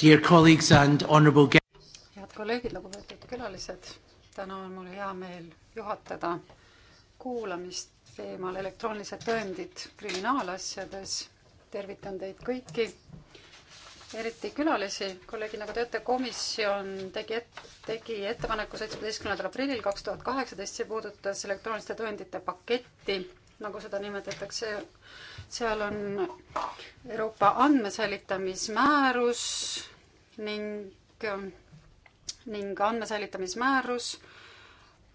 Dear colleagues and honorable guests. head kolleegid, lugupeetud külalised, täna on mul hea meel juhatada kuulamist teemal elektroonilised tõendid kriminaalasjades. tervitan teid kõiki, eriti külalisi. kolleegid, nagu te teate, komisjon tegi et,, tegi ettepaneku seitsmeteistkümnendal aprillil kaks tuhat kaheksateist, see puudutas elektrooniliste tõendite paketti, nagu seda nimetatakse seal on Euroopa andmesäilitamismäärus ning, ning andmesäilitamismäärus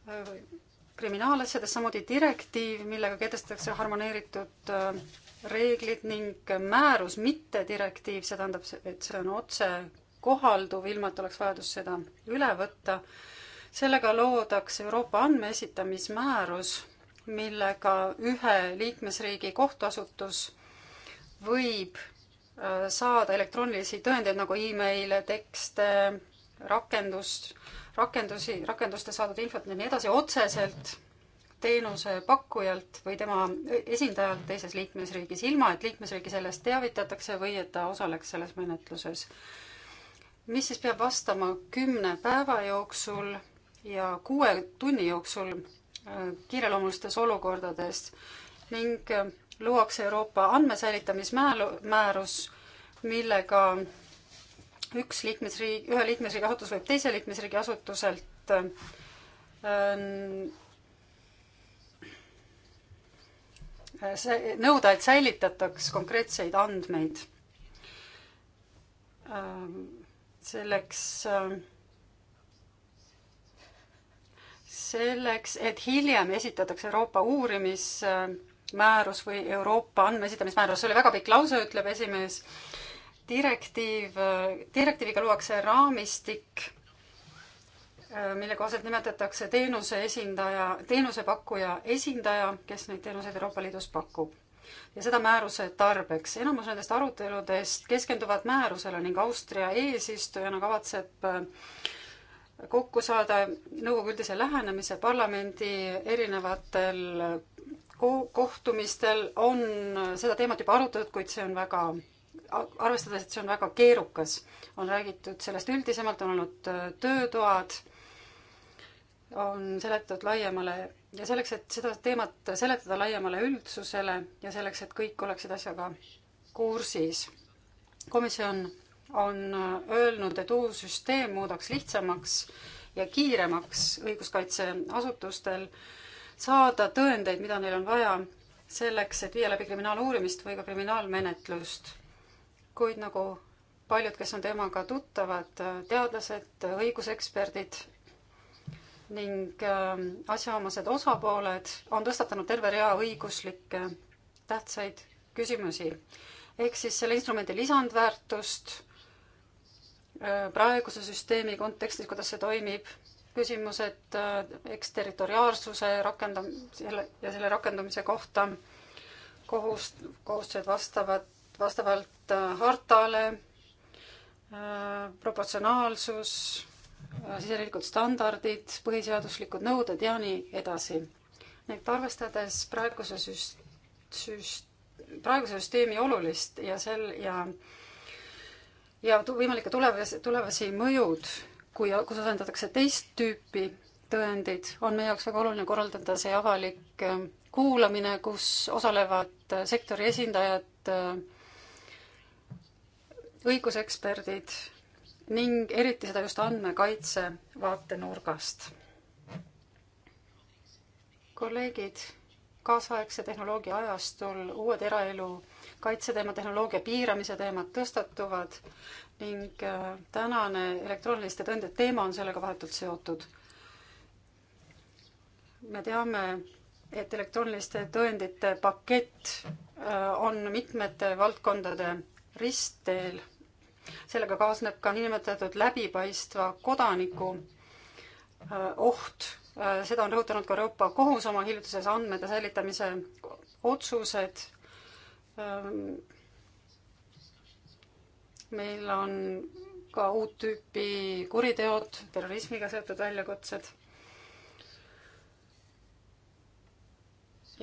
äh, kriminaalasjades, samuti direktiiv, millega kehtestatakse harmoneeritud äh, reeglid ning määrus, mitte direktiiv, see tähendab, et see on otse kohalduv, ilma et oleks vajadus seda üle võtta. sellega loodakse Euroopa andmeesitamismäärus millega ühe liikmesriigi kohtuasutus võib äh, saada elektroonilisi tõendeid nagu email'e, tekste, rakendust, rakendusi, rakenduste saadud infot ja nii edasi otseselt teenusepakkujalt või tema esindajalt teises liikmesriigis, ilma et liikmesriigi sellest teavitatakse või et ta osaleks selles menetluses. mis siis peab vastama kümne päeva jooksul ja kuue tunni jooksul kiireloomulistes olukordades ning äh, luuakse Euroopa andmesäilitamismäärus, millega üks liikmesriik, ühe liikmesriigi asutus võib teise liikmesriigi asutuselt äh, see, nõuda, et säilitataks konkreetseid andmeid. Äh, selleks selleks, et hiljem esitatakse Euroopa uurimismäärus või Euroopa andmeesitamismäärus, see oli väga pikk lause, ütleb esimees. direktiiv, direktiiviga luuakse raamistik, mille kohaselt nimetatakse teenuse esindaja, teenusepakkuja esindaja, kes neid teenuseid Euroopa Liidus pakub ja seda määruse tarbeks. enamus nendest aruteludest keskenduvad määrusele ning Austria eesistujana kavatseb äh, kokku saada nõukogu üldise lähenemise parlamendi erinevatel kohtumistel on seda teemat juba arutatud, kuid see on väga, arvestades, et see on väga keerukas, on räägitud sellest üldisemalt, on olnud äh, töötoad, on seletatud laiemale ja selleks, et seda teemat seletada laiemale üldsusele ja selleks, et kõik oleksid asjaga kursis, komisjon on äh, öelnud, et uus süsteem muudaks lihtsamaks ja kiiremaks õiguskaitseasutustel saada tõendeid, mida neil on vaja selleks, et viia läbi kriminaaluurimist või ka kriminaalmenetlust. kuid nagu paljud, kes on temaga tuttavad, äh, teadlased, õiguseksperdid ning äh, asjaomased osapooled, on tõstatanud terve rea õiguslikke tähtsaid küsimusi. ehk siis selle instrumendi lisandväärtust praeguse süsteemi kontekstis, kuidas see toimib, küsimused äh, eksterritoriaalsuse rakendam-, selle ja selle rakendamise kohta, kohust, kohustused vastavad, vastavalt äh, hartale, äh, proportsionaalsus, siseriiklikud standardid, põhiseaduslikud nõuded ja nii edasi. nii et arvestades praeguse süst-, süst-, praeguse süsteemi olulist ja sel- ja äh, ja võimalikke tulevasi, tulevasi mõjud, kui, kus asendatakse teist tüüpi tõendid, on meie jaoks väga oluline korraldada see avalik ähm, kuulamine, kus osalevad äh, sektori esindajad, äh, õiguseksperdid ning eriti seda just andmekaitse vaatenurgast. kolleegid, kaasaegse tehnoloogia ajastul uued eraelu kaitseteema, tehnoloogia piiramise teemad tõstatuvad ning äh, tänane elektrooniliste tõendite teema on sellega vahetult seotud. me teame, et elektrooniliste tõendite pakett äh, on mitmete valdkondade ristteel. sellega kaasneb ka niinimetatud läbipaistva kodaniku äh, oht. seda on rõhutanud ka Euroopa Kohus oma hiljutises andmete säilitamise otsused Ähm, meil on ka uut tüüpi kuriteod, terrorismiga seotud väljakutsed.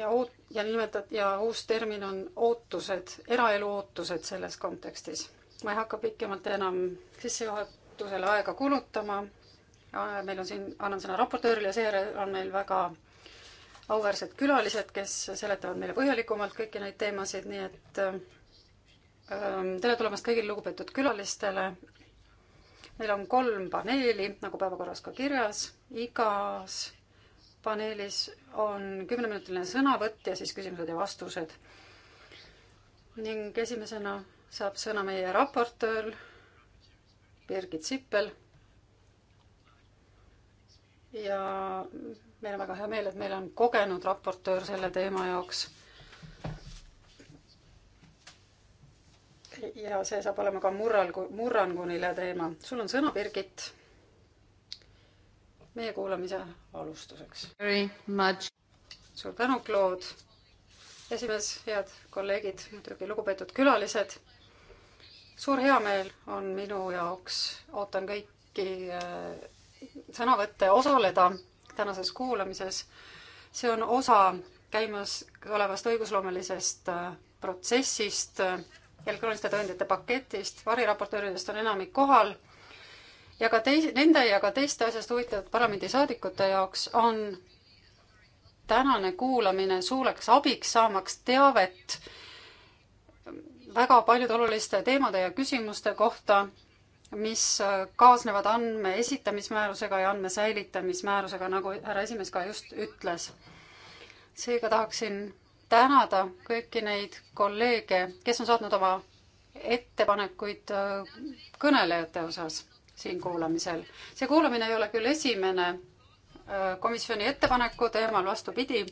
ja oot-, ja nimetat- ja uus termin on ootused, eraelu ootused selles kontekstis. ma ei hakka pikemalt enam sissejuhatusele aega kulutama. meil on siin, annan sõna raportöörile, seejärel on meil väga auväärsed külalised, kes seletavad meile põhjalikumalt kõiki neid teemasid, nii et ähm, tere tulemast kõigile lugupeetud külalistele. meil on kolm paneeli, nagu päevakorras ka kirjas, igas paneelis on kümneminutiline sõnavõtt ja siis küsimused ja vastused. ning esimesena saab sõna meie raportöör Birgit Sippel. ja meil on väga hea meel, et meil on kogenud raportöör selle teema jaoks. ja see saab olema ka murrangu, murrangunile teema. sul on sõna, Birgit, meie kuulamise alustuseks. suur tänu, Claude. esimees, head kolleegid, muidugi lugupeetud külalised. suur heameel on minu jaoks, ootan kõiki äh, sõnavõtte osaleda tänases kuulamises. see on osa käimasolevast õigusloomelisest äh, protsessist, äh, elektrooniliste tõendite paketist, variraportööridest on enamik kohal ja ka teis-, nende ja ka teiste asjast huvitatud parlamendisaadikute jaoks on tänane kuulamine suureks abiks, saamaks teavet väga paljude oluliste teemade ja küsimuste kohta mis äh, kaasnevad andme esitamismäärusega ja andme säilitamismäärusega, nagu härra esimees ka just ütles. seega tahaksin tänada kõiki neid kolleege, kes on saatnud oma ettepanekuid äh, kõnelejate osas siin kuulamisel. see kuulamine ei ole küll esimene äh, komisjoni ettepaneku teemal, vastupidi,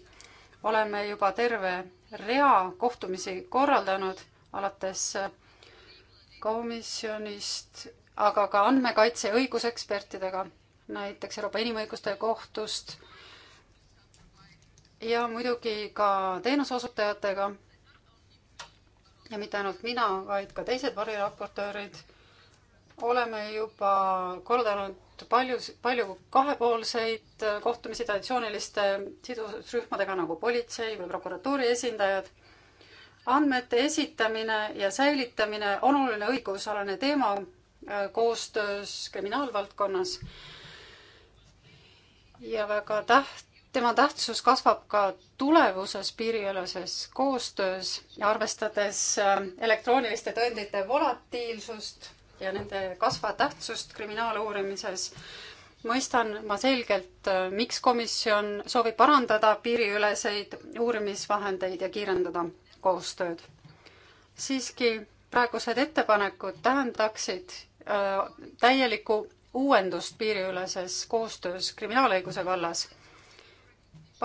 oleme juba terve rea kohtumisi korraldanud alates komisjonist aga ka andmekaitse õigusekspertidega, näiteks Euroopa Inimõiguste Kohtust ja muidugi ka teenuseosutajatega. ja mitte ainult mina, vaid ka teised variraportöörid oleme juba korraldanud palju, palju kahepoolseid kohtumisi traditsiooniliste sidusrühmadega nagu politsei või prokuratuuri esindajad. andmete esitamine ja säilitamine on oluline õigusalane teema Äh, koostöös kriminaalvaldkonnas. ja väga täht-, tema tähtsus kasvab ka tulevuses piiriüleses koostöös, arvestades äh, elektrooniliste tõendite volatiilsust ja nende kasva tähtsust kriminaaluurimises mõistan ma selgelt, äh, miks komisjon soovib parandada piiriüleseid uurimisvahendeid ja kiirendada koostööd. siiski praegused ettepanekud tähendaksid Äh, täielikku uuendust piiriüleses koostöös kriminaalõiguse vallas.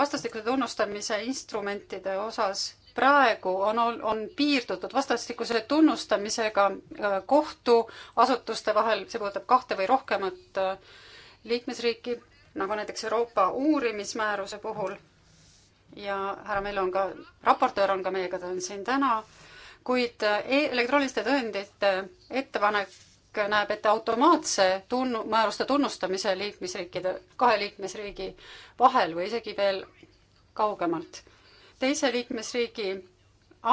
vastastikuse tunnustamise instrumentide osas praegu on, on piirdutud vastastikuse tunnustamisega äh, kohtuasutuste vahel, see puudutab kahte või rohkemat äh, liikmesriiki, nagu näiteks Euroopa uurimismääruse puhul. ja härra Mello on ka, raportöör on ka meiega, ta on siin täna, kuid e-, elektrooniliste tõendite ettepanek näeb ette automaatse tunnu-, määruste tunnustamise liikmesriikide, kahe liikmesriigi vahel või isegi veel kaugemalt. teise liikmesriigi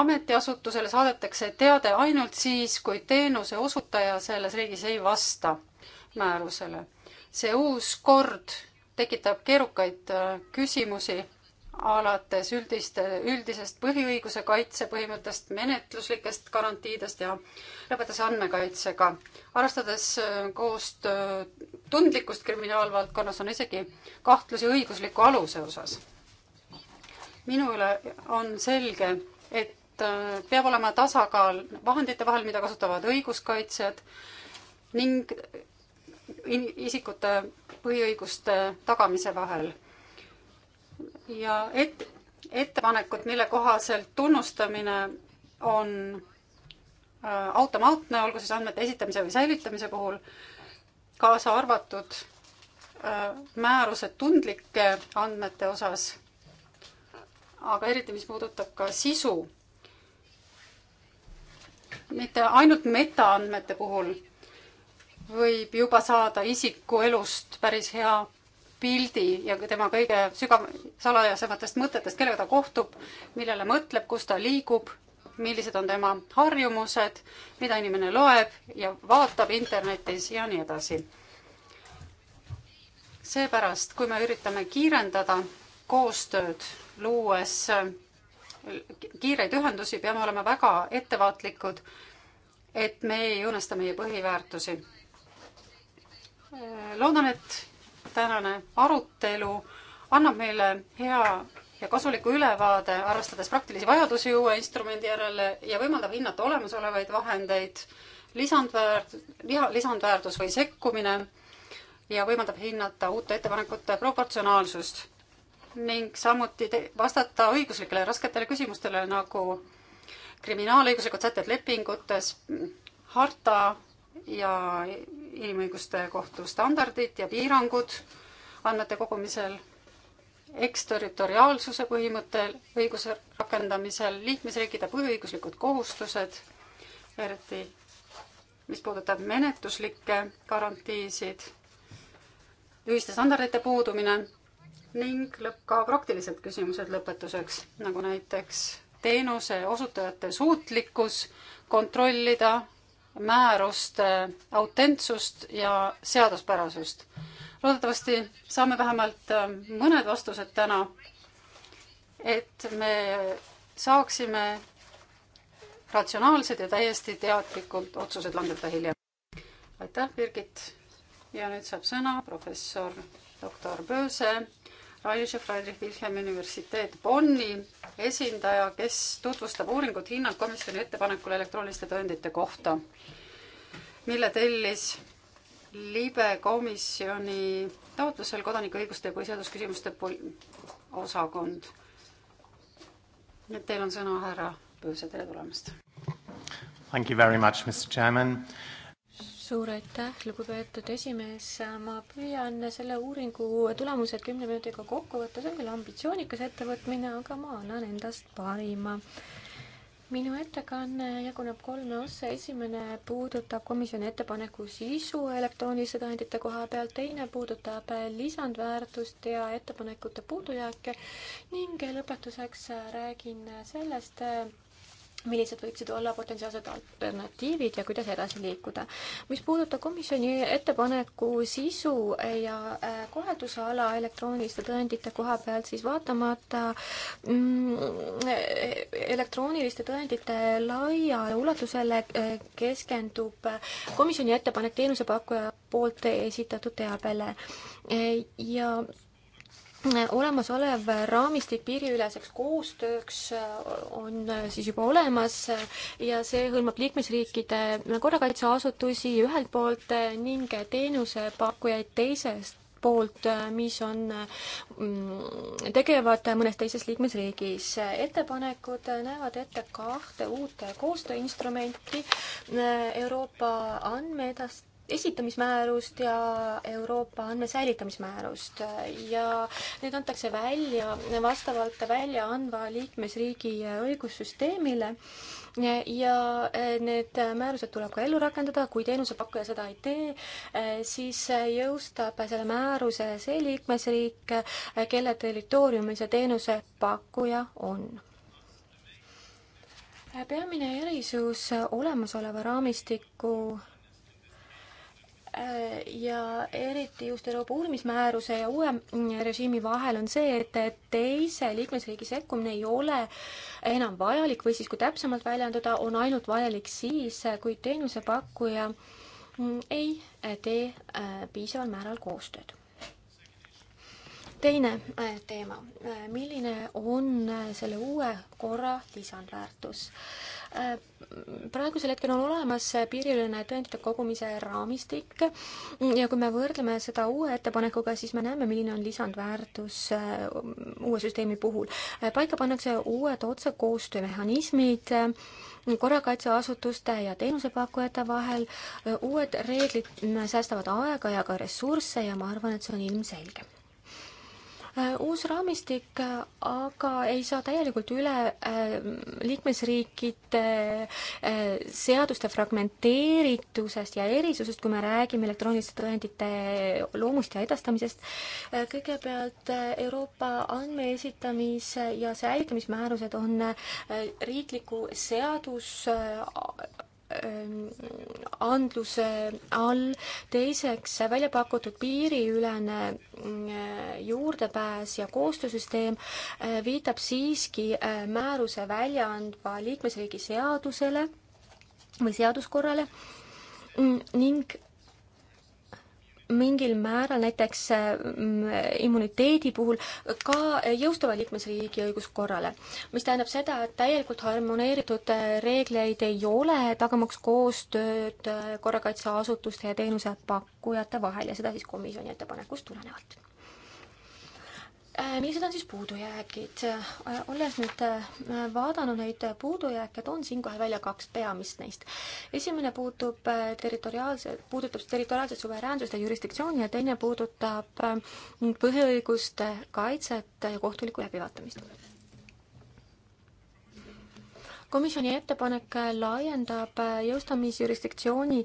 ametiasutusele saadetakse teade ainult siis, kui teenuse osutaja selles riigis ei vasta määrusele. see uus kord tekitab keerukaid äh, küsimusi alates üldist, üldisest põhiõiguse kaitse põhimõttest, menetluslikest garantiidest ja lõpetades andmekaitsega. arvestades äh, koostöö tundlikkust kriminaalvaldkonnas, on isegi kahtlusi õigusliku aluse osas. minule on selge, et äh, peab olema tasakaal vahendite vahel, mida kasutavad õiguskaitsjad ning isikute põhiõiguste tagamise vahel ja et-, ettepanekut, mille kohaselt tunnustamine on äh, automaatne, olgu siis andmete esitamise või säilitamise puhul, kaasa arvatud äh, määrused tundlike andmete osas, aga eriti, mis puudutab ka sisu. mitte ainult metaandmete puhul võib juba saada isiku elust päris hea pildi ja tema kõige sügav, salajasematest mõtetest, kellega ta kohtub, millele mõtleb, kus ta liigub, millised on tema harjumused, mida inimene loeb ja vaatab internetis ja nii edasi. seepärast, kui me üritame kiirendada koostööd, luues kiireid ühendusi, peame olema väga ettevaatlikud, et me ei õõnesta meie põhiväärtusi. loodan, et tänane arutelu annab meile hea ja kasuliku ülevaade, arvestades praktilisi vajadusi uue instrumendi järele ja võimaldab hinnata olemasolevaid vahendeid, lisandväärt-, lisandväärtus või sekkumine ja võimaldab hinnata uute ettepanekute proportsionaalsust ning samuti vastata õiguslikele rasketele küsimustele nagu kriminaalõiguslikud sätted lepingutes, harta ja inimõiguste kohtu standardid ja piirangud andmete kogumisel, eksterritoriaalsuse põhimõttel, õiguse rakendamisel, liikmesriikide põhiõiguslikud kohustused, eriti mis puudutab menetluslikke garantiisid, ühiste standardite puudumine ning lõpp ka praktilised küsimused lõpetuseks, nagu näiteks teenuse osutajate suutlikkus kontrollida määruste autentsust ja seaduspärasust. loodetavasti saame vähemalt ähm, mõned vastused täna, et me saaksime ratsionaalsed ja täiesti teadlikult otsused langetada hiljem. aitäh, Birgit! ja nüüd saab sõna professor doktor Bööse Raius ja Friedrich Wilhelmi Universiteet Bonni esindaja, kes tutvustab uuringut hinnang komisjoni ettepanekule elektrooniliste tõendite kohta, mille tellis libe komisjoni taotlusel kodanikuõiguste ja põhiseadusküsimuste osakond. nii et teil on sõna, härra Pööse, tere tulemast! Thank you very much, Mr Chairman suur aitäh, lugupeetud esimees, ma püüan selle uuringu tulemused kümne minutiga kokku võtta, see on küll ambitsioonikas ettevõtmine, aga ma annan endast parima. minu ettekanne jaguneb kolme ossa, esimene puudutab komisjoni ettepaneku sisu elektrooniliste tõendite koha pealt, teine puudutab lisandväärtust ja ettepanekute puudujääke ning lõpetuseks räägin sellest, millised võiksid olla potentsiaalsed alternatiivid ja kuidas edasi liikuda. mis puudutab komisjoni ettepaneku sisu ja äh, kohaldusala elektrooniliste tõendite koha pealt, siis vaatamata mm, elektrooniliste tõendite laiale ulatusele äh, keskendub äh, komisjoni ettepanek teenusepakkuja poolt esitatud teabele ja olemasolev raamistik piiriüleseks koostööks äh, on äh, siis juba olemas äh, ja see hõlmab liikmesriikide korrakaitseasutusi ühelt poolt ning teenusepakkujaid teisest poolt, mis on, mm, tegevad mõnes teises liikmesriigis. ettepanekud näevad ette kahte uut koostööinstrumenti, Euroopa andmeedast-, esitamismäärust ja Euroopa andmesäilitamismäärust ja need antakse välja vastavalt välja andva liikmesriigi õigussüsteemile ja need määrused tuleb ka ellu rakendada, kui teenusepakkuja seda ei tee, siis jõustab selle määruse see liikmesriik, kelle territooriumil see teenusepakkuja on peamine erisus olemasoleva raamistiku ja eriti just Euroopa uurimismääruse ja uue režiimi vahel on see, et teise liikmesriigi sekkumine ei ole enam vajalik või siis, kui täpsemalt väljenduda, on ainult vajalik siis, kui teenusepakkuja ei tee äh, piisaval määral koostööd teine äh, teema, äh, milline on äh, selle uue korra lisandväärtus? praegusel hetkel on olemas piiriline tõendite kogumise raamistik ja kui me võrdleme seda uue ettepanekuga, siis me näeme, milline on lisandväärtus uue süsteemi puhul. paika pannakse uued otsekoostöömehhanismid korrakaitseasutuste ja teenusepakkujate vahel, uued reeglid mm, säästavad aega ja ka ressursse ja ma arvan, et see on ilmselge Äh, uus raamistik äh, aga ei saa täielikult üle äh, liikmesriikide seaduste fragmenteeritusest ja erisusest, kui me räägime elektrooniliste tõendite loomust ja edastamisest. kõigepealt Euroopa andme esitamise ja säilitamismäärused on riikliku seadus Ähm, andluse all, teiseks välja pakutud piiriülene mm, äh, juurdepääs ja koostöösüsteem äh, viitab siiski äh, määruse välja andva liikmesriigi seadusele või seaduskorrale mm, ning mingil määral näiteks mm, immuniteedi puhul ka jõustuva liikmesriigi õiguskorrale, mis tähendab seda, et täielikult harmoneeritud reegleid ei ole, tagamaks koostööd korrakaitseasutuste ja teenusepakkujate vahel ja seda siis komisjoni ettepanekust tulenevalt. Äh, millised on siis puudujäägid? Äh, olles nüüd äh, vaadanud neid puudujääke, toon siinkohal välja kaks peamist neist. esimene puutub territoriaalse, puudutab territoriaalset suveräänsust ja jurisdiktsiooni ja teine puudutab põhiõiguste kaitset ja kohtulikku läbivaatamist. komisjoni ettepanek laiendab jõustamisjurisdiktsiooni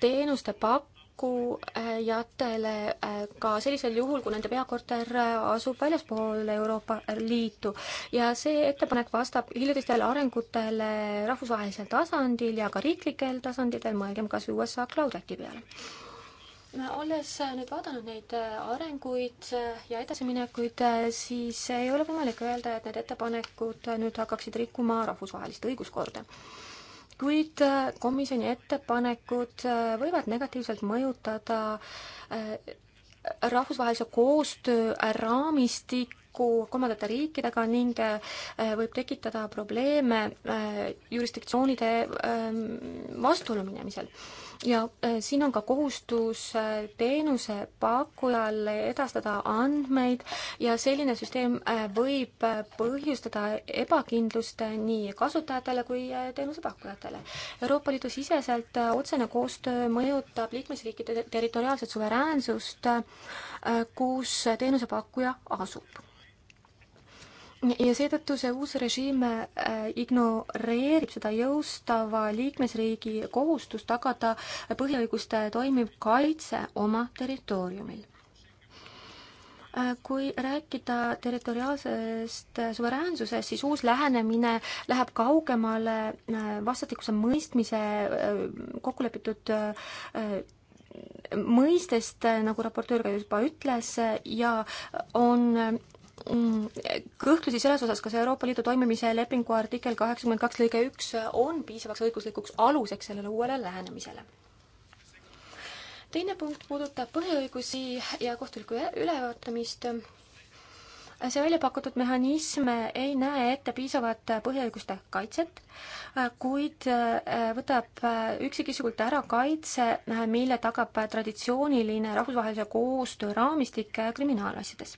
teenuste pak-, pakkujatele äh, äh, ka sellisel juhul, kui nende peakorter äh, asub väljaspool Euroopa Liitu. ja see ettepanek vastab hiljutistele arengutele rahvusvahelisel tasandil ja ka riiklikel tasanditel, mõelgem kas või USA Cloud Acti peale. olles nüüd vaadanud neid arenguid ja edasiminekuid, siis ei ole võimalik öelda, et need ettepanekud nüüd hakkaksid rikkuma rahvusvahelist õiguskorda kuid äh, komisjoni ettepanekud äh, võivad negatiivselt mõjutada äh, rahvusvahelise koostöö raamistik, kokku kolmandate riikidega ning võib tekitada probleeme jurisdiktsioonide ähm, vastuollu minemisel ja äh, siin on ka kohustus äh, teenusepakkujal edastada andmeid ja selline süsteem äh, võib põhjustada ebakindlust nii kasutajatele kui teenusepakkujatele. Euroopa Liidu siseselt otsene koostöö mõjutab liikmesriikide territoriaalset suveräänsust, kus teenusepakkuja asub ja seetõttu see uus režiim äh, ignoreerib seda jõustava liikmesriigi kohustust tagada põhiõiguste toimiv kaitse oma territooriumil äh, kui rääkida territoriaalsest suveräänsusest, siis uus lähenemine läheb kaugemale äh, vastastikuse mõistmise kokkulepitud mõistest, nagu raportöör ka juba ütles, ja on kõhklusi selles osas, kas Euroopa Liidu toimimise lepingu artikkel kaheksakümmend kaks lõige üks on piisavaks õiguslikuks aluseks sellele uuele lähenemisele. teine punkt puudutab põhiõigusi ja kohtulikku ülevaatamist. see välja pakutud mehhanism ei näe ette piisavat põhiõiguste kaitset, kuid äh, võtab äh, üksikisikult ära kaitse, äh, mille tagab traditsiooniline rahvusvahelise koostöö raamistik kriminaalasjades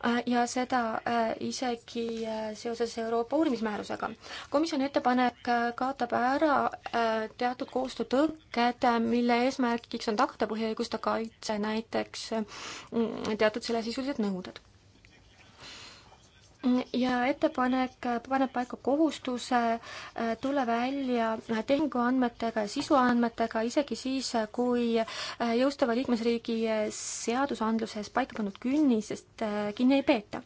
Äh, ja seda äh, isegi äh, seoses Euroopa uurimismäärusega. komisjoni ettepanek kaotab ära teatud koostöötõkked, mille eesmärgiks on tagada põhiõiguste kaitse, näiteks mm, teatud sellesisulised nõuded ja ettepanek äh, paneb paika kohustuse äh, tulla välja äh, tehinguandmetega ja sisuandmetega isegi siis, kui jõustava liikmesriigi seadusandluses paika pandud künnisest kinni ei peeta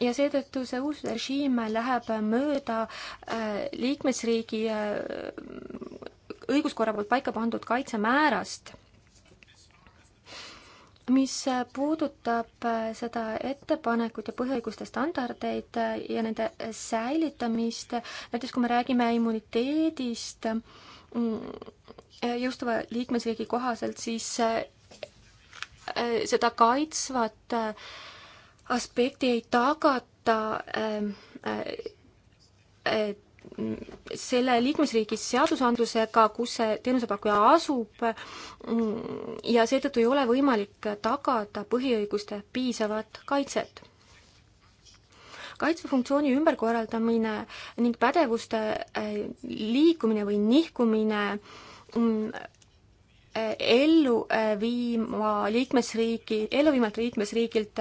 ja seetõttu see uus režiim läheb mööda liikmesriigi õiguskorra poolt paika pandud kaitsemäärast mis puudutab äh, seda ettepanekut ja põhiõiguste standardeid äh, ja nende säilitamist, näiteks kui me räägime immuniteedist mm, äh, jõustuva liikmesriigi kohaselt, siis seda kaitsvat aspekti ei tagata selle liikmesriigis seadusandlusega, kus see teenusepakkuja asub ja seetõttu ei ole võimalik tagada põhiõiguste piisavat kaitset. kaitsefunktsiooni ümberkorraldamine ning pädevuste äh, liikumine või nihkumine mm, äh, ellu äh, viima liikmesriigi, ellu viimalt liikmesriigilt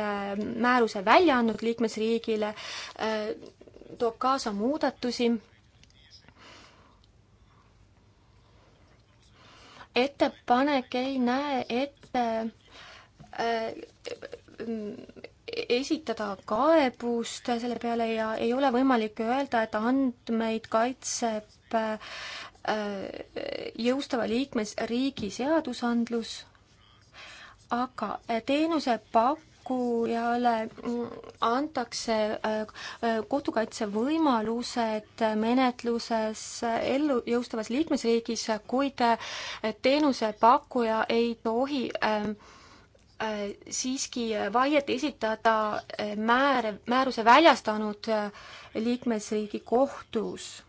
määruse välja andnud liikmesriigile toob kaasa muudatusi ettepanek ei näe ette äh, esitada kaebust selle peale ja ei ole võimalik öelda, et andmeid kaitseb äh, jõustava liikmesriigi seadusandlus, aga teenuse pakkuja rikkujale mm, antakse äh, äh, kohtukaitsevõimalused menetluses äh, ellu jõustavas liikmesriigis, kuid teenusepakkuja ei tohi ähm, siiski vaiet esitada määr, määruse väljastanud liikmesriigi kohtus.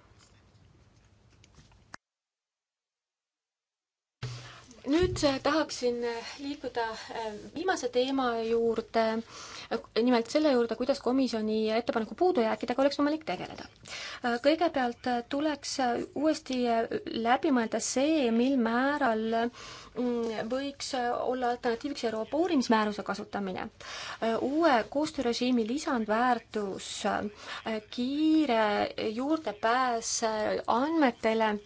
nüüd äh, tahaksin äh, liikuda äh, viimase teema juurde, nimelt selle juurde, kuidas komisjoni ettepaneku puudujääkidega oleks võimalik tegeleda. kõigepealt tuleks uuesti läbi mõelda see, mil määral mm, võiks olla alternatiiviks Euroopa uurimismääruse kasutamine. uue koostöörežiimi lisandväärtus, kiire juurdepääs andmetele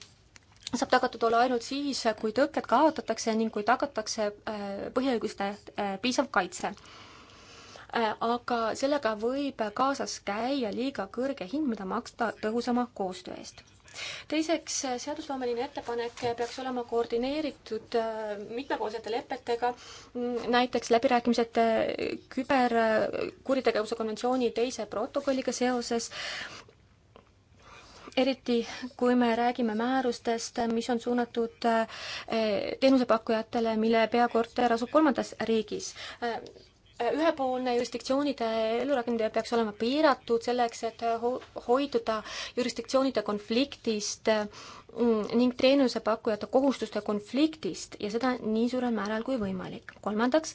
saab tagatud olla ainult siis, kui tõkked kaotatakse ning kui tagatakse äh, põhiõiguste äh, piisav kaitse äh, aga sellega võib kaasas käia liiga kõrge hind, mida maksta tõhusama koostöö eest. teiseks, seadusloomeline ettepanek peaks olema koordineeritud mitmepoolsete lepetega, mm, näiteks läbirääkimised küberkuritegevuse konventsiooni teise protokolliga seoses eriti kui me räägime määrustest, mis on suunatud eh, teenusepakkujatele, mille peakorter asub kolmandas riigis. Eh, ühepoolne jurisdiktsioonide ellurakendamine peaks olema piiratud selleks, et hoiduda jurisdiktsioonide konfliktist mm, ning teenusepakkujate kohustuste konfliktist ja seda nii suurel määral kui võimalik. kolmandaks,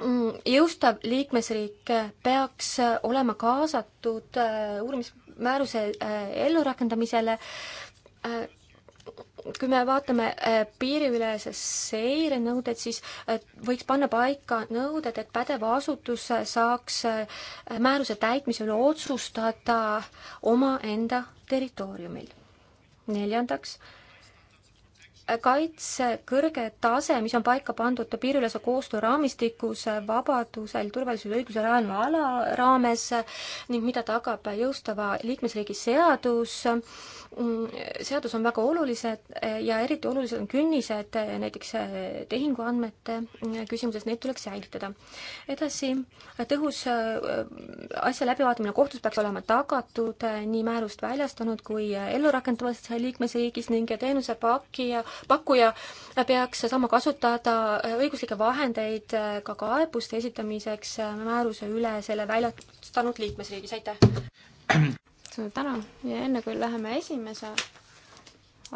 mm, jõustav liikmesriik peaks olema kaasatud eh, uurimis- määruse äh, ellurakendamisele äh, kui me vaatame äh, piiriülese seire nõudeid, siis võiks panna paika nõuded, et pädev asutus saaks määruse täitmise üle otsustada omaenda territooriumil. neljandaks kaitse kõrge tase, mis on paika pandud piiriülese koostöö raamistikus vabadusel, turvalisusel ja õigusel rajaneva ala raames ning mida tagab jõustava liikmesriigi seadus. seadus on väga olulised ja eriti olulised on künnised näiteks tehinguandmete küsimuses, neid tuleks säilitada. edasi, tõhus äh, asja läbivaatamine kohtus peaks olema tagatud äh, nii määrust väljastanud kui ellurakendavas liikmesriigis ning teenusepakkija pakkuja peaks saama kasutada õiguslikke vahendeid ka kaebuste esitamiseks määruse üle selle väljastanud liikmesriigis, aitäh! suur tänu ja enne kui läheme esimese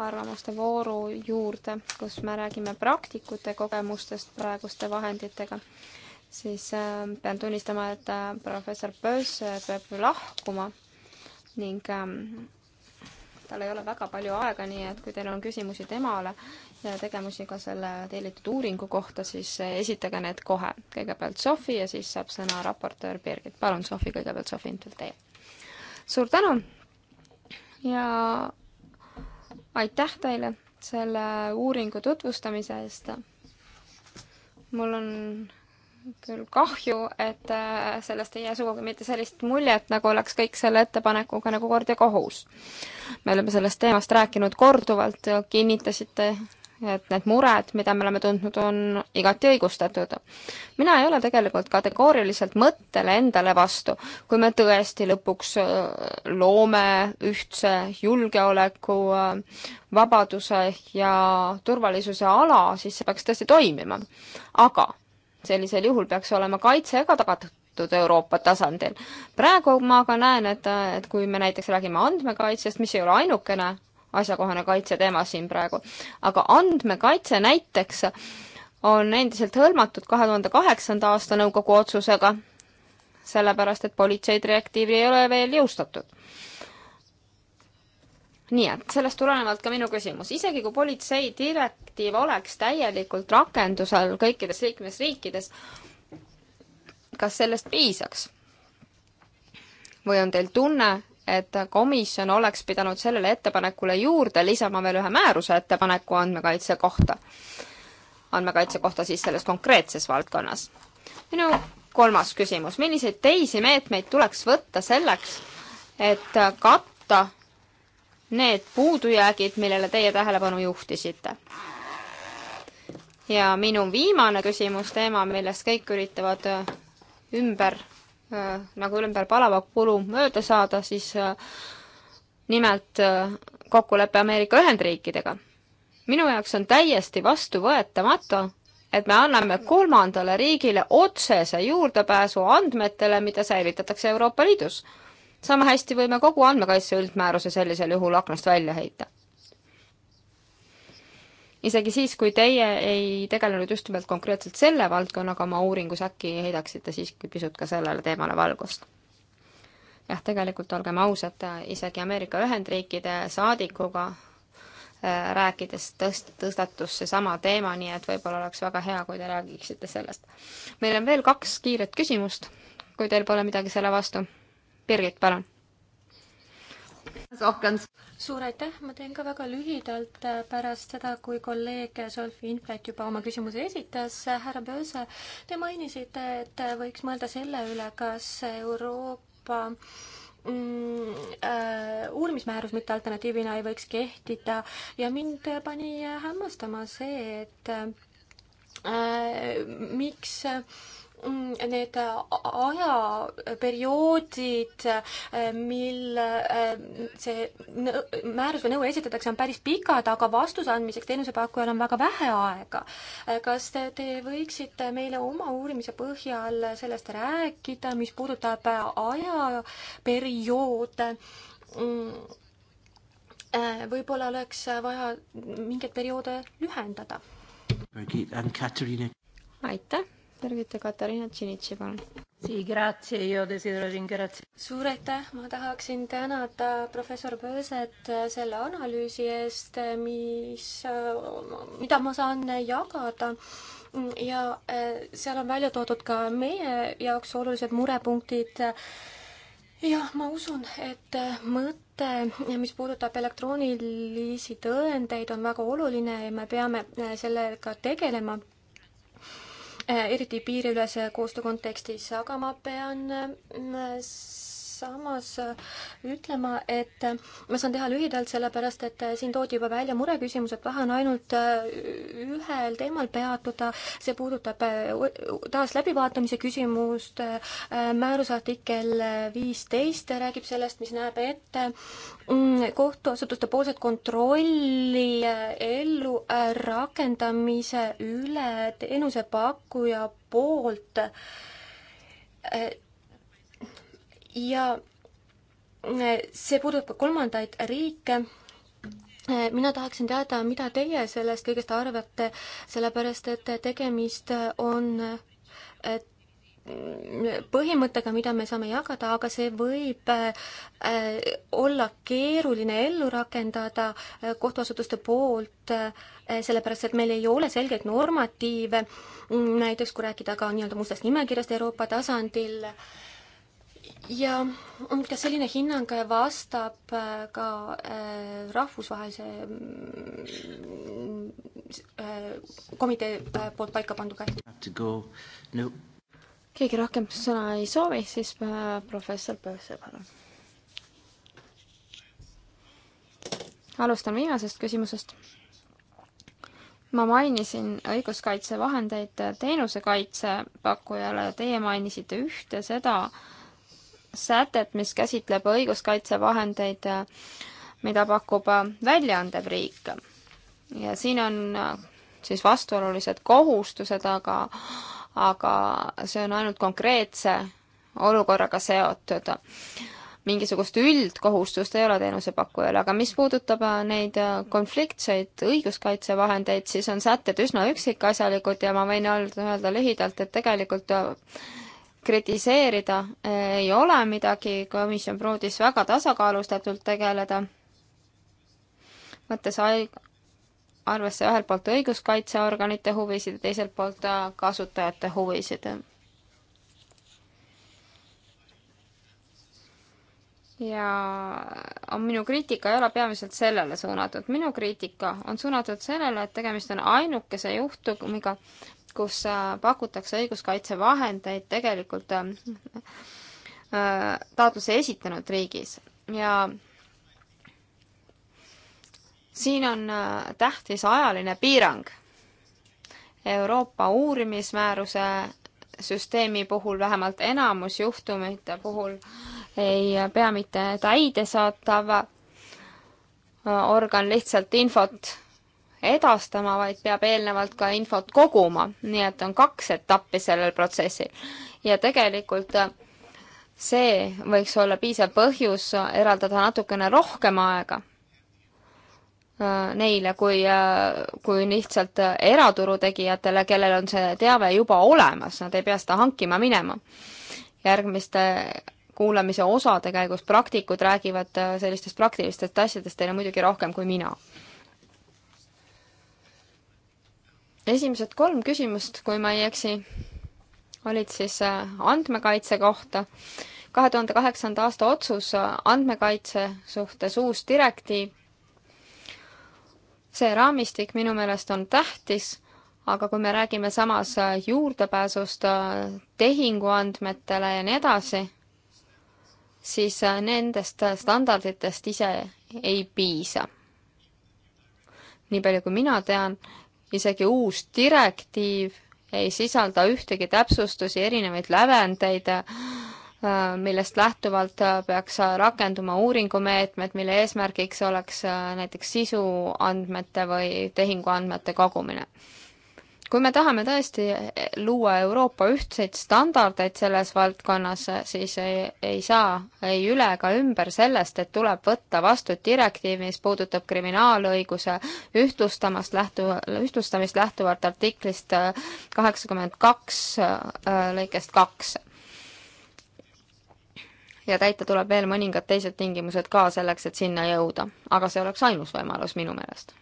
arvamuste vooru juurde, kus me räägime praktikute kogemustest praeguste vahenditega, siis äh, pean tunnistama, et äh, professor Böss peab lahkuma ning äh, tal ei ole väga palju aega, nii et kui teil on küsimusi temale ja tegemusi ka selle tellitud uuringu kohta, siis esitage need kohe. kõigepealt Sofi ja siis saab sõna raportöör Birgit. palun, Sofi, kõigepealt Sofi, ilmselt teie. suur tänu ja aitäh teile selle uuringu tutvustamise eest. mul on küll kahju, et äh, sellest ei jää sugugi mitte sellist muljet, nagu oleks kõik selle ettepanekuga nagu kord ja kohus. me oleme sellest teemast rääkinud korduvalt, kinnitasite, et need mured, mida me oleme tundnud, on igati õigustatud. mina ei ole tegelikult kategooriliselt mõttele endale vastu, kui me tõesti lõpuks äh, loome ühtse julgeoleku, äh, vabaduse ja turvalisuse ala, siis see peaks tõesti toimima. aga sellisel juhul peaks olema kaitse ka tagatud Euroopa tasandil. praegu ma aga näen, et, et kui me näiteks räägime andmekaitsest, mis ei ole ainukene asjakohane kaitseteema siin praegu, aga andmekaitse näiteks on endiselt hõlmatud kahe tuhande kaheksanda aasta nõukogu otsusega, sellepärast et politsei direktiivi ei ole veel jõustatud nii et sellest tulenevalt ka minu küsimus, isegi kui politsei direktiiv oleks täielikult rakendusel kõikides liikmesriikides, kas sellest piisaks? või on teil tunne, et komisjon oleks pidanud sellele ettepanekule juurde lisama veel ühe määruse ettepaneku andmekaitse kohta, andmekaitse kohta siis selles konkreetses valdkonnas? minu kolmas küsimus, milliseid teisi meetmeid tuleks võtta selleks, et katta need puudujäägid, millele teie tähelepanu juhtisite. ja minu viimane küsimus, teema, millest kõik üritavad äh, ümber, äh, nagu ümber palava kulu mööda saada, siis äh, nimelt kokkulepe Ameerika Ühendriikidega. minu jaoks on täiesti vastuvõetamatu, et me anname kolmandale riigile otsese juurdepääsu andmetele, mida säilitatakse Euroopa Liidus sama hästi võime kogu andmekaitse üldmääruse sellisel juhul aknast välja heita. isegi siis, kui teie ei tegelenud just nimelt konkreetselt selle valdkonnaga oma uuringus, äkki heidaksite siiski pisut ka sellele teemale valgust? jah, tegelikult olgem ausad, isegi Ameerika Ühendriikide saadikuga äh, rääkides tõst-, tõstatus seesama teema, nii et võib-olla oleks väga hea, kui te räägiksite sellest. meil on veel kaks kiiret küsimust, kui teil pole midagi selle vastu Birgit, palun. suur aitäh, ma teen ka väga lühidalt äh, pärast seda, kui kolleeg Solfi Inflet juba oma küsimuse esitas. härra Pöösa, te mainisite, et võiks mõelda selle üle, kas Euroopa mm, äh, uurimismäärus mitte alternatiivina ei võiks kehtida ja mind pani hämmastama see, et äh, miks äh, Mm, need äh, ajaperioodid, äh, mil äh, see määrus või nõue esitatakse, on päris pikad, aga vastuse andmiseks teenusepakkujal on väga vähe aega. kas te võiksite meile oma uurimise põhjal sellest rääkida, mis puudutab ajaperioode? Mm, võib-olla oleks vaja mingeid perioode lühendada. aitäh tervita Katariina Tšinitši, palun. suur aitäh, ma tahaksin tänada professor Pööset selle analüüsi eest, mis, mida ma saan jagada ja eh, seal on välja toodud ka meie jaoks olulised murepunktid jah, ma usun, et mõte, mis puudutab elektroonilisi tõendeid, on väga oluline ja me peame sellega tegelema Äh, eriti piiriülese koostöö kontekstis, aga ma pean äh, samas äh, ütlema, et äh, ma saan teha lühidalt, sellepärast et äh, siin toodi juba välja mureküsimused, tahan ainult ühel teemal peatuda, see puudutab taas läbivaatamise küsimust, määruse artikkel viisteist räägib sellest, mis näeb ette mm, kohtuasutuste poolset kontrolli ellu rakendamise üle teenusepakkuja poolt ja eh, see puudutab kolmandaid riike eh, mina tahaksin teada, mida teie sellest kõigest arvate, sellepärast et tegemist on mm, põhimõttega, mida me saame jagada, aga see võib eh, olla keeruline ellu rakendada kohtuasutuste poolt, sellepärast et meil ei ole selgeid normatiive, mm, näiteks kui rääkida ka nii-öelda mustast nimekirjast Euroopa tasandil ja kas selline hinnang äh, vastab äh, ka äh, rahvusvahelise mm, komitee poolt paika pandud no.? keegi rohkem sõna ei soovi, siis professor Pööse, palun. alustan viimasest küsimusest. ma mainisin õiguskaitsevahendeid teenusekaitse pakkujale, teie mainisite ühte, seda, sätet, mis käsitleb õiguskaitsevahendeid, mida pakub äh, väljaandev riik. ja siin on äh, siis vastuolulised kohustused, aga, aga see on ainult konkreetse olukorraga seotud. mingisugust üldkohustust ei ole teenusepakkujal, aga mis puudutab äh, neid konfliktseid õiguskaitsevahendeid, siis on sätted üsna üksikasjalikud ja ma võin öelda lühidalt, et tegelikult kritiseerida eh, ei ole midagi, komisjon pruudis väga tasakaalustatult tegeleda, võttes arvesse ühelt poolt õiguskaitseorganite huvisid ja teiselt poolt eh, kasutajate huvisid. ja on minu kriitika ei ole peamiselt sellele suunatud, minu kriitika on suunatud sellele, et tegemist on ainukese juhtumiga, kus äh, pakutakse õiguskaitsevahendeid tegelikult ähm, äh, taotluse esitanud riigis ja siin on äh, tähtis ajaline piirang. Euroopa uurimismääruse süsteemi puhul vähemalt enamus juhtumite puhul ei pea mitte täidesaatav organ lihtsalt infot edastama, vaid peab eelnevalt ka infot koguma, nii et on kaks etappi sellel protsessil. ja tegelikult äh, see võiks olla piisav põhjus eraldada natukene rohkem aega äh, neile kui, äh, kui lihtsalt eraturu tegijatele, kellel on see teave juba olemas, nad ei pea seda hankima minema. järgmiste kuulamise osade käigus praktikud räägivad sellistest praktilistest asjadest teile muidugi rohkem kui mina esimesed kolm küsimust, kui ma ei eksi, olid siis äh, andmekaitse kohta, kahe tuhande kaheksanda aasta otsus äh, andmekaitse suhtes uus direktiiv. see raamistik minu meelest on tähtis, aga kui me räägime samas äh, juurdepääsust tehinguandmetele ja nii edasi, siis nendest standarditest ise ei piisa. nii palju, kui mina tean isegi uus direktiiv ei sisalda ühtegi täpsustusi, erinevaid lävendeid, äh, millest lähtuvalt peaks rakenduma uuringumeetmed, mille eesmärgiks oleks äh, näiteks sisuandmete või tehinguandmete kogumine kui me tahame tõesti luua Euroopa ühtseid standardeid selles valdkonnas, siis ei, ei saa ei üle ega ümber sellest, et tuleb võtta vastu direktiiv, mis puudutab kriminaalõiguse ühtlustamast lähtu, ühtlustamist lähtuvalt artiklist kaheksakümmend kaks äh, lõikest kaks ja täita tuleb veel mõningad teised tingimused ka selleks, et sinna jõuda. aga see oleks ainus võimalus minu meelest.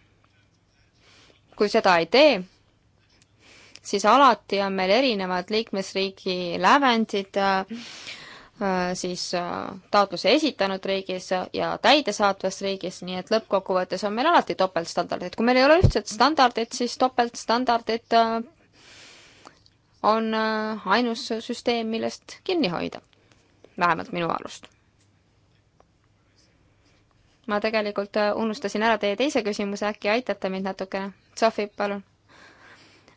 kui seda ei tee, siis alati on meil erinevad liikmesriigi lävendid äh, äh, siis äh, taotluse esitanud riigis ja täidesaatvas riigis, nii et lõppkokkuvõttes on meil alati topeltstandardid. kui meil ei ole ühtset standardit, siis topeltstandardid on ainus süsteem, millest kinni hoida. vähemalt minu arust ma tegelikult unustasin ära teie teise küsimuse, äkki aitate mind natukene? Sofi, palun.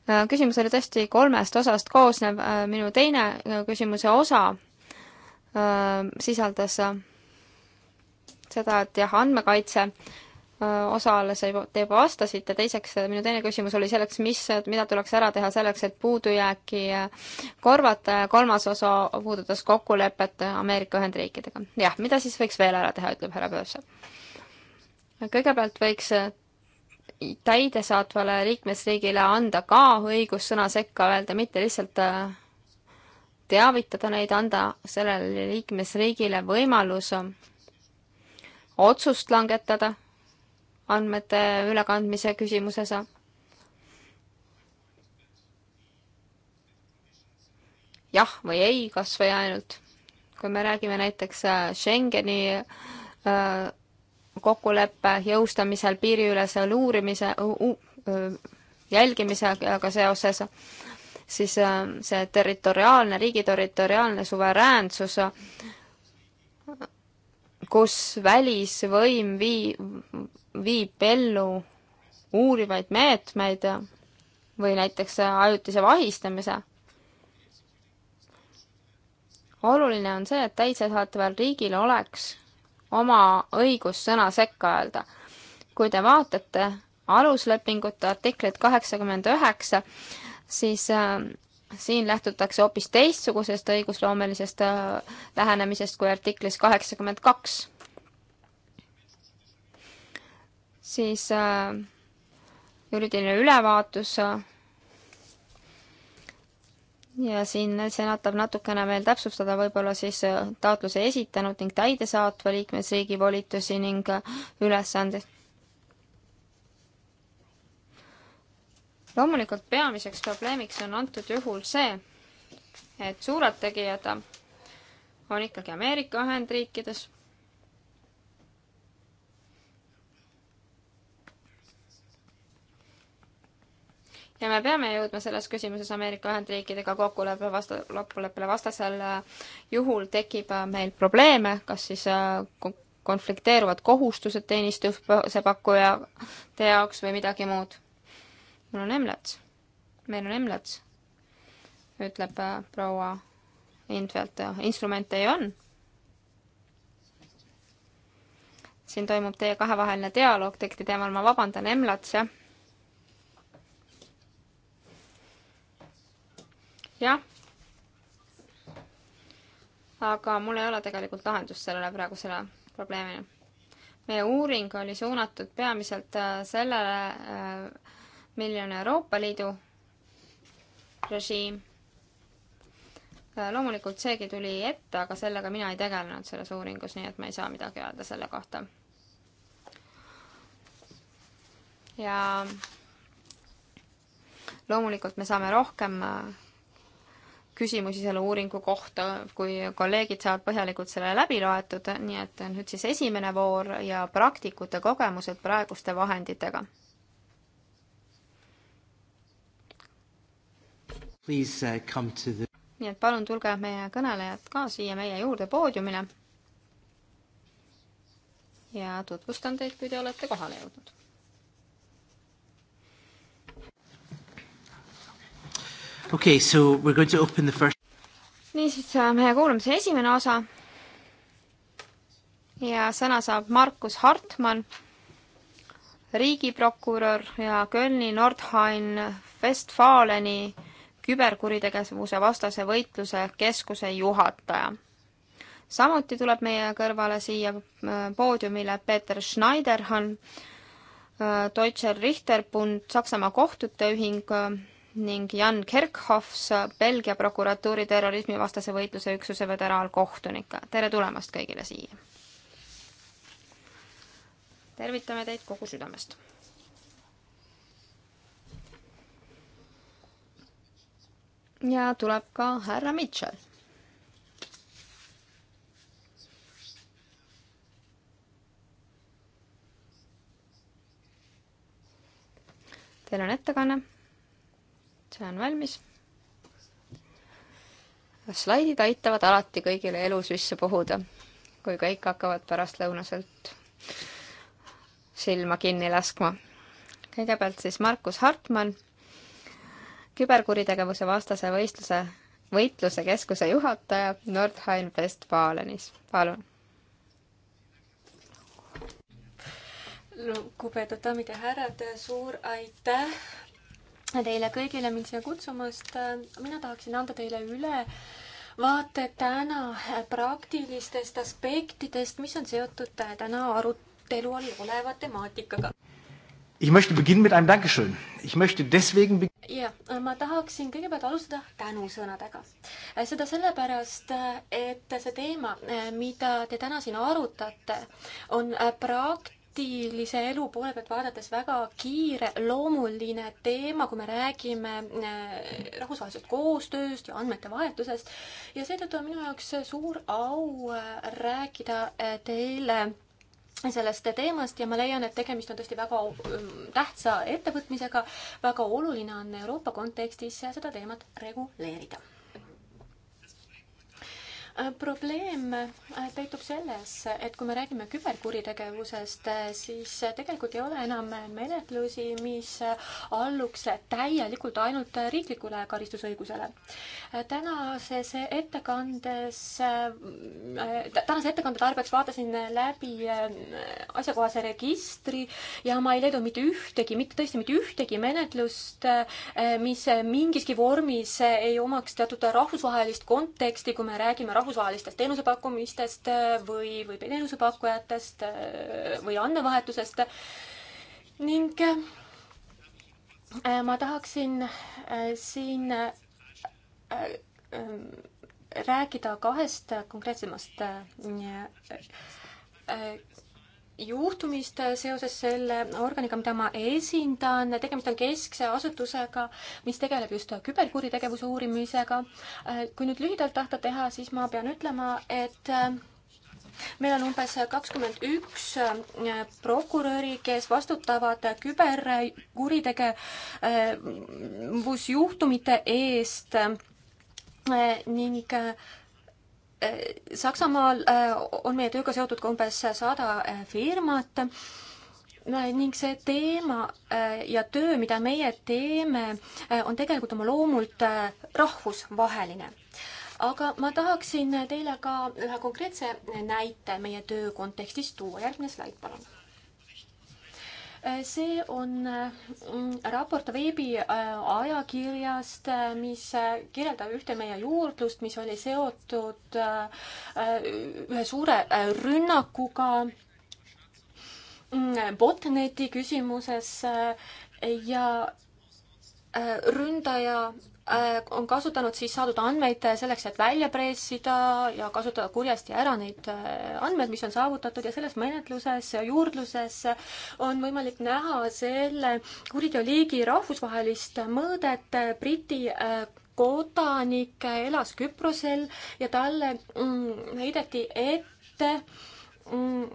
Äh, küsimus oli tõesti kolmest osast koosnev, äh, minu teine äh, küsimuse osa sisaldas seda, et jah, andmekaitse osale sa juba, te juba vastasite, teiseks minu teine küsimus oli selleks, mis, mida tuleks ära teha selleks, et puudujääki korvata ja kolmas osa puudutas kokkulepet Ameerika Ühendriikidega. jah, mida siis võiks veel ära teha, ütleb härra Pöörse. kõigepealt võiks täidesaatvale liikmesriigile anda ka õigus sõna sekka öelda, mitte lihtsalt äh, teavitada neid, anda sellele liikmesriigile võimalus äh, otsust langetada andmete ülekandmise küsimuses. jah või ei, kas või ainult. kui me räägime näiteks äh, Schengeni kokkuleppe jõustamisel piiriülese uurimise, jälgimisega seoses, siis äh, see territoriaalne, riigi territoriaalne suveräänsus, kus välisvõim vii-, viib ellu uurivaid meetmeid või näiteks ajutise vahistamise. oluline on see, et täidesaatval riigil oleks oma õigussõna sekka öelda. kui te vaatate aluslepingute artiklit kaheksakümmend üheksa, siis äh, siin lähtutakse hoopis teistsugusest õigusloomelisest äh, lähenemisest kui artiklis kaheksakümmend kaks. siis äh, juriidiline ülevaatus äh, ja siin see annab natukene veel täpsustada võib-olla siis äh, taotluse esitanud ning täidesaatva liikmesriigi volitusi ning äh, ülesandeid. loomulikult peamiseks probleemiks on antud juhul see, et suured tegijad on ikkagi Ameerika Ühendriikides ja me peame jõudma selles küsimuses Ameerika Ühendriikidega kokkuleppe vasta-, kokkuleppele, vastasel äh, juhul tekib äh, meil probleeme, kas siis äh, konflikteeruvad kohustused teenistuse pakkujate jaoks või midagi muud. mul on emlats, meil on emlats, ütleb proua Indvelt, instrumente ju on siin toimub teie kahevaheline dialoog teksti teemal, ma vabandan, Emlats, jah. jah. aga mul ei ole tegelikult lahendust sellele praegusele probleemile. meie uuring oli suunatud peamiselt äh, sellele, äh, milline on Euroopa Liidu režiim. Äh, loomulikult seegi tuli ette, aga sellega mina ei tegelenud selles uuringus, nii et ma ei saa midagi öelda selle kohta. ja loomulikult me saame rohkem küsimusi selle uuringu kohta, kui kolleegid saavad põhjalikult selle läbi loetud, nii et nüüd siis esimene voor ja praktikute kogemused praeguste vahenditega. Uh, the... nii et palun tulge meie kõnelejad ka siia meie juurde poodiumile. ja tutvustan teid, kui te olete kohale jõudnud okay, so we are going to open the first. niisiis, äh, meie kuulamise esimene osa. ja sõna saab Markus Hartmann, riigiprokurör ja Kölni Nordhain Westfaleni küberkuritegevuse vastase võitluse keskuse juhataja. samuti tuleb meie kõrvale siia äh, poodiumile Peter Schneiderhan, äh, Deutscher Richterbund, Saksamaa kohtute ühing ning Jan Kerkhoffs, Belgia prokuratuuri terrorismivastase võitluse üksuse föderaalkohtunik. tere tulemast kõigile siia! tervitame teid kogu südamest! ja tuleb ka härra Mitchell teil on ettekanne see on valmis. slaidid aitavad alati kõigile elu sisse puhuda, kui kõik hakkavad pärastlõunaselt silma kinni laskma. kõigepealt siis Markus Hartmann, küberkuritegevuse vastase võistluse, võitluse keskuse juhataja Nordheim Westfalenis, palun. lugupeetud daamid ja härrad, suur aitäh teile kõigile mind siia kutsumast. mina tahaksin anda teile üle vaate täna praktilistest aspektidest, mis on seotud täna arutelu all oleva temaatikaga. Ich möchte beginnen mit einem Dankeschön. Ich möchte deswegen ja, ma tahaksin kõigepealt alustada tänusõnadega. seda sellepärast, et see teema, mida te täna siin arutate, on prakt-, praktilise elu poole pealt vaadates väga kiire loomuline teema, kui me räägime äh, rahvusvahelisest koostööst ja andmete vahetusest ja seetõttu on minu jaoks suur au äh, rääkida äh, teile sellest teemast ja ma leian, et tegemist on tõesti väga ähm, tähtsa ettevõtmisega. väga oluline on Euroopa kontekstis seda teemat reguleerida Äh, probleem äh, peitub selles, et kui me räägime küberkuritegevusest, äh, siis tegelikult ei ole enam menetlusi, mis alluks täielikult ainult riiklikule karistusõigusele. tänases ettekandes, tänase ettekande tarbeks vaatasin läbi asjakohase registri ja ma ei leidnud mitte ühtegi, mitte tõesti mitte ühtegi menetlust, mis mingiski vormis ei omaks teatud rahvusvahelist konteksti, kui me räägime rahvusvahelisest rahvusvahelistest teenusepakkumistest äh, või, või teenusepakkujatest äh, või andmevahetusest. ning äh, ma tahaksin siin rääkida kahest konkreetsemast juhtumist seoses selle organiga, mida ma esindan. tegemist on keskse asutusega, mis tegeleb just küberkuritegevuse uurimisega. kui nüüd lühidalt tahta teha, siis ma pean ütlema, et äh, meil on umbes kakskümmend üks äh, prokuröri, kes vastutavad küberkuritegevusjuhtumite eest äh, ning äh, Äh, Saksamaal äh, on meie tööga seotud ka umbes sada äh, firmat ning see teema ja töö, mida meie teeme, on tegelikult oma loomult rahvusvaheline. aga ma tahaksin teile ka ühe konkreetse näite meie töö kontekstis tuua. järgmine slaid, palun see on mm, raport veebiajakirjast, äh, äh, mis äh, kirjeldab ühte meie juurdlust, mis oli seotud ühe suure rünnakuga mm, botneti küsimuses ja ründaja Äh, on kasutanud siis saadud andmeid selleks, et välja pressida ja kasutada kurjasti ära neid äh, andmeid, mis on saavutatud ja selles menetluses, juurdluses on võimalik näha selle kuriteoliigi rahvusvahelist mõõdet Briti äh, kodanik elas Küprosel ja talle mm, heideti ette mm,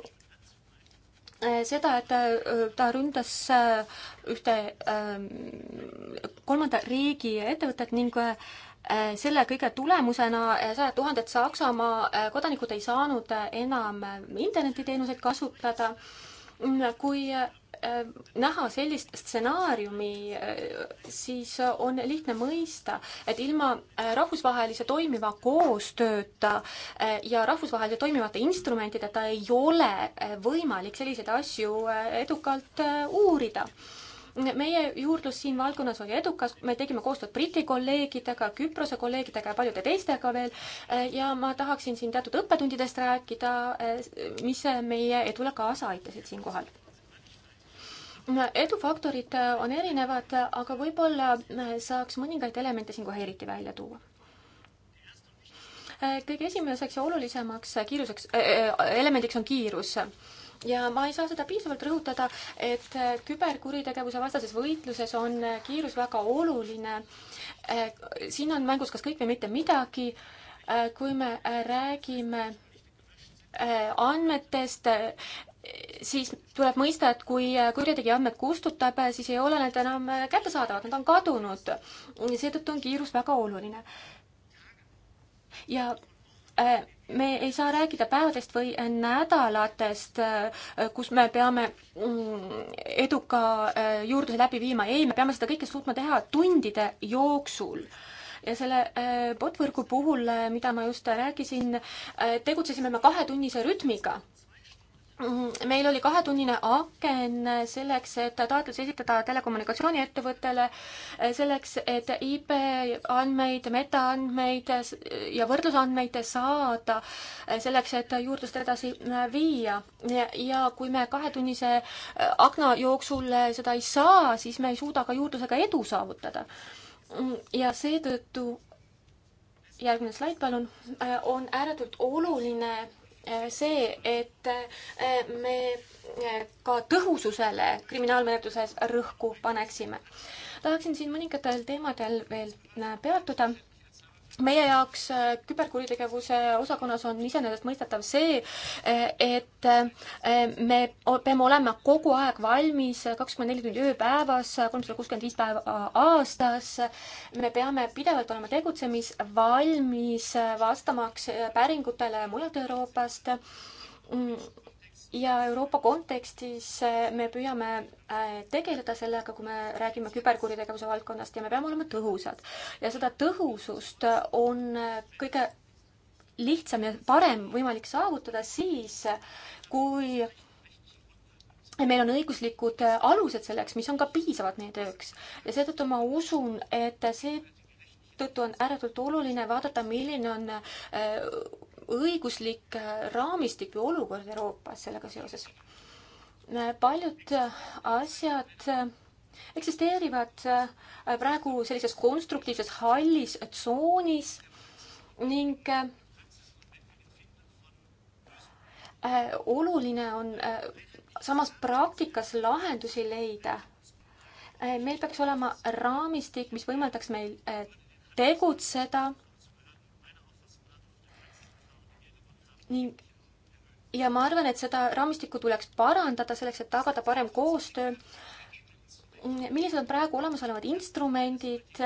Äh, seda, et äh, ta ründas äh, ühte ähm, kolmanda riigi ettevõtet ning selle kõige tulemusena sajad tuhanded Saksamaa kodanikud ei saanud enam internetiteenuseid kasutada. kui Äh, näha sellist stsenaariumi, äh, siis äh, on lihtne mõista, et ilma rahvusvahelise toimiva koostööta ja rahvusvahelise toimivate instrumentideta ei ole võimalik selliseid asju edukalt uurida meie juurdlus siin valdkonnas oli edukas, me tegime koostööd Briti kolleegidega, Küprose kolleegidega ja paljude teistega veel ja ma tahaksin siin teatud õppetundidest rääkida, mis meie edule kaasa aitasid siinkohal edufaktorid äh, on erinevad, äh, aga võib-olla äh, saaks mõningaid elemente siinkohal eriti välja tuua. kõige esimeseks ja olulisemaks kiiruseks äh,, elemendiks on kiirus ja ma ei saa seda piisavalt rõhutada, et küberkuritegevuse vastases võitluses on kiirus väga oluline. siin on mängus kas kõik või mitte midagi. kui me räägime andmetest, siis tuleb mõista, et kui kurjategija andmed kustutab, siis ei ole need enam kättesaadavad, nad on kadunud. seetõttu on kiirus väga oluline. ja äh, me ei saa rääkida päevadest või nädalatest, äh, kus me peame mm, eduka äh, juurdluse läbi viima. ei, me peame seda kõike suutma teha tundide jooksul ja selle botvõrgu puhul, mida ma just rääkisin, tegutsesime me kahetunnise rütmiga Mm, meil oli kahetunnine aken selleks, et taotlus esitada telekommunikatsiooniettevõttele, selleks, et IP andmeid, metaandmeid ja võrdlusandmeid saada, selleks, et juurdlust edasi viia. ja kui me kahetunnise akna jooksul seda ei saa, siis me ei suuda ka juurdlusega edu saavutada. Mm, ja seetõttu, järgmine slaid palun, on ääretult oluline Eh, see, et eh, me eh, ka tõhususele kriminaalmenetluses rõhku paneksime. tahaksin siin mõningatel teemadel veel peatuda meie jaoks äh, küberkuritegevuse osakonnas on iseenesestmõistetav see, äh, et äh, me peame olema kogu aeg valmis, kakskümmend neli tundi ööpäevas, kolmsada kuuskümmend viis päeva aastas. me peame pidevalt olema tegutsemisvalmis, vastamaks päringutele mujalt Euroopast mm, ja Euroopa kontekstis eh, me püüame eh, tegeleda sellega, kui me räägime küberkuritegevuse valdkonnast ja me peame olema tõhusad. ja seda tõhusust eh, on kõige lihtsam ja parem võimalik saavutada siis, kui meil on õiguslikud alused selleks, mis on ka piisavad meie tööks. ja seetõttu ma usun, et see tõttu on ääretult oluline vaadata, milline on õiguslik äh, raamistik või olukord Euroopas sellega seoses. Äh, paljud äh, asjad eksisteerivad praegu sellises konstruktiivses hallis tsoonis ning oluline on samas praktikas lahendusi leida. meil peaks olema raamistik, mis võimaldaks meil tegutseda ning ja ma arvan, et seda raamistikku tuleks parandada selleks, et tagada parem koostöö. millised on praegu olemasolevad instrumendid,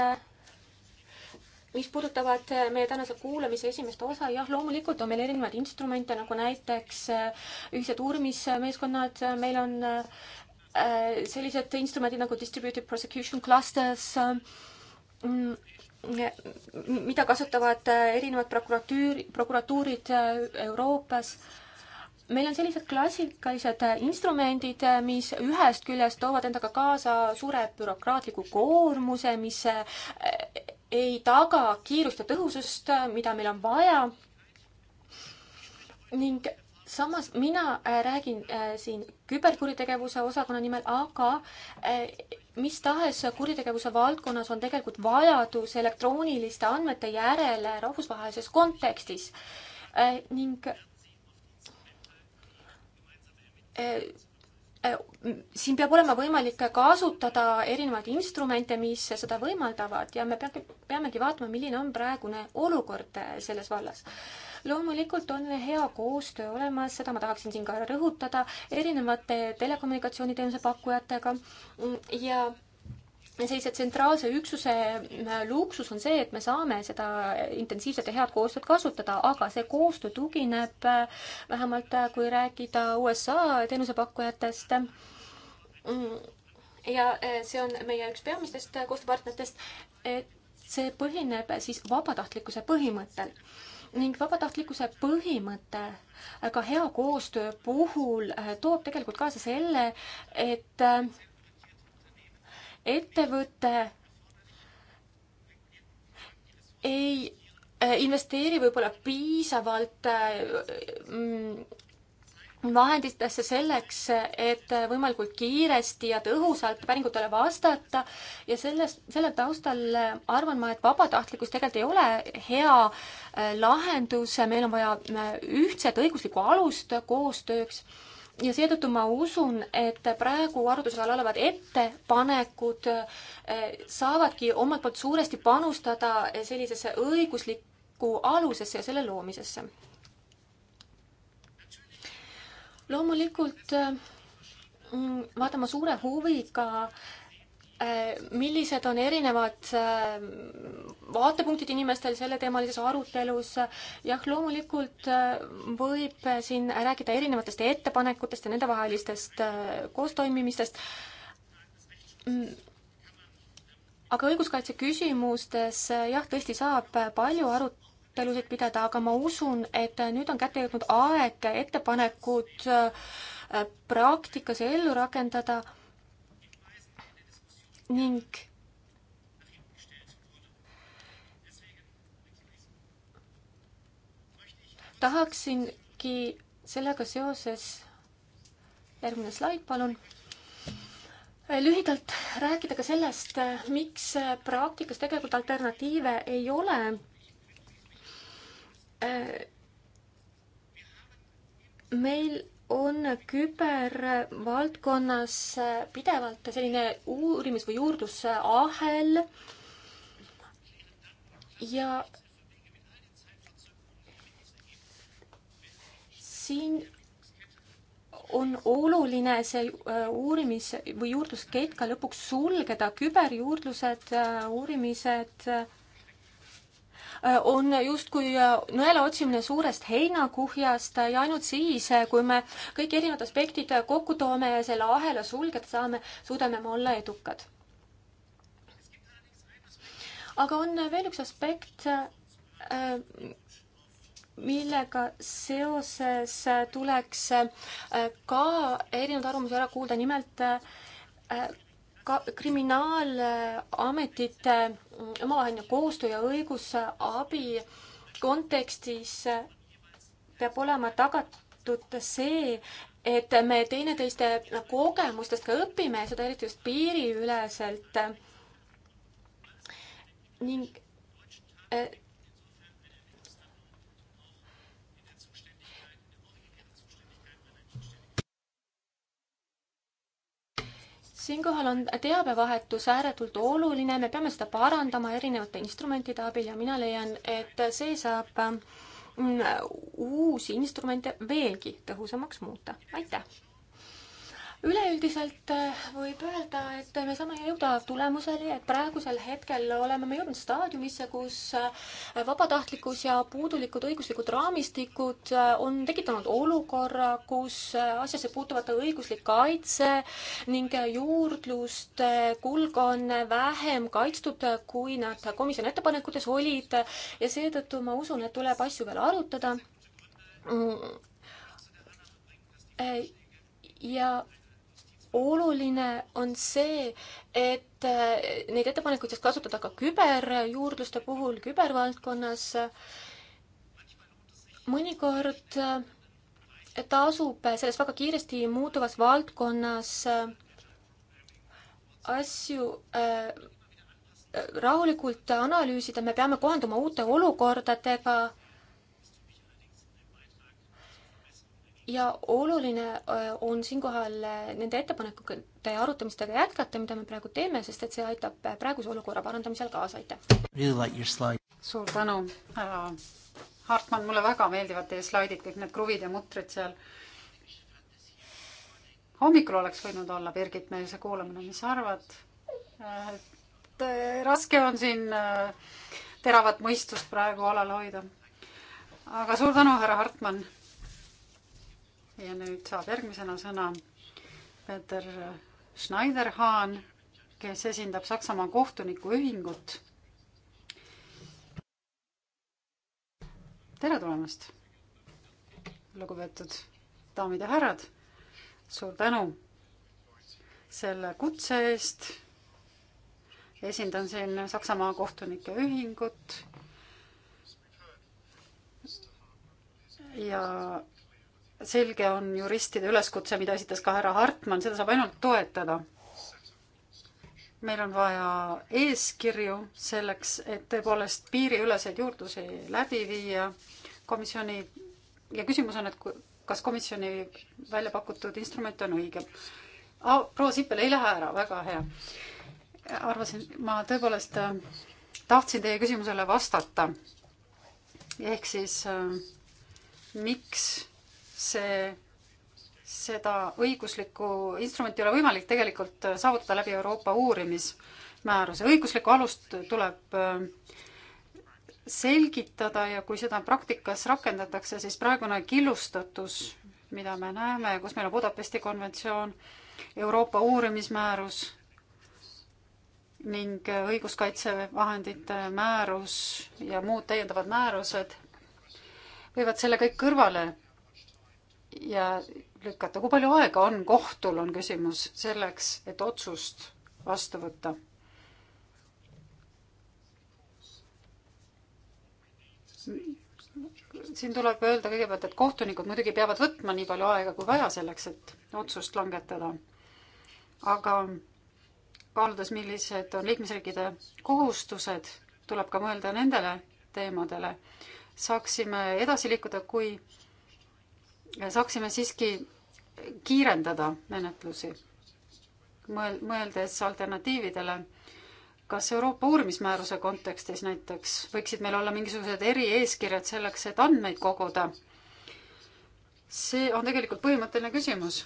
mis puudutavad meie tänase kuulamise esimest osa, jah, loomulikult on meil erinevaid instrumente, nagu näiteks äh, ühised uurimismeeskonnad, meil on äh, sellised instrumendid nagu distributed prosecution clusters, mm, mida kasutavad äh, erinevad prokuratuuri, prokuratuurid äh, Euroopas. meil on sellised klassikalised äh, instrumendid, mis ühest küljest toovad endaga kaasa suure bürokraatliku koormuse, mis ei taga kiirust ja tõhusust, mida meil on vaja. ning samas mina äh, räägin äh, siin küberkuritegevuse osakonna nimel, aga äh, mis tahes kuritegevuse valdkonnas on tegelikult vajadus elektrooniliste andmete järele rahvusvahelises kontekstis ning siin peab olema võimalik kasutada erinevaid instrumente, mis seda võimaldavad ja me peamegi vaatama, milline on praegune olukord selles vallas loomulikult on hea koostöö olemas, seda ma tahaksin siin ka rõhutada, erinevate telekommunikatsiooniteenuse pakkujatega ja sellise tsentraalse üksuse äh, luksus on see, et me saame seda intensiivset ja head koostööd kasutada, aga see koostöö tugineb äh, vähemalt, äh, kui rääkida USA teenusepakkujatest, mm, ja see on meie üks peamistest koostööpartneritest, et see põhineb siis vabatahtlikkuse põhimõttel ning vabatahtlikkuse põhimõte ka hea koostöö puhul äh, toob tegelikult kaasa selle, et äh, ettevõte ei äh, investeeri võib-olla piisavalt mm, vahenditesse selleks, et võimalikult kiiresti ja tõhusalt päringutele vastata ja selles, selle taustal arvan ma, et vabatahtlikkus tegelikult ei ole hea äh, lahendus, meil on vaja äh, ühtset õiguslikku alust koostööks ja seetõttu ma usun, et praegu arutluse all olevad ettepanekud äh, saavadki omalt poolt suuresti panustada sellisesse õiguslikku alusesse ja selle loomisesse loomulikult äh, mm, vaatama suure huviga äh, millised on erinevad äh, vaatepunktid inimestel selleteemalises arutelus. jah, loomulikult võib siin rääkida erinevatest ettepanekutest ja nendevahelistest koostoimimistest. Mm. aga õiguskaitse küsimustes jah, tõesti saab palju arut-, arutelusid pidada, aga ma usun, et nüüd on kätte jõudnud aeg ettepanekud äh, praktikas ellu rakendada ning tahaksingi sellega seoses, järgmine slaid, palun äh, lühidalt rääkida ka sellest, äh, miks praktikas tegelikult alternatiive ei ole meil on kübervaldkonnas pidevalt selline uurimis- või juurdlusahel ja siin on oluline see äh, uurimis- või juurdlusket ka lõpuks sulgeda, küberjuurdlused, äh, uurimised äh, on justkui äh, nõela otsimine suurest heinakuhjast ja ainult siis, äh, kui me kõik erinevad aspektid äh, kokku toome ja selle ahela sulgeda saame, suudame me olla edukad. aga on veel üks aspekt, millega seoses tuleks ka erinevaid arvamusi ära kuulda, nimelt ka kriminaalametite omavaheline koostöö ja õigusabi kontekstis peab olema tagatud see, et me teineteiste kogemustest ka õpime, seda eriti just piiriüleselt. ning eh, siinkohal on teabevahetus ääretult oluline, me peame seda parandama erinevate instrumentide abil ja mina leian, et see saab mm, uusi instrumente veelgi tõhusamaks muuta. aitäh! üleüldiselt äh, võib öelda, et me saame jõuda tulemuseni, et praegusel hetkel oleme me jõudnud staadiumisse, kus äh, vabatahtlikkus ja puudulikud õiguslikud raamistikud äh, on tekitanud olukorra, kus asjasse puutuvate õiguslik kaitse ning juurdluste kulg on vähem kaitstud, kui nad komisjoni ettepanekutes olid ja seetõttu ma usun, et tuleb asju veel arutada. Mm. ja oluline on see, et äh, neid ettepanekuid saaks kasutada ka küberjuurdluste puhul, kübervaldkonnas. mõnikord äh, tasub selles väga kiiresti muutuvas valdkonnas äh, asju rahulikult analüüsida, me peame kohanduma uute olukordadega ja oluline äh, on siinkohal äh, nende ettepanekute arutamistega jätkata, mida me praegu teeme, sest et see aitab äh, praeguse olukorra parandamisel kaasa, aitäh really! Like suur tänu, härra Hartmann, mulle väga meeldivad teie slaidid, kõik need kruvid ja mutrid seal. hommikul oleks võinud olla, Birgit, meil see kuulamine, mis sa arvad? et raske on siin teravat mõistust praegu alal hoida. aga suur tänu, härra Hartmann ja nüüd saab järgmisena sõna Peeter Schneiderhaan, kes esindab Saksamaa kohtunikuühingut. tere tulemast, lugupeetud daamid ja härrad. suur tänu selle kutse eest. esindan siin Saksamaa kohtunike ühingut ja selge on juristide üleskutse, mida esitas ka härra Hartmann, seda saab ainult toetada. meil on vaja eeskirju selleks, et tõepoolest piiriüleseid juurdlusi läbi viia. komisjoni ja küsimus on, et kas komisjoni välja pakutud instrument on õige oh,. proua Sippel ei lähe ära, väga hea. arvasin, ma tõepoolest äh, tahtsin teie küsimusele vastata. ehk siis äh, miks see, seda õiguslikku instrumenti ei ole võimalik tegelikult äh, saavutada läbi Euroopa uurimismääruse. õiguslikku alust tuleb äh, selgitada ja kui seda praktikas rakendatakse, siis praegune killustatus, mida me näeme, kus meil on Budapesti konventsioon, Euroopa uurimismäärus ning äh, õiguskaitsevahendite määrus ja muud täiendavad määrused võivad selle kõik kõrvale ja lükata. kui palju aega on kohtul, on küsimus selleks, et otsust vastu võtta? siin tuleb öelda kõigepealt, et kohtunikud muidugi peavad võtma nii palju aega kui vaja selleks, et otsust langetada. aga kaaludes, millised on liikmesriikide kohustused, tuleb ka mõelda nendele teemadele. saaksime edasi liikuda, kui saaksime siiski kiirendada menetlusi, mõel-, mõeldes alternatiividele, kas Euroopa uurimismääruse kontekstis näiteks võiksid meil olla mingisugused erieeskirjad selleks, et andmeid koguda? see on tegelikult põhimõtteline küsimus.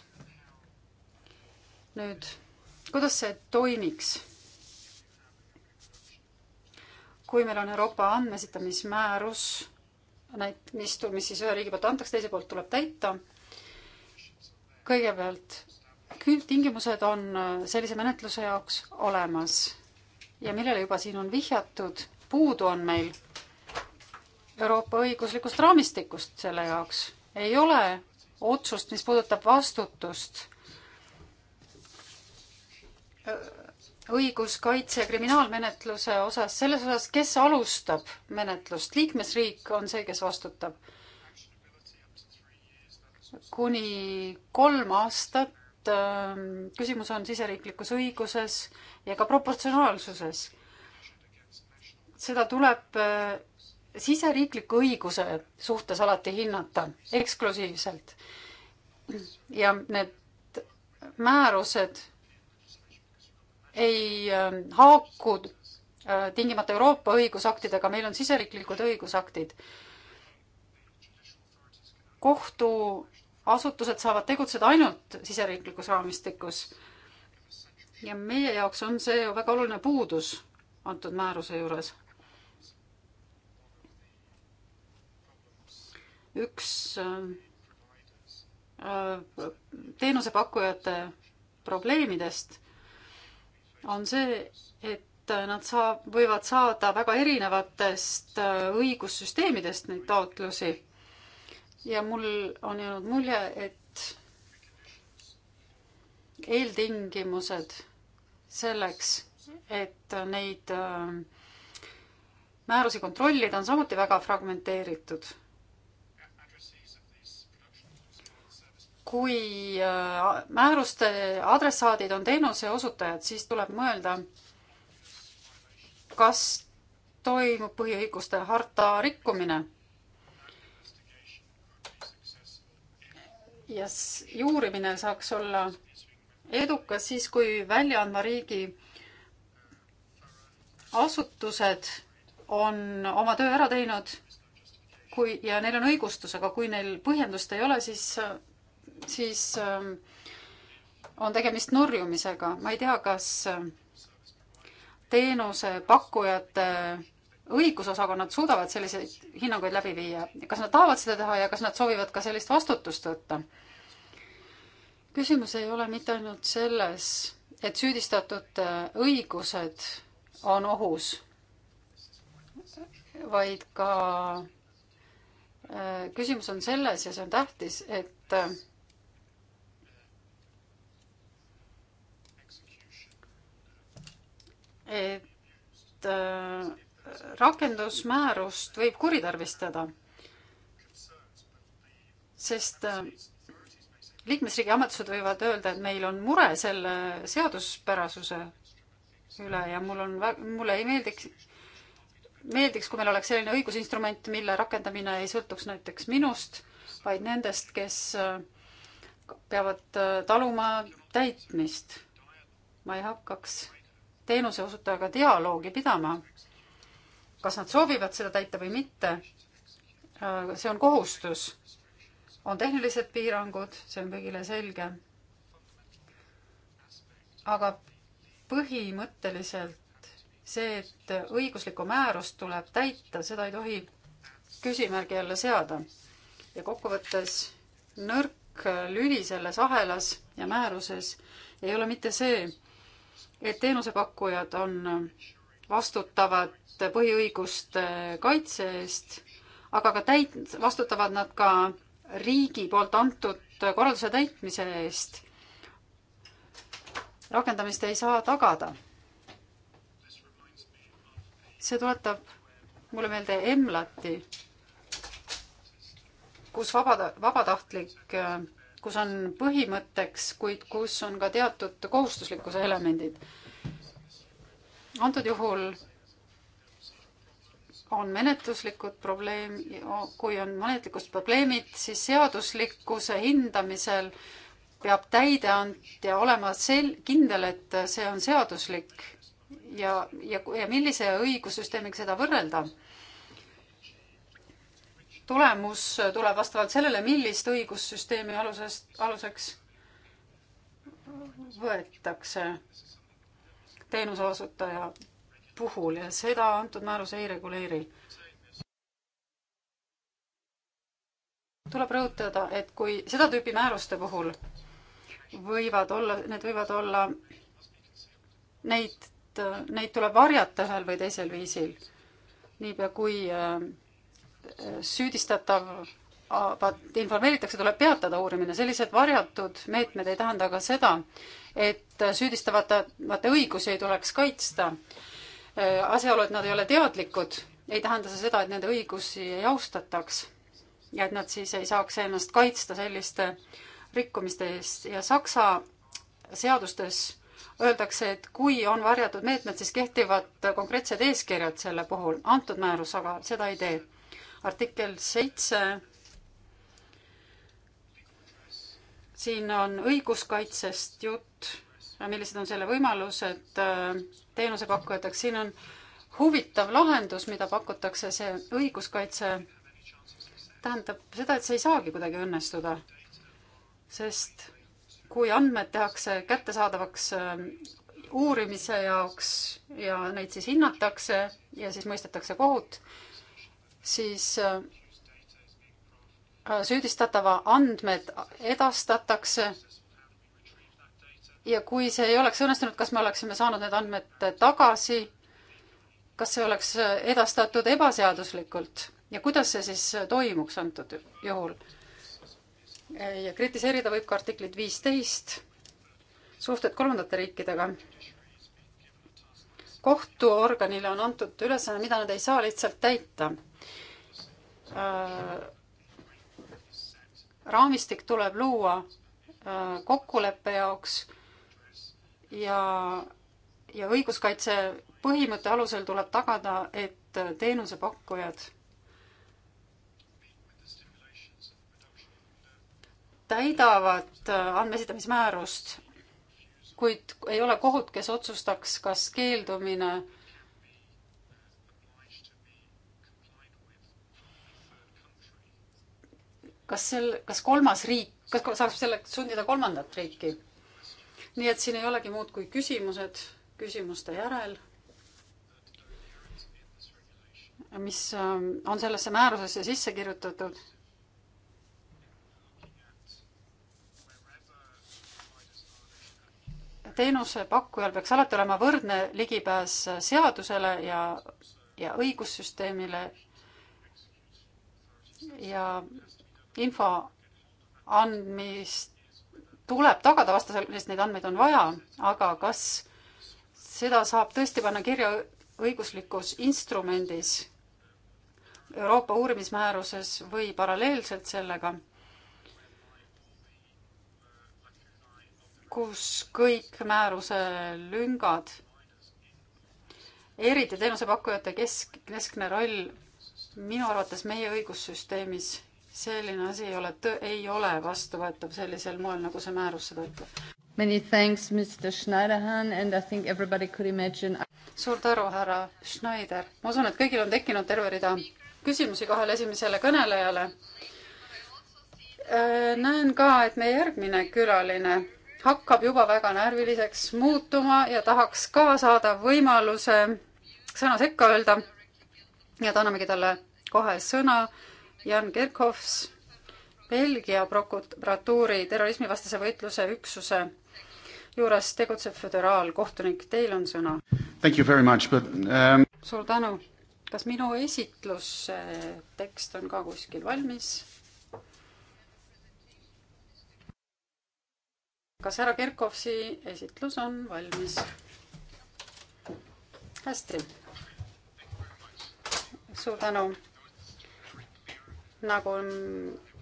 nüüd, kuidas see toimiks? kui meil on Euroopa andmesitamismäärus näit-, mis, mis siis ühe riigi poolt antakse, teise poolt tuleb täita. kõigepealt, küll tingimused on äh, sellise menetluse jaoks olemas ja millele juba siin on vihjatud, puudu on meil Euroopa õiguslikust raamistikust selle jaoks. ei ole otsust, mis puudutab vastutust äh, õiguskaitse kriminaalmenetluse osas, selles osas, kes alustab menetlust, liikmesriik on see, kes vastutab. kuni kolm aastat ähm, küsimus on siseriiklikus õiguses ja ka proportsionaalsuses. seda tuleb äh, siseriikliku õiguse suhtes alati hinnata eksklusiivselt. ja need määrused ei ähm, haaku äh, tingimata Euroopa õigusaktidega, meil on siseriiklikud õigusaktid. kohtuasutused saavad tegutseda ainult siseriiklikus raamistikus. ja meie jaoks on see ju väga oluline puudus antud määruse juures. üks äh, äh, teenusepakkujate probleemidest on see, et nad saab, võivad saada väga erinevatest äh, õigussüsteemidest neid taotlusi. ja mul on jäänud mulje, et eeltingimused selleks, et neid äh, määrusi kontrollida, on samuti väga fragmenteeritud kui äh, määruste adressaadid on teenuse osutajad, siis tuleb mõelda, kas toimub põhiõiguste harta rikkumine. ja juurimine saaks olla edukas siis, kui välja andva riigi asutused on oma töö ära teinud, kui, ja neil on õigustus, aga kui neil põhjendust ei ole, siis siis ähm, on tegemist nurjumisega. ma ei tea, kas ähm, teenusepakkujate õigusosakonnad suudavad selliseid hinnanguid läbi viia, kas nad tahavad seda teha ja kas nad soovivad ka sellist vastutust võtta? küsimus ei ole mitte ainult selles, et süüdistatute äh, õigused on ohus, vaid ka äh, küsimus on selles ja see on tähtis, et äh, et äh, rakendusmäärust võib kuritarvistada, sest äh, liikmesriigi ametused võivad öelda, et meil on mure selle seaduspärasuse üle ja mul on, mulle ei meeldiks, meeldiks, kui meil oleks selline õigusinstrument, mille rakendamine ei sõltuks näiteks minust, vaid nendest, kes äh, peavad taluma täitmist. ma ei hakkaks teenuseosutajaga dialoogi pidama, kas nad soovivad seda täita või mitte. Äh, see on kohustus. on tehnilised piirangud, see on kõigile selge. aga põhimõtteliselt see, et õiguslikku määrust tuleb täita, seda ei tohi küsimärgi alla seada. ja kokkuvõttes nõrk lüli selles ahelas ja määruses ei ole mitte see, et teenusepakkujad on vastutavad põhiõiguste kaitse eest, aga ka täit-, vastutavad nad ka riigi poolt antud korralduse täitmise eest. rakendamist ei saa tagada. see tuletab mulle meelde EMLAT-i, kus vaba, vabatahtlik äh, kus on põhimõtteks, kuid kus on ka teatud kohustuslikkuse elemendid. antud juhul on menetluslikud probleem, kui on menetluslikud probleemid, siis seaduslikkuse hindamisel peab täideandja olema sel-, kindel, et see on seaduslik ja, ja, ja millise õigussüsteemiga seda võrrelda tulemus tuleb vastavalt sellele, millist õigussüsteemi alusest, aluseks võetakse teenuse osutaja puhul ja seda antud määrus ei reguleeri. tuleb rõhutada, et kui seda tüüpi määruste puhul võivad olla, need võivad olla, neid, neid tuleb varjata ühel või teisel viisil. niipea kui äh, süüdistatavat informeeritakse, tuleb peatada uurimine. sellised varjatud meetmed ei tähenda ka seda, et süüdistatavate õigusi ei tuleks kaitsta. asjaolu, et nad ei ole teadlikud, ei tähenda see seda, et nende õigusi ei austataks ja et nad siis ei saaks ennast kaitsta selliste rikkumiste eest ja Saksa seadustes öeldakse, et kui on varjatud meetmed, siis kehtivad konkreetsed eeskirjad selle puhul. antud määrus aga seda ei tee artikkel seitse. siin on õiguskaitsest jutt, millised on selle võimalused äh, teenusepakkujateks, siin on huvitav lahendus, mida pakutakse, see õiguskaitse tähendab seda, et see ei saagi kuidagi õnnestuda. sest kui andmed tehakse kättesaadavaks äh, uurimise jaoks ja neid siis hinnatakse ja siis mõistetakse kohut, siis äh, süüdistatava andmed edastatakse ja kui see ei oleks õnnestunud, kas me oleksime saanud need andmed tagasi, kas see oleks edastatud ebaseaduslikult ja kuidas see siis toimuks antud juhul? ja kritiseerida võib ka artiklit viisteist, suhted kolmandate riikidega. kohtuorganile on antud ülesanne, mida nad ei saa lihtsalt täita Äh, raamistik tuleb luua äh, kokkuleppe jaoks ja, ja õiguskaitse põhimõtte alusel tuleb tagada, et teenusepakkujad täidavad äh, andmesidamismäärust, kuid ei ole kohut, kes otsustaks, kas keeldumine kas sel, kas kolmas riik, kas saab selleks sundida kolmandat riiki? nii et siin ei olegi muud kui küsimused küsimuste järel, mis ähm, on sellesse määrusesse sisse kirjutatud. teenusepakkujal peaks alati olema võrdne ligipääs seadusele ja, ja õigussüsteemile ja info andmist tuleb tagada, vastasel korral neid andmeid on vaja, aga kas seda saab tõesti panna kirja õiguslikus instrumendis, Euroopa uurimismääruses või paralleelselt sellega, kus kõik määruse lüngad, eriti teenusepakkujate kesk, keskne roll minu arvates meie õigussüsteemis selline asi ei ole, ei ole vastuvõetav sellisel moel, nagu see määrus seda ütleb. Many thanks, Mr Schneiderhan and I think everybody could imagine. suur tänu, härra Schneider. ma usun, et kõigil on tekkinud terve rida küsimusi kahele esimesele kõnelejale. Äh, näen ka, et meie järgmine külaline hakkab juba väga närviliseks muutuma ja tahaks ka saada võimaluse sõna sekka öelda. nii et annamegi talle kohe sõna Jan Kerkhoffs, Belgia prokuratuuri terrorismivastase võitluse üksuse juures tegutsev föderaalkohtunik, teil on sõna. Um... suur tänu. kas minu esitlus tekst on ka kuskil valmis? kas härra Kerkhoffsi esitlus on valmis? hästi. suur tänu nagu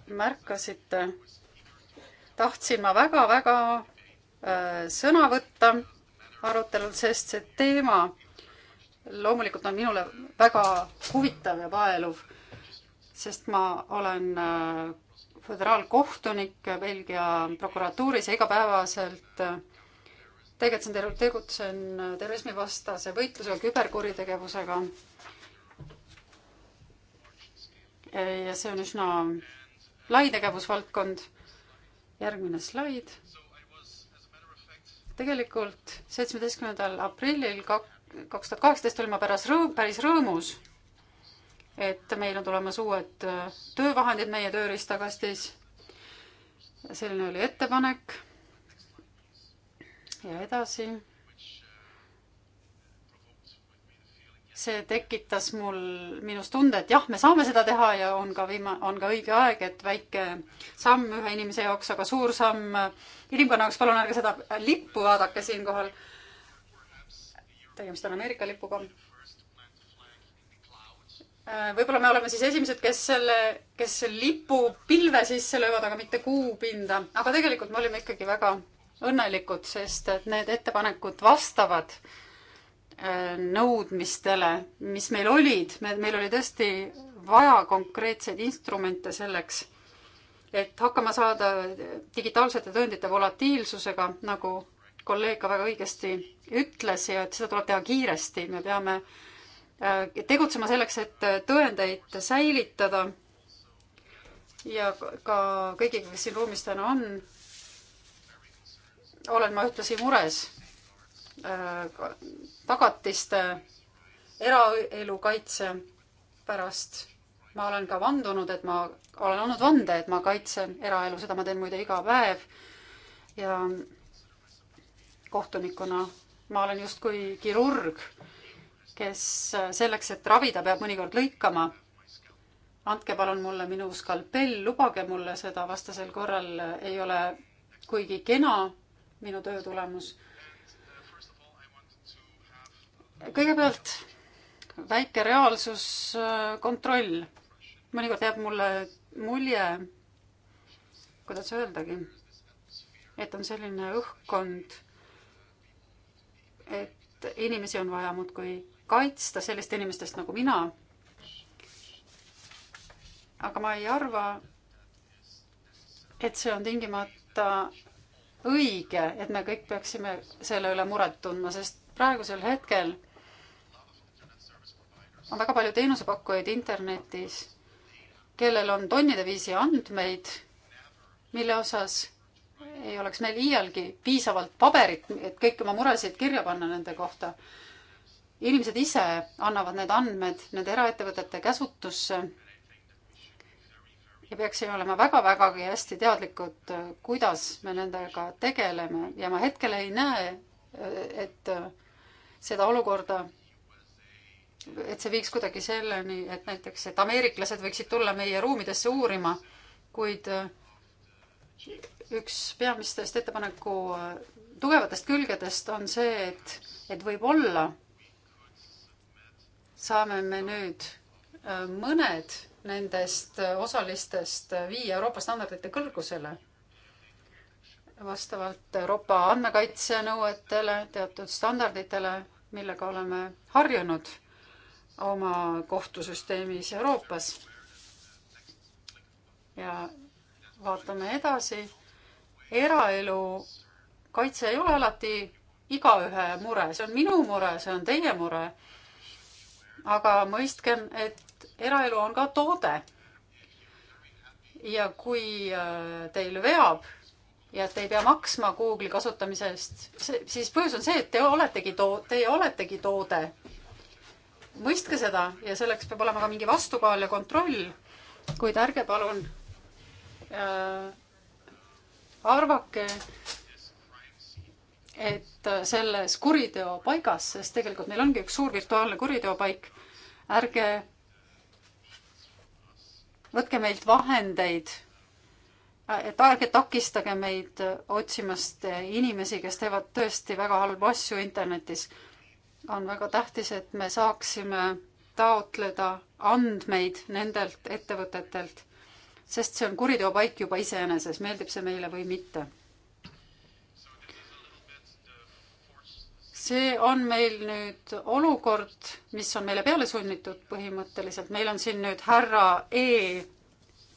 märkasite, tahtsin ma väga-väga äh, sõna võtta arutelul, sest see teema loomulikult on minule väga huvitav ja vaeluv, sest ma olen äh, föderaalkohtunik Belgia prokuratuuris ja igapäevaselt äh, tegutsen, tegutsen terrorismivastase võitlusega, küberkuritegevusega ja see on üsna lai tegevusvaldkond. järgmine slaid. tegelikult seitsmeteistkümnendal aprillil kaks tuhat kaheksateist olin ma pärast rõõm, päris rõõmus, et meil on tulemas uued äh, töövahendid meie tööriistakastis. selline oli ettepanek. ja edasi see tekitas mul, minus tunde, et jah, me saame seda teha ja on ka viima-, on ka õige aeg, et väike samm ühe inimese jaoks, aga suur samm inimkonna jaoks, palun ärge seda lippu vaadake siinkohal. tegemist on Ameerika lipuga. Äh, võib-olla me oleme siis esimesed, kes selle, kes lipu pilve sisse löövad, aga mitte kuu pinda, aga tegelikult me olime ikkagi väga õnnelikud, sest et need ettepanekud vastavad äh, Äh, nõudmistele, mis meil olid, me, meil oli tõesti vaja konkreetseid instrumente selleks, et hakkama saada digitaalsete tõendite volatiilsusega, nagu kolleeg ka väga õigesti ütles ja et seda tuleb teha kiiresti, me peame äh, tegutsema selleks, et tõendeid säilitada ja ka kõigiga, kes siin ruumis täna on, olen ma ühtlasi mures Äh, tagatiste eraelu kaitse pärast. ma olen ka vandunud, et ma olen andnud vande, et ma kaitsen eraelu, seda ma teen muide iga päev. ja kohtunikuna ma olen justkui kirurg, kes selleks, et ravida, peab mõnikord lõikama. andke palun mulle minu skalpell, lubage mulle seda, vastasel korral ei ole kuigi kena minu töö tulemus kõigepealt väike reaalsuskontroll. Äh, mõnikord jääb mulle mulje, kuidas öeldagi, et on selline õhkkond, et inimesi on vaja muudkui kaitsta sellist inimestest nagu mina. aga ma ei arva, et see on tingimata õige, et me kõik peaksime selle üle muret tundma, sest praegusel hetkel on väga palju teenusepakkujaid internetis, kellel on tonnide viisi andmeid, mille osas ei oleks neil iialgi piisavalt paberit, et kõik oma muresid kirja panna nende kohta. inimesed ise annavad need andmed nende eraettevõtete käsutusse ja peaksime olema väga-vägagi hästi teadlikud, kuidas me nendega tegeleme ja ma hetkel ei näe, et seda olukorda et see viiks kuidagi selleni, et näiteks, et ameeriklased võiksid tulla meie ruumidesse uurima, kuid äh, üks peamistest ettepaneku äh, tugevatest külgedest on see, et, et võib-olla saame me nüüd äh, mõned nendest osalistest viia Euroopa standardite kõrgusele vastavalt Euroopa andmekaitsenõuetele, teatud standarditele, millega oleme harjunud oma kohtusüsteemis Euroopas. ja vaatame edasi. eraelu kaitse ei ole alati igaühe mure, see on minu mure, see on teie mure. aga mõistkem, et eraelu on ka toode. ja kui äh, teil veab ja et ei pea maksma Google'i kasutamise eest, siis põhjus on see, et te oletegi too-, teie oletegi toode mõistke seda ja selleks peab olema ka mingi vastukaal ja kontroll, kuid ärge palun äh, arvake, et selles kuriteopaigas, sest tegelikult meil ongi üks suur virtuaalne kuriteopaik, ärge võtke meilt vahendeid, et ärge takistage meid otsimast inimesi, kes teevad tõesti väga halbu asju internetis on väga tähtis, et me saaksime taotleda andmeid nendelt ettevõtetelt, sest see on kuriteopaik juba iseeneses, meeldib see meile või mitte. see on meil nüüd olukord, mis on meile peale sunnitud põhimõtteliselt, meil on siin nüüd härra E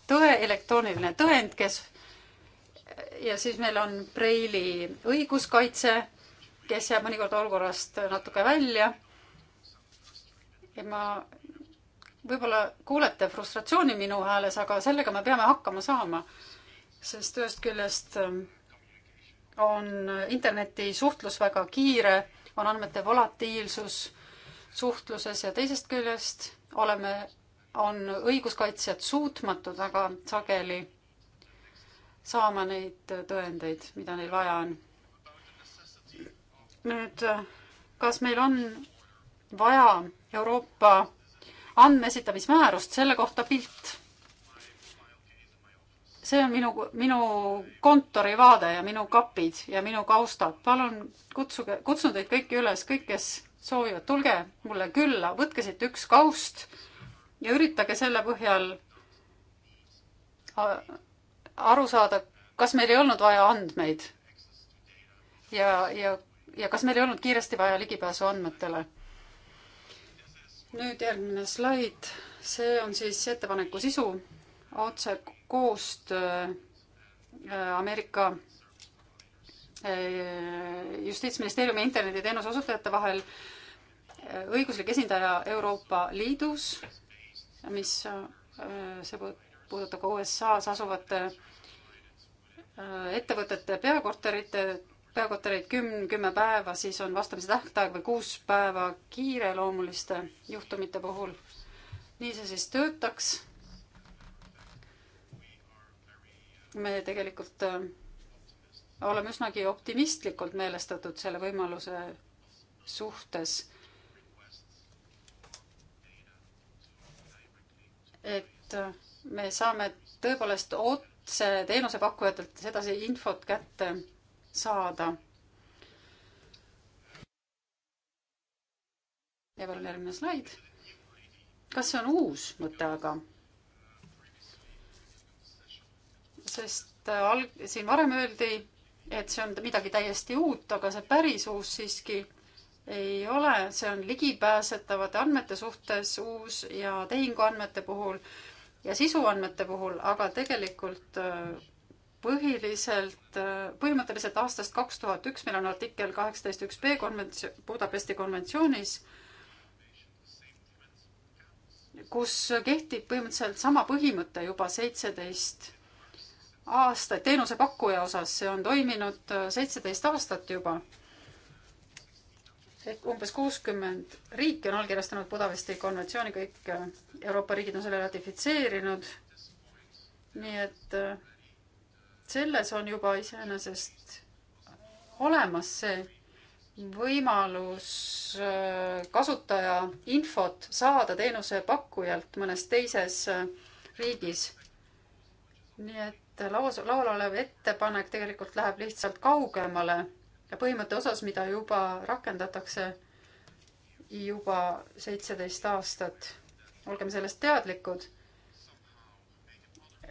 tõe, elektrooniline tõend, kes ja siis meil on Preili õiguskaitse kes jääb mõnikord olukorrast natuke välja. ja ma, võib-olla kuulete frustratsiooni minu hääles, aga sellega me peame hakkama saama. sest ühest küljest ähm, on internetisuhtlus väga kiire, on andmete volatiilsus suhtluses ja teisest küljest oleme, on õiguskaitsjad suutmatud väga sageli saama neid tõendeid, mida neil vaja on nüüd, kas meil on vaja Euroopa andmeesitamismäärust, selle kohta pilt. see on minu, minu kontorivaade ja minu kapid ja minu kaustad. palun kutsuge, kutsun teid kõiki üles, kõik, kes soovivad, tulge mulle külla, võtke siit üks kaust ja üritage selle põhjal äh, aru saada, kas meil ei olnud vaja andmeid ja, ja ja kas meil ei olnud kiiresti vaja ligipääsu andmetele? nüüd järgmine slaid, see on siis ettepaneku sisu, otse koostöö äh, Ameerika äh, justiitsministeeriumi internetiteenuse osutajate vahel, äh, õiguslik esindaja Euroopa Liidus, mis, see puudutab ka USA-s asuvate ettevõtete peakorterite peakortereid küm-, kümme päeva, siis on vastamise tähtaeg või kuus päeva kiireloomuliste juhtumite puhul. nii see siis töötaks. me tegelikult äh, oleme üsnagi optimistlikult meelestatud selle võimaluse suhtes. et äh, me saame tõepoolest otse teenusepakkujatelt sedasi infot kätte saada. ja palun järgmine slaid. kas see on uus mõte aga? sest äh, alg-, siin varem öeldi, et see on midagi täiesti uut, aga see päris uus siiski ei ole, see on ligipääsetavate andmete suhtes uus ja tehinguandmete puhul ja sisuandmete puhul, aga tegelikult äh, põhiliselt, põhimõtteliselt aastast kaks tuhat üks, meil on artikkel kaheksateist üks B konventsioon, Budapesti konventsioonis, kus kehtib põhimõtteliselt sama põhimõte juba seitseteist aastaid teenusepakkuja osas, see on toiminud äh, seitseteist aastat juba. ehk umbes kuuskümmend riiki on allkirjastanud Budapesti konventsiooni, kõik äh, Euroopa riigid on selle ratifitseerinud. nii et äh, selles on juba iseenesest olemas see võimalus äh, kasutaja infot saada teenusepakkujalt mõnes teises äh, riigis. nii et lauas, laual olev ettepanek tegelikult läheb lihtsalt kaugemale ja põhimõtte osas, mida juba rakendatakse juba seitseteist aastat. olgem sellest teadlikud,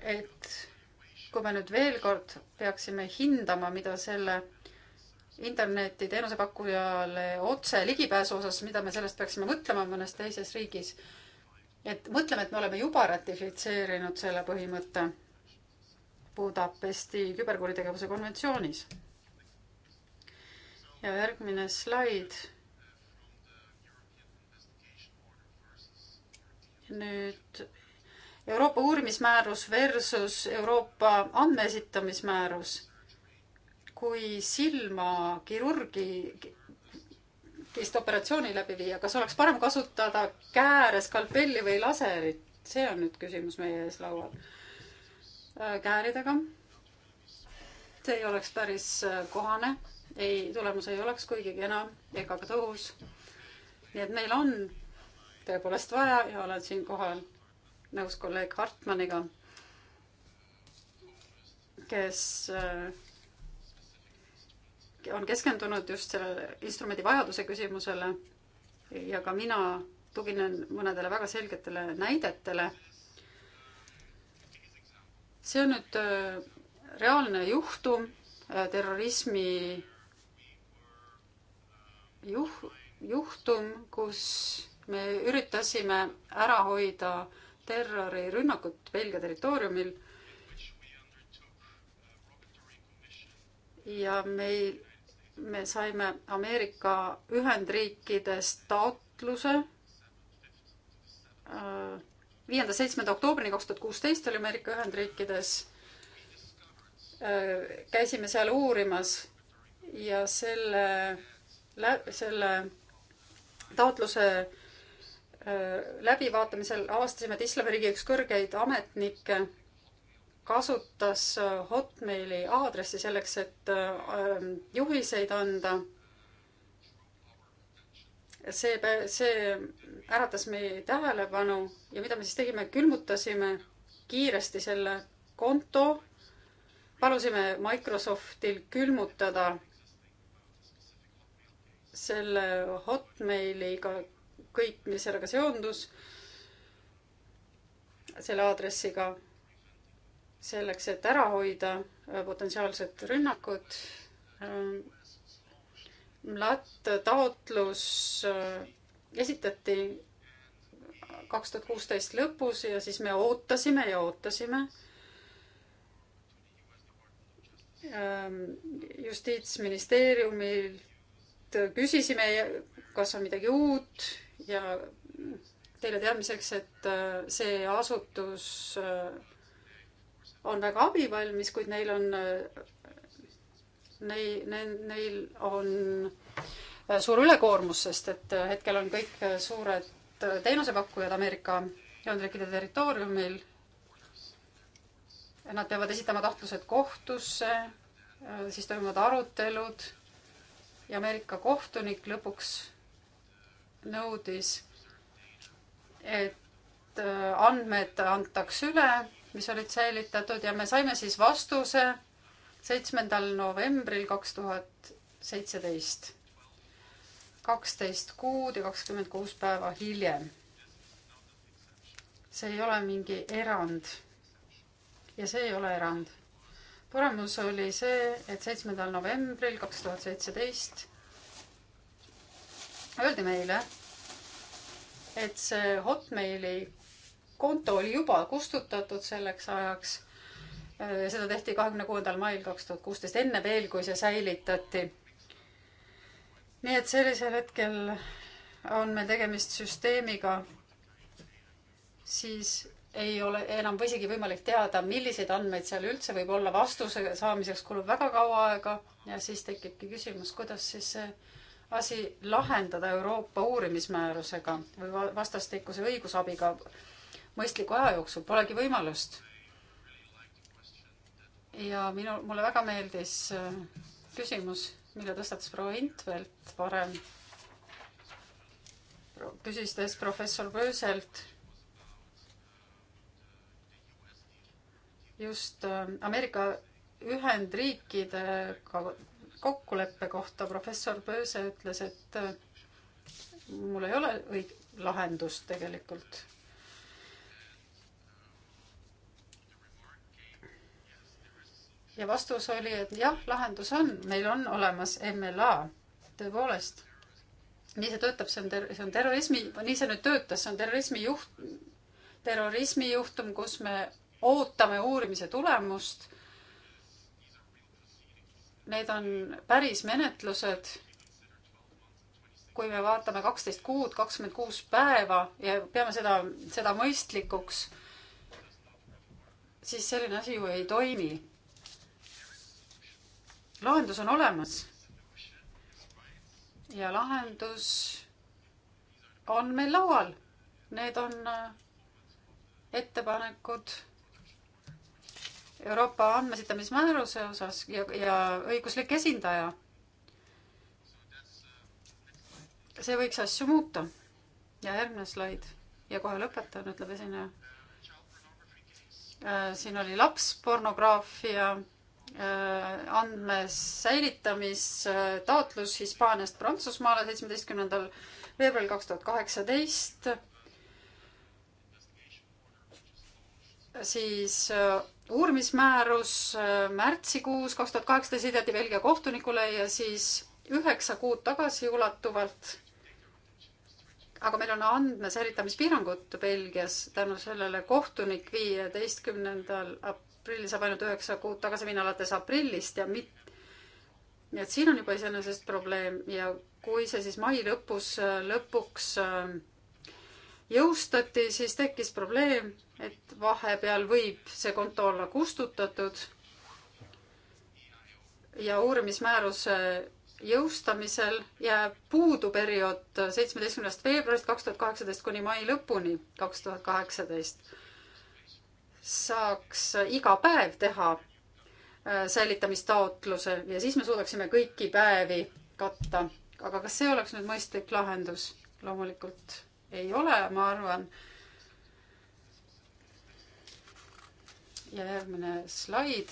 et kui me nüüd veel kord peaksime hindama, mida selle internetiteenuse pakkujale otse ligipääsu osas, mida me sellest peaksime mõtlema mõnes teises riigis, et mõtleme, et me oleme juba ratifitseerinud selle põhimõtte Budapesti küberkuritegevuse konventsioonis. ja järgmine slaid. nüüd Euroopa uurimismäärus versus Euroopa andmeesitamismäärus. kui silmakirurgi vist operatsiooni läbi viia, kas oleks parem kasutada kääre, skalpelli või laserit? see on nüüd küsimus meie ees laual. Äh, kääridega. see ei oleks päris äh, kohane, ei, tulemus ei oleks kuigi kena ega ka tõhus. nii et meil on tõepoolest vaja ja olen siinkohal nõus kolleeg Hartmanniga, kes äh, on keskendunud just selle instrumendi vajaduse küsimusele ja ka mina tuginen mõnedele väga selgetele näidetele. see on nüüd äh, reaalne juhtum, äh, terrorismi juh-, juhtum, kus me üritasime ära hoida äh, terrorirünnakut Belgia territooriumil. ja meil, me saime Ameerika Ühendriikidest taotluse äh, viienda, seitsmenda oktoobrini kaks tuhat kuusteist oli Ameerika Ühendriikides. Äh, käisime seal uurimas ja selle, selle taotluse Äh, läbivaatamisel avastasime, et Islamiriigi üks kõrgeid ametnikke kasutas äh, Hotmaili aadressi selleks, et äh, juhiseid anda. see, see äratas meie tähelepanu ja mida me siis tegime, külmutasime kiiresti selle konto, palusime Microsoftil külmutada selle Hotmailiga kõik, mis sellega seondus, selle aadressiga, selleks, et ära hoida äh, potentsiaalset rünnakut. Äh, LAT taotlus äh, esitati kaks tuhat kuusteist lõpus ja siis me ootasime ja ootasime. Ähm, justiitsministeeriumilt küsisime, kas on midagi uut ja teile teadmiseks, et äh, see asutus äh, on väga abivalmis, kuid neil on, äh, neil, neil on suur ülekoormus, sest et hetkel on kõik suured teenusepakkujad Ameerika Ühendriikide territooriumil. Nad peavad esitama tahtlused kohtusse, siis toimuvad arutelud ja Ameerika kohtunik lõpuks nõudis, et äh, andmed antaks üle, mis olid säilitatud ja me saime siis vastuse seitsmendal novembril kaks tuhat seitseteist. kaksteist kuud ja kakskümmend kuus päeva hiljem. see ei ole mingi erand. ja see ei ole erand. tulemus oli see, et seitsmendal novembril kaks tuhat seitseteist öeldi meile, et see Hotmaili konto oli juba kustutatud selleks ajaks. seda tehti kahekümne kuuendal mail kaks tuhat kuusteist, enne veel, kui see säilitati. nii et sellisel hetkel on meil tegemist süsteemiga, siis ei ole enam isegi võimalik teada, milliseid andmeid seal üldse võib olla. vastuse saamiseks kulub väga kaua aega ja siis tekibki küsimus, kuidas siis see asi lahendada Euroopa uurimismäärusega või vastastikuse õigusabiga mõistliku aja jooksul, polegi võimalust. ja minu, mulle väga meeldis äh, küsimus, mille tõstatas proua Intvelt varem, küsides professor Bröselt just äh, Ameerika Ühendriikidega kokkuleppe kohta professor Pööse ütles, et äh, mul ei ole õig-, lahendust tegelikult. ja vastus oli, et jah, lahendus on, meil on olemas MLA, tõepoolest. nii see töötab, see on ter-, see on terrorismi, nii see nüüd töötas, see on terrorismi juht, terrorismijuhtum, kus me ootame uurimise tulemust Need on päris menetlused. kui me vaatame kaksteist kuud, kakskümmend kuus päeva ja peame seda, seda mõistlikuks, siis selline asi ju ei toimi. lahendus on olemas. ja lahendus on meil laual. Need on äh, ettepanekud Euroopa andmesitamismääruse osas ja, ja õiguslik esindaja. see võiks asju muuta. ja järgmine slaid ja kohe lõpetan, ütleb esineja. Äh, siin oli lapspornograafia äh, andmes säilitamistaotlus äh, Hispaaniast Prantsusmaale seitsmeteistkümnendal veebruaril kaks tuhat kaheksateist siis äh, uurimismäärus äh, märtsikuus kaks tuhat kaheksateist esitati Belgia kohtunikule ja siis üheksa kuud tagasi ulatuvalt. aga meil on andmes eritamispiirangud Belgias, tänu sellele kohtunik viieteistkümnendal aprillil saab ainult üheksa kuud tagasi minna alates aprillist ja mit-. nii et siin on juba iseenesest probleem ja kui see siis mai lõpus äh, lõpuks äh, jõustati, siis tekkis probleem, et vahepeal võib see konto olla kustutatud. ja uurimismääruse jõustamisel jääb puudu periood seitsmeteistkümnest veebruarist kaks tuhat kaheksateist kuni mai lõpuni kaks tuhat kaheksateist. saaks iga päev teha äh, säilitamistaotluse ja siis me suudaksime kõiki päevi katta. aga kas see oleks nüüd mõistlik lahendus? loomulikult ei ole, ma arvan. ja järgmine slaid.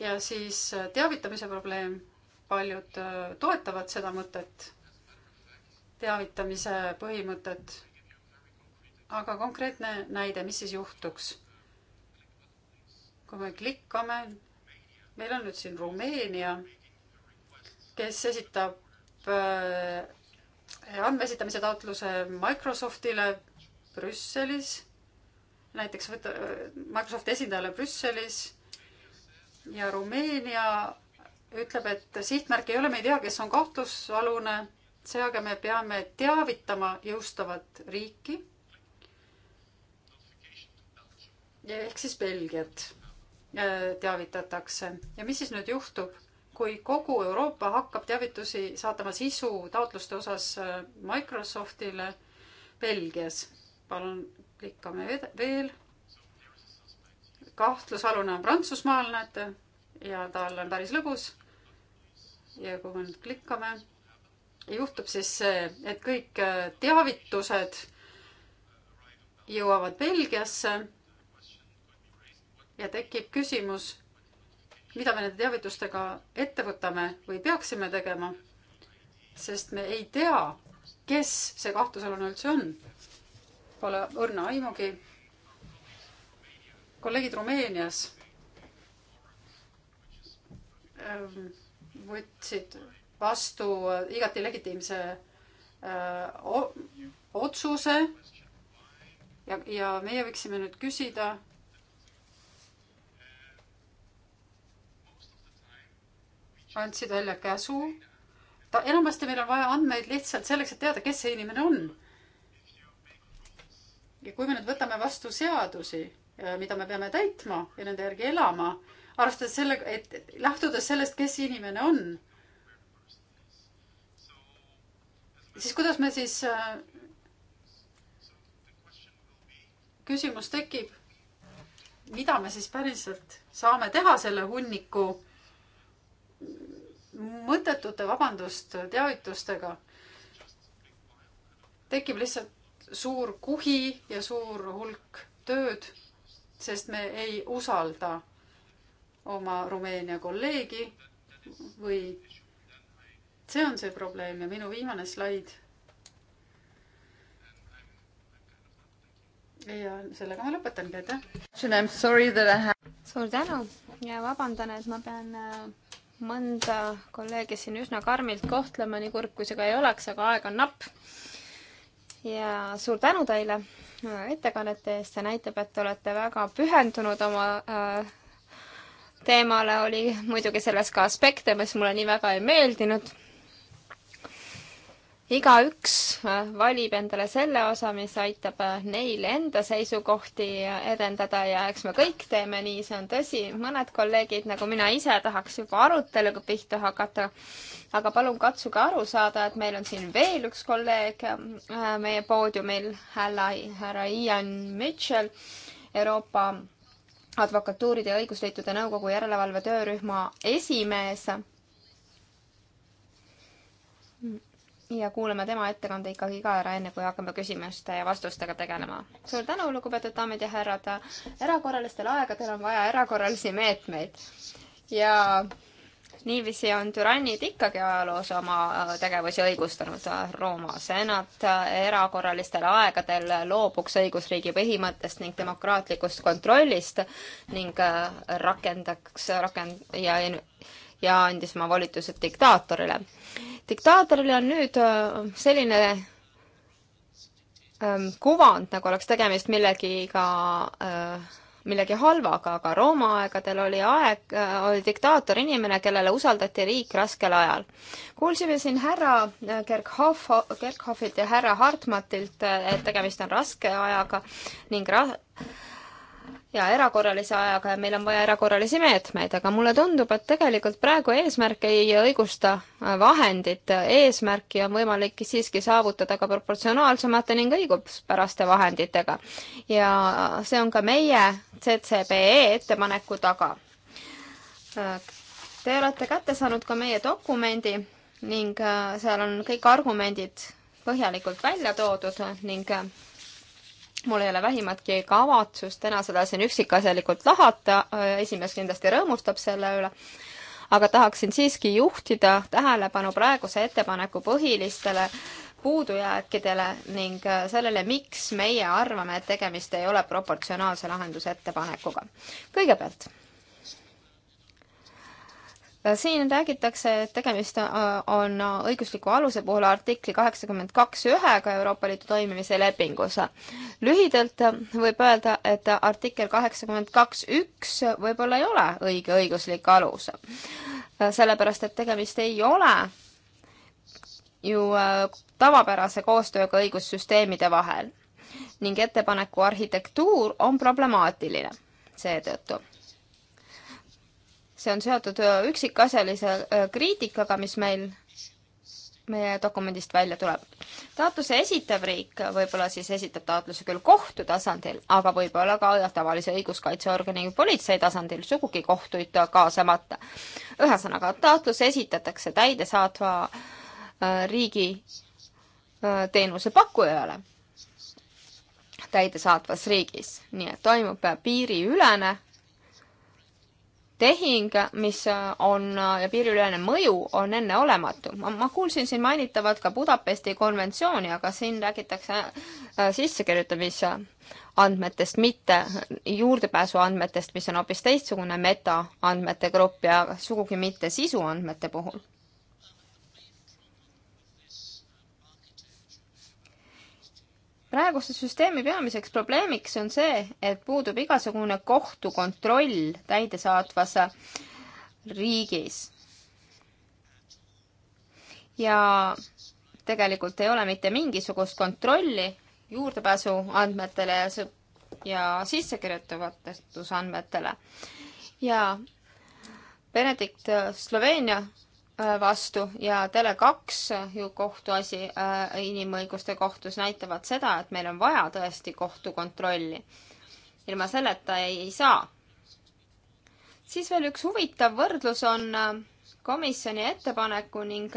ja siis äh, teavitamise probleem. paljud äh, toetavad seda mõtet, teavitamise põhimõtet. aga konkreetne näide, mis siis juhtuks? kui me klikkame, meil on nüüd siin Rumeenia, kes esitab äh, andme esitamise taotluse Microsoftile Brüsselis, näiteks võtta, Microsofti esindajale Brüsselis ja Rumeenia ütleb, et sihtmärk ei ole, me ei tea, kes on kahtlusalune, seega me peame teavitama jõustavat riiki. ehk siis Belgiat äh, teavitatakse ja mis siis nüüd juhtub? kui kogu Euroopa hakkab teavitusi saatama sisu taotluste osas äh, Microsoftile Belgias. palun klikkame veel. kahtlusalune on Prantsusmaal, näete, ja tal on päris lõbus. ja kui me nüüd klikkame, juhtub siis see, et kõik äh, teavitused jõuavad Belgiasse ja tekib küsimus mida me nende teavitustega ette võtame või peaksime tegema, sest me ei tea, kes see kahtlusalune üldse on. Pole õrna aimugi. kolleegid Rumeenias ähm, võtsid vastu äh, igati legitiimse öö, äh, otsuse ja, ja meie võiksime nüüd küsida, andsid välja käsu. ta, enamasti meil on vaja andmeid lihtsalt selleks, et teada, kes see inimene on. ja kui me nüüd võtame vastu seadusi, äh, mida me peame täitma ja nende järgi elama, arvestades sellega, et lähtudes sellest, kes inimene on, siis kuidas me siis äh, küsimus tekib, mida me siis päriselt saame teha selle hunniku mõttetute, vabandust, teavitustega tekib lihtsalt suur kuhi ja suur hulk tööd, sest me ei usalda oma Rumeenia kolleegi või see on see probleem ja minu viimane slaid. ja sellega ma lõpetangi, aitäh. suur tänu ja vabandan, et ma pean äh, mõnda kolleegi siin üsna karmilt kohtlema, nii kurb kui see ka ei oleks, aga aeg on napp. ja suur tänu teile äh, ettekannete eest, see näitab, et te olete väga pühendunud oma äh, teemale, oli muidugi selles ka aspekte, mis mulle nii väga ei meeldinud igaüks äh, valib endale selle osa, mis aitab äh, neil enda seisukohti äh, edendada ja eks me kõik teeme nii, see on tõsi, mõned kolleegid nagu mina ise tahaks juba aruteluga pihta hakata, aga palun katsuge aru saada, et meil on siin veel üks kolleeg meie poodiumil, härra, härra Ian Mitchell, Euroopa advokatuuride ja õigusliitude nõukogu järelevalve töörühma esimees ja kuulame tema ettekande ikkagi ka ära, enne kui hakkame küsimuste ja vastustega tegelema. suur tänu, lugupeetud daamid ja härrad. erakorralistel aegadel on vaja erakorralisi meetmeid. ja niiviisi on türannid ikkagi ajaloos oma äh, tegevusi õigustanud. Rooma senat äh, erakorralistel aegadel loobuks õigusriigi põhimõttest ning demokraatlikust kontrollist ning äh, rakendaks, rakend- ja, ja andis oma volitused diktaatorile diktaatoril on nüüd äh, selline ähm, kuvand, nagu oleks tegemist millegiga, äh, millegi halvaga, aga Rooma aegadel oli aeg, äh, oli diktaator inimene, kellele usaldati riik raskel ajal. kuulsime siin härra Gerkhoff, Gerkhoffilt ja härra Hartmatilt, et tegemist on raske ajaga ning ra-, ja erakorralise ajaga ja meil on vaja erakorralisi meetmeid, aga mulle tundub, et tegelikult praegu eesmärk ei õigusta vahendit, eesmärki on võimalik siiski saavutada ka proportsionaalsemate ning õiguspäraste vahenditega. ja see on ka meie CCBE ettepaneku taga. Te olete kätte saanud ka meie dokumendi ning seal on kõik argumendid põhjalikult välja toodud ning mul ei ole vähimatki kavatsust täna seda siin üksikasjalikult lahata, äh, esimees kindlasti rõõmustab selle üle, aga tahaksin siiski juhtida tähelepanu praeguse ettepaneku põhilistele puudujääkidele ning äh, sellele, miks meie arvame, et tegemist ei ole proportsionaalse lahendusettepanekuga. kõigepealt siin räägitakse, et tegemist äh, on äh, õigusliku aluse puhul artikli kaheksakümmend kaks ühega Euroopa Liidu toimimise lepingus. lühidalt äh, võib öelda, et artikkel kaheksakümmend kaks üks võib-olla ei ole õige õiguslik alus. sellepärast, et tegemist ei ole ju tavapärase koostööga õigussüsteemide vahel ning ettepaneku arhitektuur on problemaatiline seetõttu see on seotud äh, üksikasjalise äh, kriitikaga, mis meil meie dokumendist välja tuleb. taotluse esitav riik võib-olla siis esitab taotluse küll kohtu tasandil, aga võib-olla ka tavalise õiguskaitseorgani politsei tasandil, sugugi kohtuid kaasamata. ühesõnaga, taotlus esitatakse täidesaatva äh, riigi teenusepakkujale täidesaatvas riigis, nii et toimub piiriülene tehing, mis äh, on äh, ja piiriülene mõju on enneolematu. ma kuulsin siin mainitavat ka Budapesti konventsiooni, aga siin räägitakse äh, sissekirjutamise andmetest, mitte juurdepääsuandmetest, mis on hoopis teistsugune metaandmete grupp ja sugugi mitte sisuandmete puhul praeguse süsteemi peamiseks probleemiks on see, et puudub igasugune kohtukontroll täidesaatvas riigis. ja tegelikult ei ole mitte mingisugust kontrolli juurdepääsu andmetele ja, ja sissekirjutavatusandmetele. ja Benedikt Sloveenia Äh, vastu ja Tele2 ju kohtuasi äh, inimõiguste kohtus näitavad seda, et meil on vaja tõesti kohtukontrolli. ilma selleta ei, ei saa. siis veel üks huvitav võrdlus on äh, komisjoni ettepaneku ning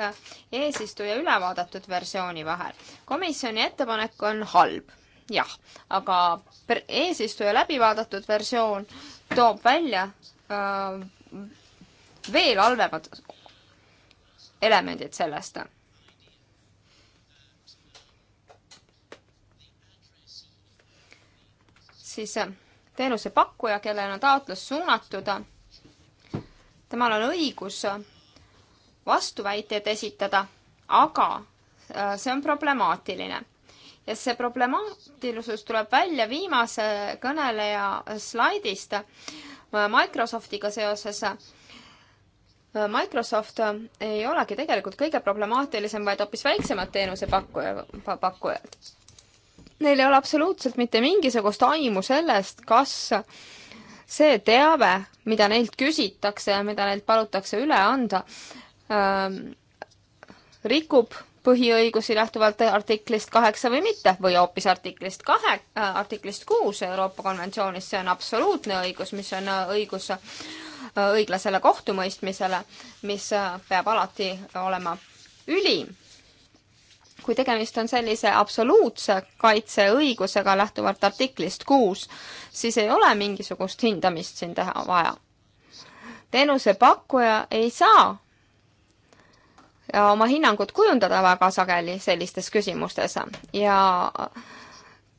eesistuja ülevaadatud versiooni vahel. komisjoni ettepanek on halb, jah, aga eesistuja läbivaadatud versioon toob välja öö, veel halvemad elemendid sellest. siis äh, teenusepakkuja, kellele on taotlus suunatud, temal on õigus äh, vastuväiteid esitada, aga äh, see on problemaatiline. ja see problemaatilisus tuleb välja viimase kõneleja slaidist Microsoftiga seoses Microsoft ei olegi tegelikult kõige problemaatilisem, vaid hoopis väiksemad teenusepakkuja, pakkujad. Neil ei ole absoluutselt mitte mingisugust aimu sellest, kas see teave, mida neilt küsitakse ja mida neilt palutakse üle anda ähm,, rikub põhiõigusi lähtuvalt artiklist kaheksa või mitte või hoopis artiklist kahe äh,, artiklist kuus Euroopa konventsioonis, see on absoluutne õigus, mis on äh, õigus äh, õiglasele kohtumõistmisele, mis äh, peab alati olema ülim. kui tegemist on sellise absoluutse kaitseõigusega lähtuvalt artiklist kuus, siis ei ole mingisugust hindamist siin teha vaja. teenusepakkuja ei saa oma hinnangut kujundada väga sageli sellistes küsimustes ja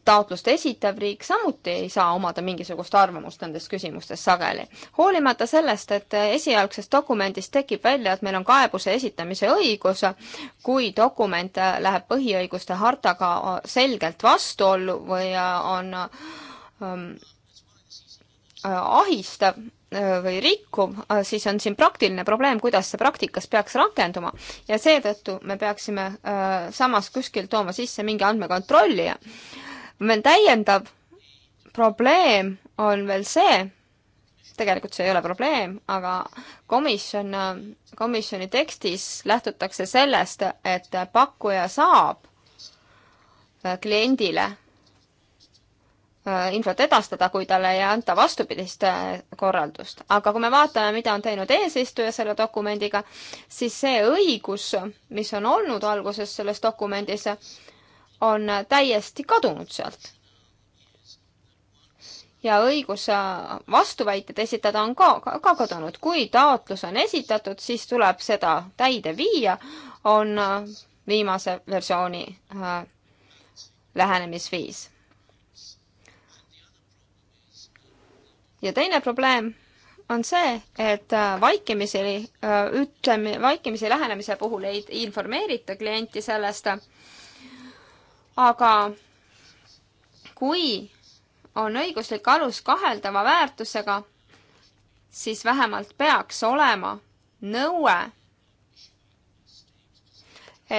taotlust esitav riik samuti ei saa omada mingisugust arvamust nendes küsimustes sageli. hoolimata sellest, et esialgsest dokumendist tekib välja, et meil on kaebuse esitamise õigus, kui dokument läheb põhiõiguste hartaga selgelt vastuollu või on ähm, ahistav äh, või rikkuv, äh, siis on siin praktiline probleem, kuidas see praktikas peaks rakenduma ja seetõttu me peaksime äh, samas kuskil tooma sisse mingi andmekontrollija äh, veel täiendav probleem on veel see, tegelikult see ei ole probleem, aga komisjon, komisjoni tekstis lähtutakse sellest, et pakkuja saab kliendile äh, infot edastada, kui talle ei anta vastupidist äh, korraldust. aga kui me vaatame, mida on teinud eesistuja selle dokumendiga, siis see õigus, mis on olnud alguses selles dokumendis, on täiesti kadunud sealt. ja õigus äh, vastuväited esitada on ka, ka, ka kadunud. kui taotlus on esitatud, siis tuleb seda täide viia, on äh, viimase versiooni äh, lähenemisviis. ja teine probleem on see, et äh, vaikimisi ütleme, vaikimisi lähenemise puhul ei informeerita klienti sellest äh, aga kui on õiguslik alus kaheldava väärtusega, siis vähemalt peaks olema nõue,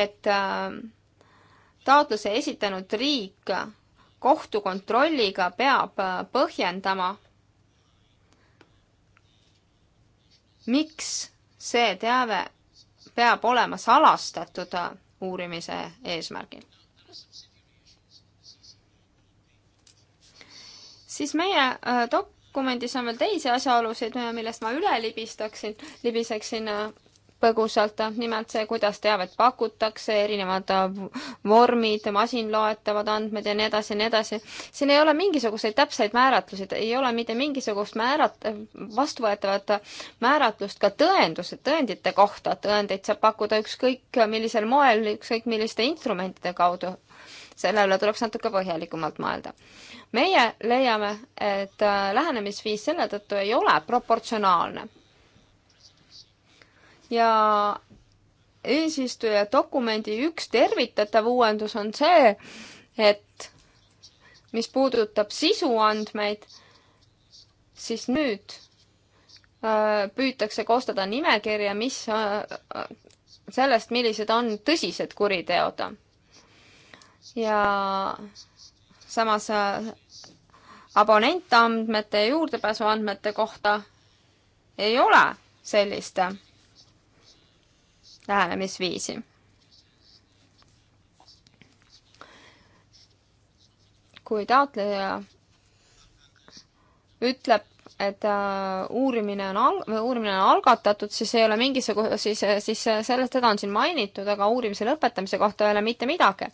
et äh, taotluse esitanud riik kohtukontrolliga peab äh, põhjendama, miks see teave peab olema salastatud äh, uurimise eesmärgil. siis meie äh, dokumendis on veel teisi asjaolusid, äh, millest ma üle libistaksin, libiseksin äh, põgusalt, nimelt see, kuidas teavet pakutakse, erinevad vormid, masinloetavad andmed ja nii edasi ja nii edasi. siin ei ole mingisuguseid täpseid määratlusi, ei ole mitte mingisugust määrat-, vastuvõetavat määratlust ka tõenduse, tõendite kohta, tõendeid saab pakkuda ükskõik millisel moel, ükskõik milliste instrumentide kaudu. selle üle tuleks natuke põhjalikumalt mõelda meie leiame, et äh, lähenemisviis selle tõttu ei ole proportsionaalne. ja eesistuja dokumendi üks tervitatav uuendus on see, et mis puudutab sisuandmeid, siis nüüd äh, püütakse koostada nimekirja, mis äh, sellest, millised on tõsised kuriteod. ja samas abonentandmete ja juurdepääsuandmete kohta ei ole sellist lähenemisviisi. kui taotleja ütleb, et äh, uurimine on al-, või uurimine on algatatud, siis ei ole mingisuguse, siis, siis sellest, seda on siin mainitud, aga uurimise lõpetamise kohta ei ole mitte midagi.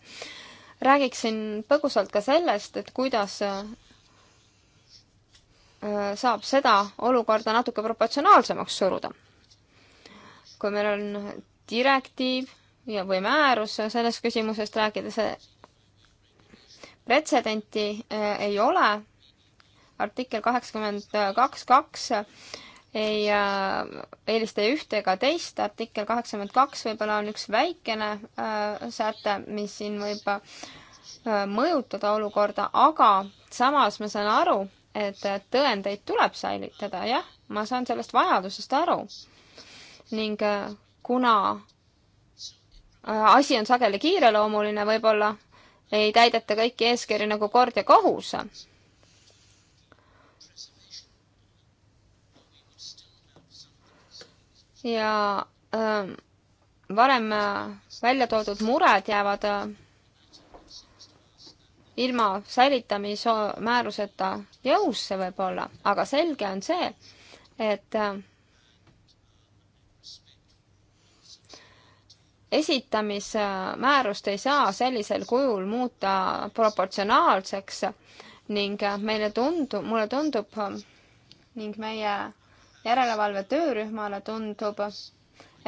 räägiksin põgusalt ka sellest, et kuidas saab seda olukorda natuke proportsionaalsemaks suruda. kui meil on direktiiv ja, või määrus selles küsimusest rääkides, pretsedenti eh, ei ole, artikkel kaheksakümmend kaks kaks ei eh, eelista ühte ega teist, artikkel kaheksakümmend kaks võib-olla on üks väikene äh, säte, mis siin võib äh, mõjutada olukorda, aga samas ma saan aru, et tõendeid tuleb säilitada, jah, ma saan sellest vajadusest aru. ning äh, kuna äh, asi on sageli kiireloomuline, võib-olla ei täideta kõiki eeskirju nagu kord ja kohus. ja äh, varem äh, välja toodud mured jäävad äh, ilma säilitamismääruseta jõusse võib-olla, aga selge on see, et äh, esitamismäärust ei saa sellisel kujul muuta proportsionaalseks ning meile tundub, mulle tundub ning meie järelevalve töörühmale tundub,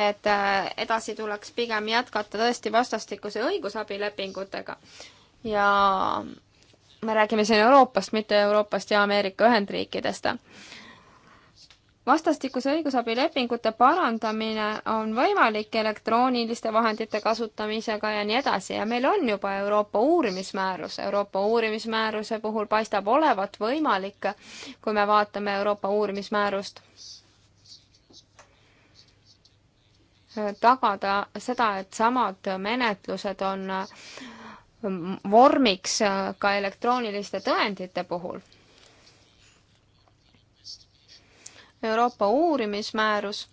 et äh, edasi tuleks pigem jätkata tõesti vastastikuse õigusabilepingutega ja me räägime siin Euroopast, mitte Euroopast ja Ameerika Ühendriikidest. vastastikuse õigusabilepingute parandamine on võimalik elektrooniliste vahendite kasutamisega ja nii edasi ja meil on juba Euroopa uurimismäärus. Euroopa uurimismääruse puhul paistab olevat võimalik, kui me vaatame Euroopa uurimismäärust, tagada seda, et samad menetlused on äh, vormiks äh, ka elektrooniliste tõendite puhul. Euroopa uurimismäärus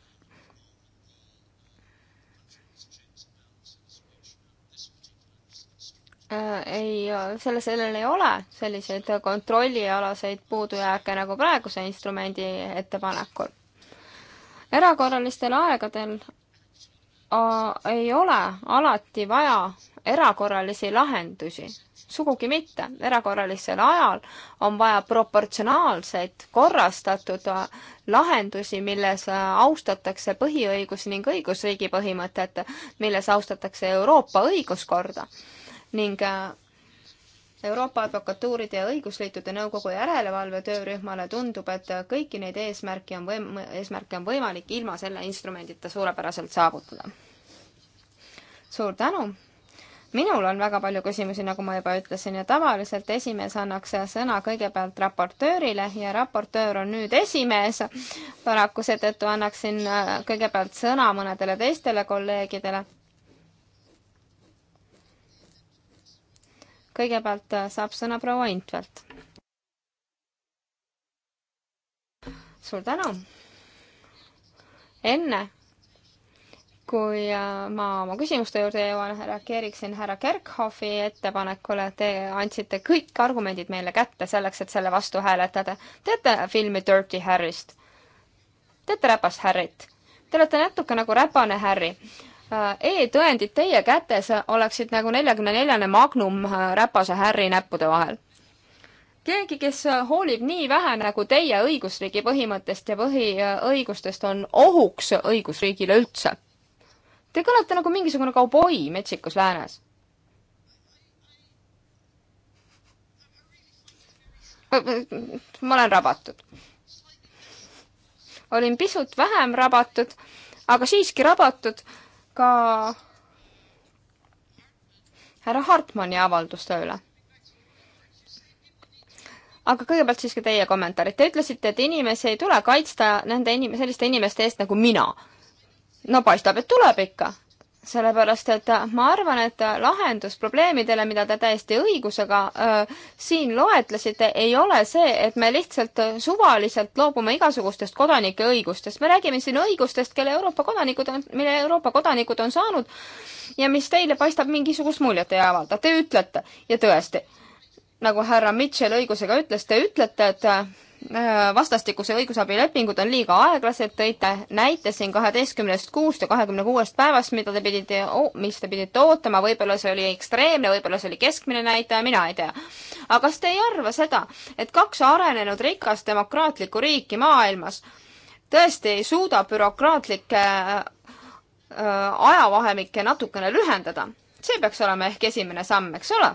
äh, ei, selle, sellel ei ole selliseid kontrollialaseid puudujääke nagu praeguse instrumendi ettepanekul. erakorralistel aegadel o, äh, ei ole alati vaja erakorralisi lahendusi, sugugi mitte. erakorralisel ajal on vaja proportsionaalseid, korrastatud äh, lahendusi, milles äh, austatakse põhiõigusi ning õigusriigi põhimõtet, milles austatakse Euroopa õiguskorda ning äh, Euroopa Advokatuuride ja Õigusliitude Nõukogu järelevalve töörühmale tundub, et kõiki neid eesmärki on võim-, eesmärke on võimalik ilma selle instrumendita suurepäraselt saavutada. suur tänu minul on väga palju küsimusi, nagu ma juba ütlesin, ja tavaliselt esimees annaks sõna kõigepealt raportöörile ja raportöör on nüüd esimees. paraku seetõttu annaksin äh, kõigepealt sõna mõnedele teistele kolleegidele. kõigepealt äh, saab sõna proua Intvelt. suur tänu. enne kui äh, ma oma küsimuste juurde jõuan, reageeriksin härra Kerkhoffi ettepanekule, te andsite kõik argumendid meile kätte selleks, et selle vastu hääletada. teate filmi Dirty Harryst? teate Räpast Harryt? Te olete natuke nagu Räpane Harry. Äh, e-tõendid teie kätes oleksid nagu neljakümne neljane Magnum äh, Räpase Harry näppude vahel keegi, kes hoolib nii vähe nagu teie õigusriigi põhimõttest ja põhiõigustest, on ohuks õigusriigile üldse Te kõlate nagu mingisugune kauboi metsikus läänes. ma olen rabatud. olin pisut vähem rabatud, aga siiski rabatud ka härra Hartmanni avalduste üle. aga kõigepealt siis ka teie kommentaarid. Te ütlesite, et inimesi ei tule kaitsta nende inim-, selliste inimeste eest nagu mina no paistab, et tuleb ikka. sellepärast, et ma arvan, et lahendus probleemidele, mida te täiesti õigusega äh, siin loetlesite, ei ole see, et me lihtsalt suvaliselt loobume igasugustest kodanike õigustest. me räägime siin õigustest, kelle Euroopa kodanikud on, mille Euroopa kodanikud on saanud ja mis teile paistab mingisugust muljet ei avalda. Te ütlete ja tõesti, nagu härra Mitchell õigusega ütles, te ütlete, et Äh, vastastikuse õigusabilepingud on liiga aeglased, tõite näite siin kaheteistkümnest kuust ja kahekümne kuuest päevast, mida te pidite oh,, mis te pidite ootama, võib-olla see oli ekstreemne, võib-olla see oli keskmine näitaja, mina ei tea. aga kas te ei arva seda, et kaks arenenud rikast demokraatlikku riiki maailmas tõesti ei suuda bürokraatlikke äh, ajavahemikke natukene lühendada? see peaks olema ehk esimene samm, eks ole?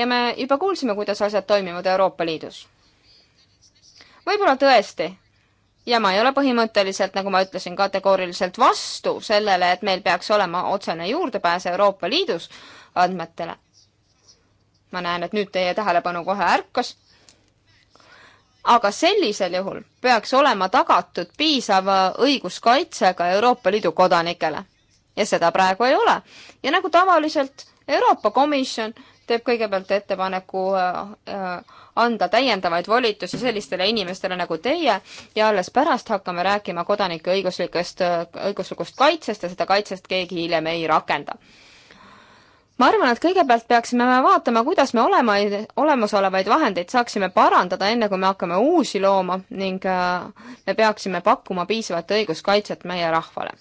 ja me juba kuulsime, kuidas asjad toimivad Euroopa Liidus võib-olla tõesti ja ma ei ole põhimõtteliselt, nagu ma ütlesin, kategooriliselt vastu sellele, et meil peaks olema otsene juurdepääs Euroopa Liidus andmetele. ma näen, et nüüd teie tähelepanu kohe ärkas. aga sellisel juhul peaks olema tagatud piisava õiguskaitsega Euroopa Liidu kodanikele. ja seda praegu ei ole. ja nagu tavaliselt, Euroopa Komisjon teeb kõigepealt ettepaneku äh, äh, anda täiendavaid volitusi sellistele inimestele nagu teie ja alles pärast hakkame rääkima kodanike õiguslikest, õiguslikust kaitsest ja seda kaitsest keegi hiljem ei rakenda ma arvan, et kõigepealt peaksime me vaatama, kuidas me olema, olemasolevaid vahendeid saaksime parandada, enne kui me hakkame uusi looma ning äh, me peaksime pakkuma piisavat õiguskaitset meie rahvale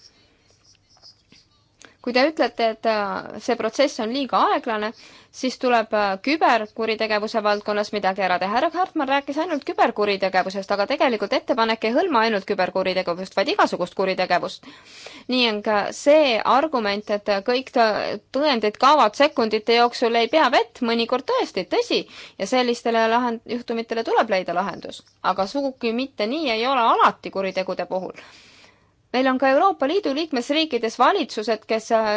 kui te ütlete, et äh, see protsess on liiga aeglane, siis tuleb äh, küberkuritegevuse valdkonnas midagi ära teha. härra Hartmann rääkis ainult küberkuritegevusest, aga tegelikult ettepanek ei hõlma ainult küberkuritegevust, vaid igasugust kuritegevust. nii on ka see argument, et äh, kõik tõendid kaovad sekundite jooksul, ei pea vett, mõnikord tõesti, tõsi, ja sellistele lahend-, juhtumitele tuleb leida lahendus. aga sugugi mitte nii ei ole alati kuritegude puhul meil on ka Euroopa Liidu liikmesriikides valitsused, kes äh,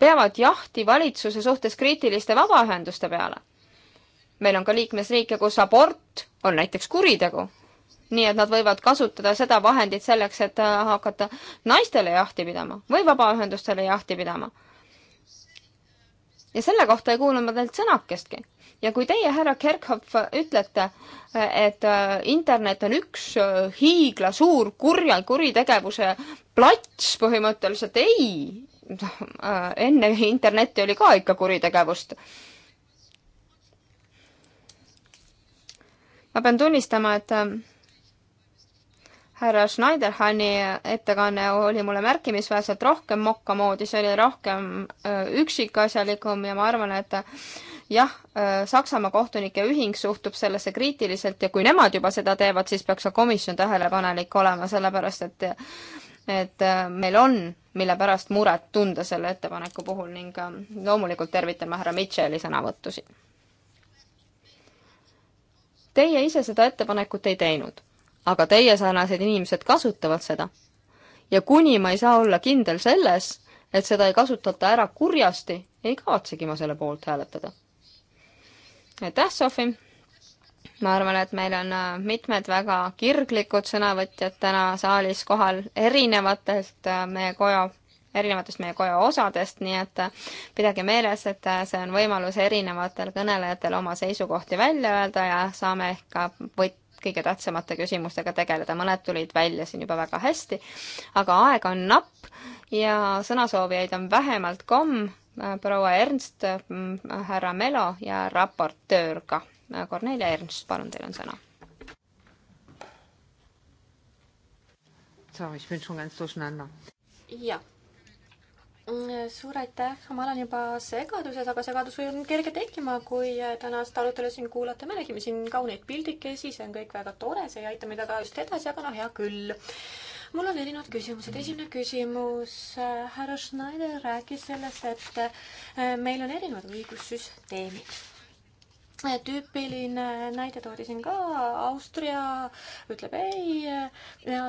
peavad jahti valitsuse suhtes kriitiliste vabaühenduste peale. meil on ka liikmesriike, kus abort on näiteks kuritegu. nii et nad võivad kasutada seda vahendit selleks, et äh, hakata naistele jahti pidama või vabaühendustele jahti pidama. ja selle kohta ei kuulnud ma teilt sõnakestki ja kui teie, härra Kerkhoff, ütlete, et äh, internet on üks äh, hiiglasuur kurja kuritegevuse plats põhimõtteliselt, ei, äh, enne internetti oli ka ikka kuritegevust. ma pean tunnistama, et härra Schneiderhani ettekanne oli mulle märkimisväärselt rohkem mokka moodi, see oli rohkem üksikasjalikum ja ma arvan, et jah, äh, Saksamaa kohtunike ühing suhtub sellesse kriitiliselt ja kui nemad juba seda teevad, siis peaks ka komisjon tähelepanelik olema, sellepärast et et äh, meil on, mille pärast muret tunda selle ettepaneku puhul ning äh, loomulikult tervitame härra Mitchell'i sõnavõttusi. Teie ise seda ettepanekut ei teinud, aga teie sarnased inimesed kasutavad seda. ja kuni ma ei saa olla kindel selles, et seda ei kasutata ära kurjasti, ei kavatsegi ma selle poolt hääletada aitäh, Sofi! ma arvan, et meil on äh, mitmed väga kirglikud sõnavõtjad täna saalis kohal erinevatest äh, meie koja, erinevatest meie koja osadest, nii et äh, pidage meeles, et see on võimalus erinevatel kõnelejatel oma seisukohti välja öelda ja saame ehk ka võt-, kõige tähtsamate küsimustega tegeleda, mõned tulid välja siin juba väga hästi, aga aeg on napp ja sõnasoovijaid on vähemalt komm proua Ernst, mm, härra Melo ja raportöör ka. Kornelia Ernst, palun, teil on sõna. jah. suur aitäh, ma olen juba segaduses, aga segadus on kerge tekkima, kui tänast arutelu siin kuulata. me nägime siin kauneid pildikesi, see on kõik väga tore, see ei aita meid väga just edasi, aga no hea küll mul on erinevad küsimused. esimene küsimus, äh, härra Schneider rääkis sellest, et äh, meil on erinevad õigussüsteemid. Äh, tüüpiline näide toodi siin ka, Austria ütleb ei,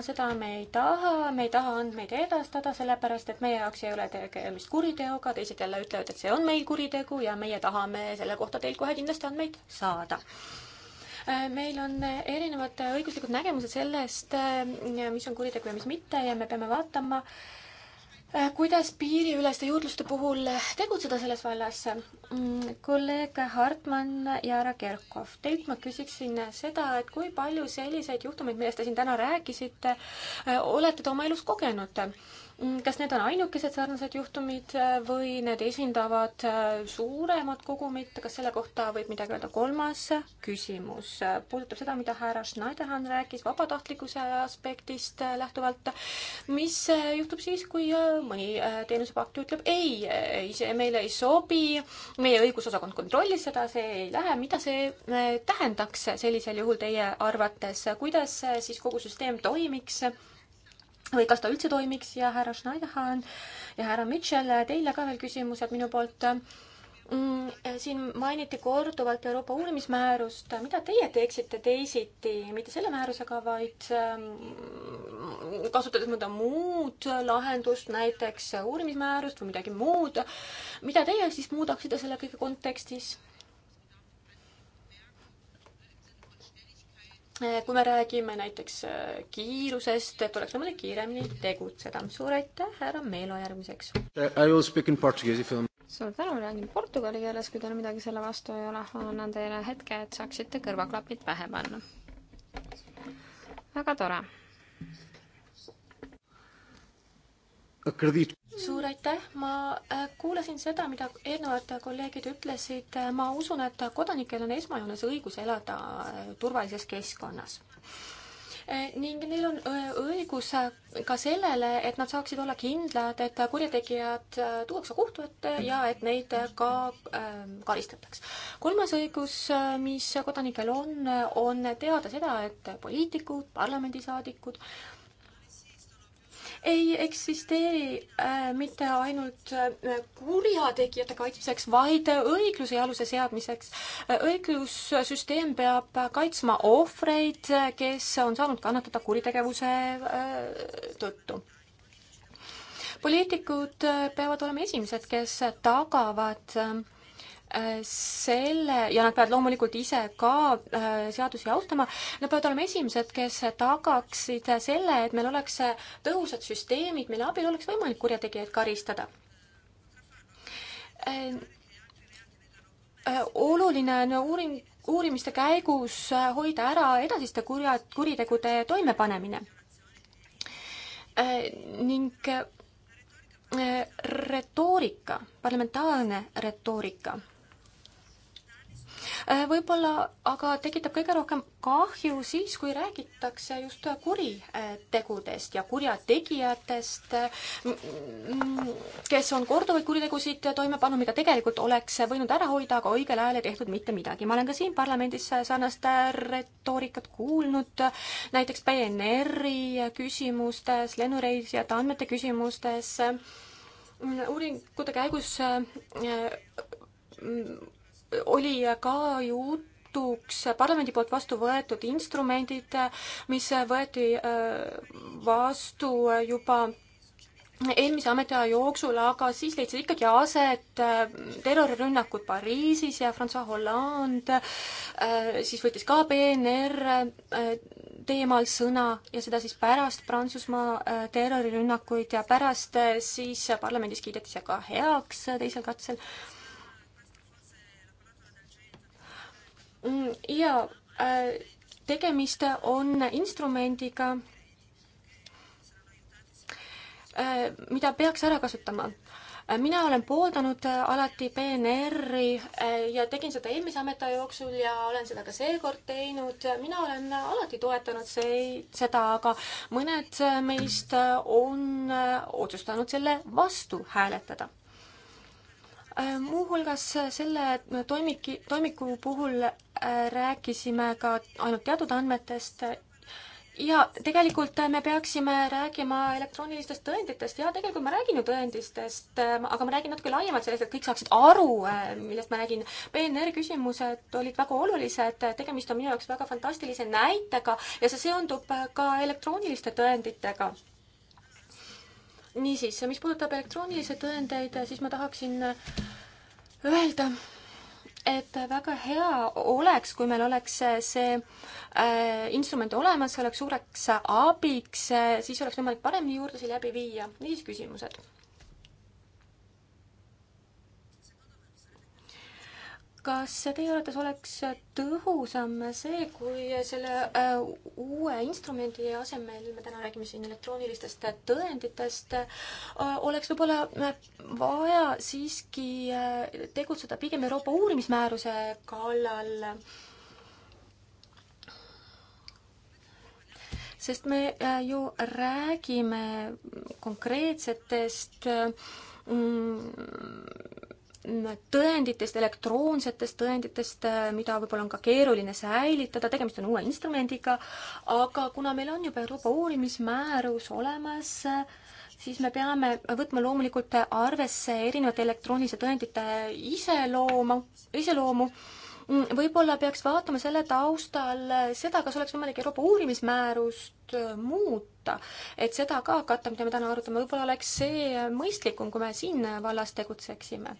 seda me ei taha, me ei taha andmeid edastada, sellepärast et meie jaoks ei ole tegemist kuriteoga, teised jälle ütlevad, et see on meil kuritegu ja meie tahame selle kohta teilt kohe kindlasti andmeid saada Äh, meil on äh, erinevad äh, õiguslikud nägemused sellest, mis on kuritegu ja mis mitte ja me peame vaatama, kuidas piiriüleste juurdluste puhul tegutseda selles vallas? Mm, kolleeg Hartmann ja härra Kerkhoff, teilt ma küsiksin seda, et kui palju selliseid juhtumeid, millest te siin täna rääkisite, olete te oma elus kogenud? Mm, kas need on ainukesed sarnased juhtumid äh, või need esindavad äh, suuremat kogumit, kas selle kohta võib midagi öelda? kolmas küsimus äh, puudutab seda, mida härra Schneiderhan rääkis vabatahtlikkuse aspektist lähtuvalt. mis juhtub siis, kui mõni teenusepakk ütleb ei, ise meile ei sobi, meie õigusosakond kontrollis seda, see ei lähe, mida see tähendaks sellisel juhul teie arvates, kuidas siis kogu süsteem toimiks? või kas ta üldse toimiks ja härra Schneiderhan ja härra Mitchell, teile ka veel küsimused minu poolt. Mm, siin mainiti korduvalt Euroopa uurimismäärust, mida teie teeksite teisiti, mitte selle määrusega, vaid mm, kasutades mõnda muud lahendust, näiteks uurimismäärust või midagi muud. mida teie siis muudaksite selle kõige kontekstis? kui me räägime näiteks äh, kiirusest, et oleks võimalik kiiremini tegutseda. suur aitäh, härra Meelo, järgmiseks. Uh, suur tänu, räägin portugali keeles, kui teil midagi selle vastu ei ole, annan teile hetke, et saaksite kõrvaklapid pähe panna. väga tore suur aitäh, ma äh, kuulasin seda, mida eelnevad kolleegid ütlesid, äh, ma usun, et kodanikel on esmajoones õigus elada äh, turvalises keskkonnas ning neil on õigus ka sellele, et nad saaksid olla kindlad, et kurjategijad tuuakse kohtu ette ja et neid ka ähm, karistataks. kolmas õigus, mis kodanikel on, on teada seda, et poliitikud, parlamendisaadikud, ei eksisteeri äh, mitte ainult äh, kurjategijate kaitsmiseks, vaid õigluse jaluse seadmiseks äh,. õiglussüsteem peab kaitsma ohvreid, kes on saanud kannatada kuritegevuse äh, tõttu poliitikud äh, peavad olema esimesed, kes tagavad äh, Äh, selle ja nad peavad loomulikult ise ka äh, seadusi austama, nad peavad olema esimesed, kes tagaksid selle, et meil oleks tõhusad süsteemid, mille abil oleks võimalik kurjategijaid karistada. Äh, oluline on uuring, uurimiste käigus hoida ära edasiste kurja, kuritegude toimepanemine. ning retoorika, parlamentaarne retoorika Äh, võib-olla aga tekitab kõige rohkem kahju siis, kui räägitakse just kuritegudest äh, ja kurjategijatest, äh, kes on korduvaid kuritegusid toime pannud, mida tegelikult oleks võinud ära hoida, aga õigel ajal ei tehtud mitte midagi. ma olen ka siin parlamendis sarnast retoorikat kuulnud, näiteks PNR-i küsimustes, lennureisijate andmete küsimustes uuringute käigus oli ka jutuks parlamendi poolt vastu võetud instrumendid, mis võeti äh, vastu juba eelmise ametiaja jooksul, aga siis leidsid ikkagi aset äh, terrorirünnakud Pariisis ja Francois Hollande äh, siis võttis ka PNR teemal sõna ja seda siis pärast Prantsusmaa terrorirünnakuid ja pärast siis parlamendis kiideti see ka heaks teisel katsel Mm, ja äh, tegemist on instrumendiga, äh, mida peaks ära kasutama. Äh, mina olen pooldanud alati PNR-i ja tegin seda eelmise ametiaja jooksul ja olen seda ka seekord teinud. mina olen alati toetanud see, seda, aga mõned meist on otsustanud selle vastu hääletada. Äh, muuhulgas äh, selle äh, toimiki, toimiku puhul rääkisime ka ainult teatud andmetest ja tegelikult me peaksime rääkima elektroonilistest tõenditest ja tegelikult ma räägin ju tõendistest, aga ma räägin natuke laiemalt sellest, et kõik saaksid aru, millest ma räägin. PNR küsimused olid väga olulised, tegemist on minu jaoks väga fantastilise näitega ja see seondub ka elektrooniliste tõenditega niisiis, mis puudutab elektroonilisi tõendeid, siis ma tahaksin öelda, et väga hea oleks, kui meil oleks see äh, instrument olemas, see oleks suureks abiks, siis oleks võimalik paremini juurdlusi läbi viia. niisiis küsimused kas teie arvates oleks tõhusam see, kui selle äh, uue instrumendi asemel, me täna räägime siin elektroonilistest tõenditest, äh, oleks võib-olla äh, vaja siiski tegutseda pigem Euroopa uurimismääruse kallal? sest me ju räägime konkreetsetest mm, tõenditest, elektroonsetest tõenditest, äh, mida võib-olla on ka keeruline säilitada, tegemist on uue instrumendiga, aga kuna meil on juba Euroopa uurimismäärus olemas, äh, siis me peame võtma loomulikult arvesse erinevate elektroonilise tõendite iselooma, iseloomu. Mm, võib-olla peaks vaatama selle taustal äh, seda, kas oleks võimalik Euroopa uurimismäärust muuta, et seda ka hakata, mida me täna arutame, võib-olla oleks see mõistlikum, kui me siin vallas tegutseksime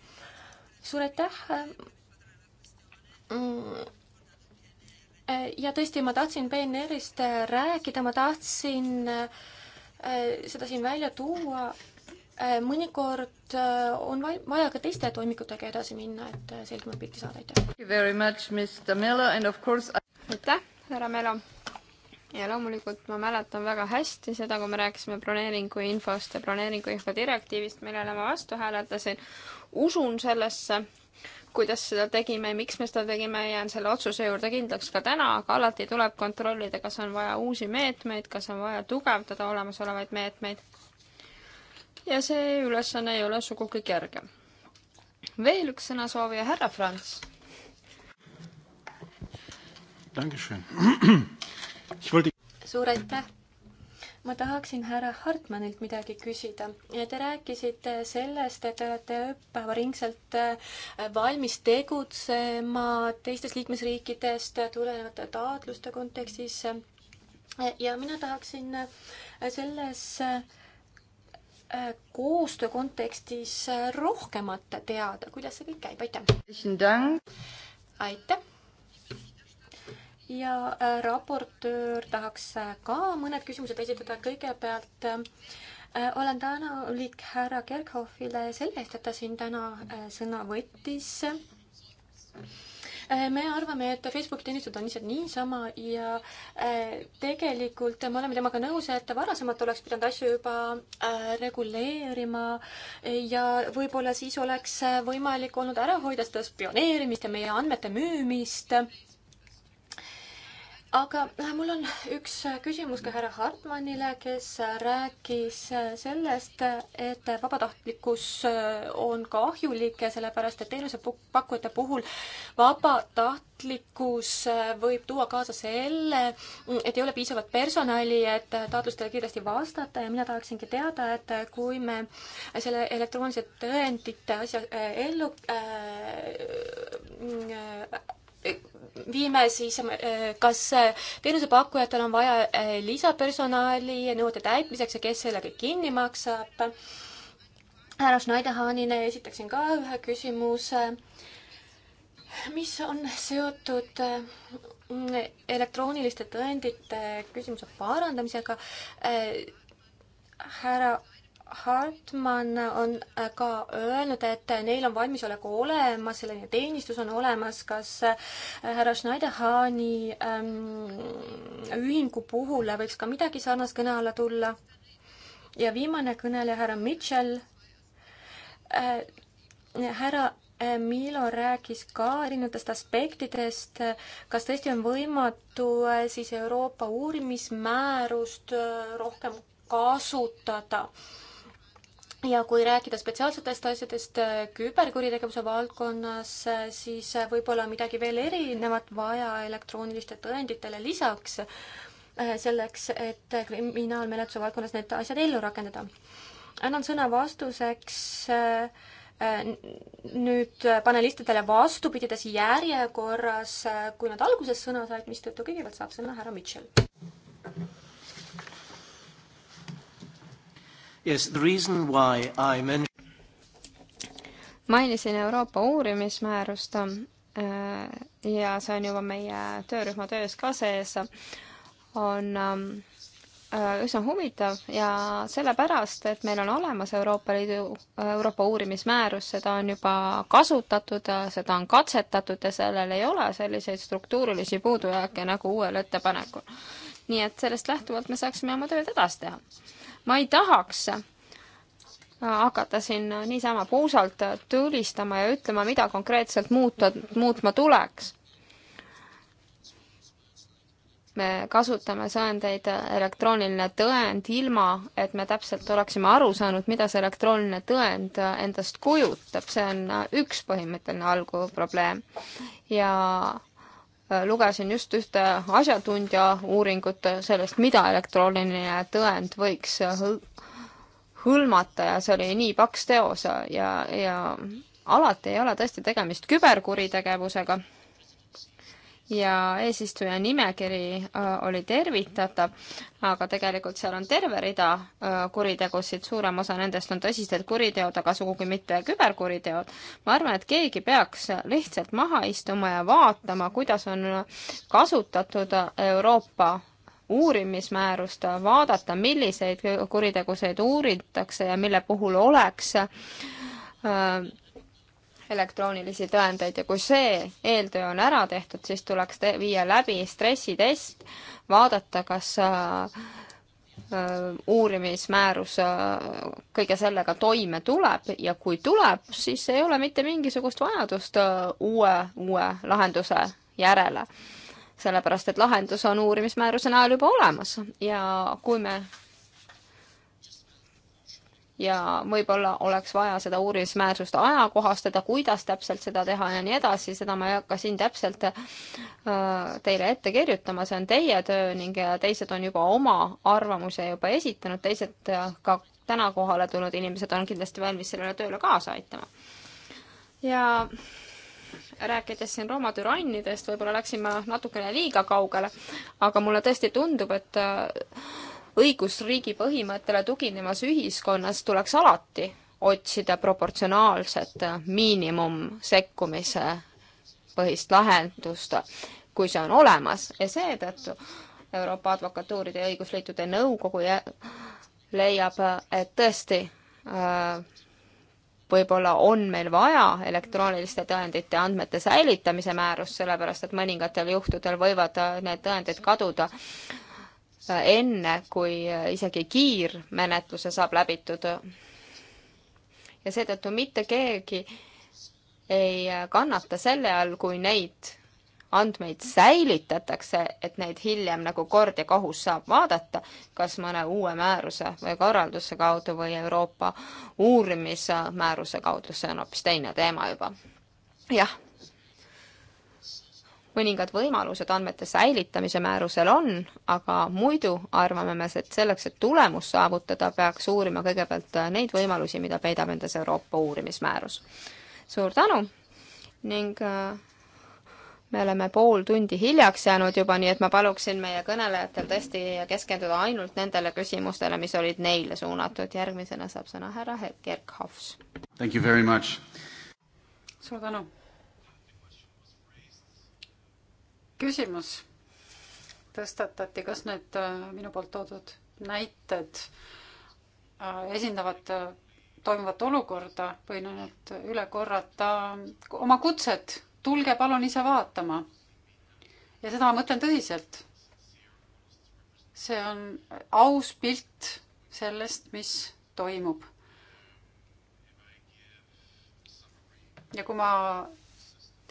suur aitäh mm. ja tõesti, ma tahtsin PNR-ist rääkida, ma tahtsin äh, seda siin välja tuua. Äh, mõnikord äh, on vaja ka teiste toimikutega edasi minna, et selgemat pilti saada, aitäh. aitäh, härra Melo. ja loomulikult ma mäletan väga hästi seda, kui me rääkisime broneeringu infost ja broneeringu info direktiivist, millele ma vastu hääletasin usun sellesse, kuidas seda tegime ja miks me seda tegime, jään selle otsuse juurde kindlaks ka täna, aga alati tuleb kontrollida, kas on vaja uusi meetmeid, kas on vaja tugevdada olemasolevaid meetmeid. ja see ülesanne ei ole sugugi kerge. veel üks sõnasoovija, härra Franz. suur aitäh ma tahaksin härra Hartmanilt midagi küsida. Te rääkisite sellest, et te olete ööpäevaringselt äh, valmis tegutsema teistest liikmesriikidest tulenevate taotluste kontekstis. Äh, ja mina tahaksin äh, selles koostöö kontekstis rohkemat teada, kuidas see kõik käib, aitäh! aitäh! ja äh, raportöör tahaks äh, ka mõned küsimused esitada. kõigepealt äh, olen tänulik härra Kerkhoffile selle eest, et ta siin täna sõna võttis. me arvame, et Facebooki teenistused on lihtsalt niisama ja tegelikult me oleme temaga nõus, et varasemalt oleks pidanud asju juba reguleerima ja võib-olla siis oleks võimalik olnud ära hoida seda spioneerimist ja meie andmete müümist aga äh, mul on üks äh, küsimus ka härra Hartmannile, kes äh, rääkis sellest, et vabatahtlikkus on kahjulik, sellepärast et teenusepakkujate puhul vabatahtlikkus võib tuua kaasa selle, et ei ole piisavat personali, et taotlustele kiiresti vastata ja mina tahaksingi teada, et kui me selle elektroonilise tõendite asja ellu äh, mm, äh, viime siis, kas teenusepakkujatel on vaja eh, lisapersonali nõuete täitmiseks ja kes selle kõik kinni maksab? härra Schneiderhanile esitaksin ka ühe küsimuse, mis on seotud eh, elektrooniliste tõendite küsimuse parandamisega. Eh, härra Hartmann on äh, ka öelnud, et neil on valmisolek olemas, selline teenistus on olemas, kas äh, härra Schneiderhani ähm, ühingu puhul võiks ka midagi sarnast kõne alla tulla? ja viimane kõneleja, härra Mitchell äh,. härra äh, Milo rääkis ka erinevatest aspektidest, kas tõesti on võimatu siis Euroopa uurimismäärust rohkem kasutada? ja kui rääkida spetsiaalsetest asjadest äh, küberkuritegevuse valdkonnas, äh, siis äh, võib-olla midagi veel erinevat vaja elektroonilistele tõenditele lisaks, selleks, et kriminaalmenetluse valdkonnas need asjad ellu rakendada. annan sõna vastuseks nüüd panelistidele vastupidides järjekorras, kui nad alguses sõna said, mistõttu kõigepealt saab sõna härra Mitchell. Yes, the reason why I mentioned mainisin Euroopa uurimismäärust äh, ja see on juba meie töörühma töös ka sees, on äh, üsna huvitav ja sellepärast, et meil on olemas Euroopa Liidu, Euroopa uurimismäärus, seda on juba kasutatud, seda on katsetatud ja sellel ei ole selliseid struktuurilisi puudujääke nagu uuel ettepanekul. nii et sellest lähtuvalt me saaksime oma tööd edasi teha ma ei tahaks äh, hakata siin äh, niisama puusalt äh, tulistama ja ütlema, mida konkreetselt muuta, muutma tuleks. me kasutame sõendeid elektrooniline tõend ilma, et me täpselt oleksime aru saanud, mida see elektrooniline tõend endast kujutab, see on üks põhimõtteline alguprobleem. ja Äh, lugesin just ühte asjatundja uuringut sellest, mida elektrooniline tõend võiks äh, hõlmata ja see oli nii paks teos ja, ja alati ei ole tõesti tegemist küberkuritegevusega ja eesistuja nimekiri äh, oli tervitatav, aga tegelikult seal on terve rida äh, kuritegusid, suurem osa nendest on tõsised kuriteod, aga sugugi mitte küberkuriteod. ma arvan, et keegi peaks lihtsalt maha istuma ja vaatama, kuidas on kasutatud Euroopa uurimismäärust, vaadata, milliseid kuritegusid uuritakse ja mille puhul oleks äh, elektroonilisi tõendeid ja kui see eeltöö on ära tehtud, siis tuleks te viia läbi stressitest, vaadata, kas äh, äh uurimismäärus äh, kõige sellega toime tuleb ja kui tuleb, siis ei ole mitte mingisugust vajadust äh, uue, uue lahenduse järele. sellepärast, et lahendus on uurimismääruse näol juba olemas ja kui me ja võib-olla oleks vaja seda uurimismäärsust ajakohastada, kuidas täpselt seda teha ja nii edasi, seda ma ei hakka siin täpselt äh, teile ette kirjutama, see on teie töö ning äh, teised on juba oma arvamuse juba esitanud, teised äh, ka täna kohale tulnud inimesed on kindlasti valmis sellele tööle kaasa aitama. ja rääkides siin Rooma türannidest, võib-olla läksin ma natukene liiga kaugele, aga mulle tõesti tundub, et õigusriigi põhimõttele tuginevas ühiskonnas tuleks alati otsida proportsionaalset miinimumsekkumise põhist lahendust, kui see on olemas ja seetõttu Euroopa Advokatuuride ja Õigusliitude Nõukogu leiab, et tõesti äh, võib-olla on meil vaja elektrooniliste tõendite andmete säilitamise määrust, sellepärast et mõningatel juhtudel võivad äh, need tõendid kaduda enne, kui äh, isegi kiirmenetluse saab läbitud. ja seetõttu mitte keegi ei äh, kannata selle all, kui neid andmeid säilitatakse, et neid hiljem nagu kord ja kohus saab vaadata, kas mõne uue määruse või korralduse kaudu või Euroopa uurimismääruse kaudu, see on hoopis teine teema juba. jah mõningad võimalused andmete säilitamise määrusel on, aga muidu arvame me, et selleks, et tulemust saavutada, peaks uurima kõigepealt neid võimalusi, mida peidab endas Euroopa uurimismäärus. suur tänu ning äh, me oleme pool tundi hiljaks jäänud juba, nii et ma paluksin meie kõnelejatel tõesti keskenduda ainult nendele küsimustele, mis olid neile suunatud. järgmisena saab sõna härra Gerkhoffs. suur tänu küsimus tõstatati, kas need äh, minu poolt toodud näited äh, esindavad äh, toimuvat olukorda, võin ainult üle korrata oma kutset, tulge palun ise vaatama. ja seda ma mõtlen tõsiselt. see on aus pilt sellest, mis toimub. ja kui ma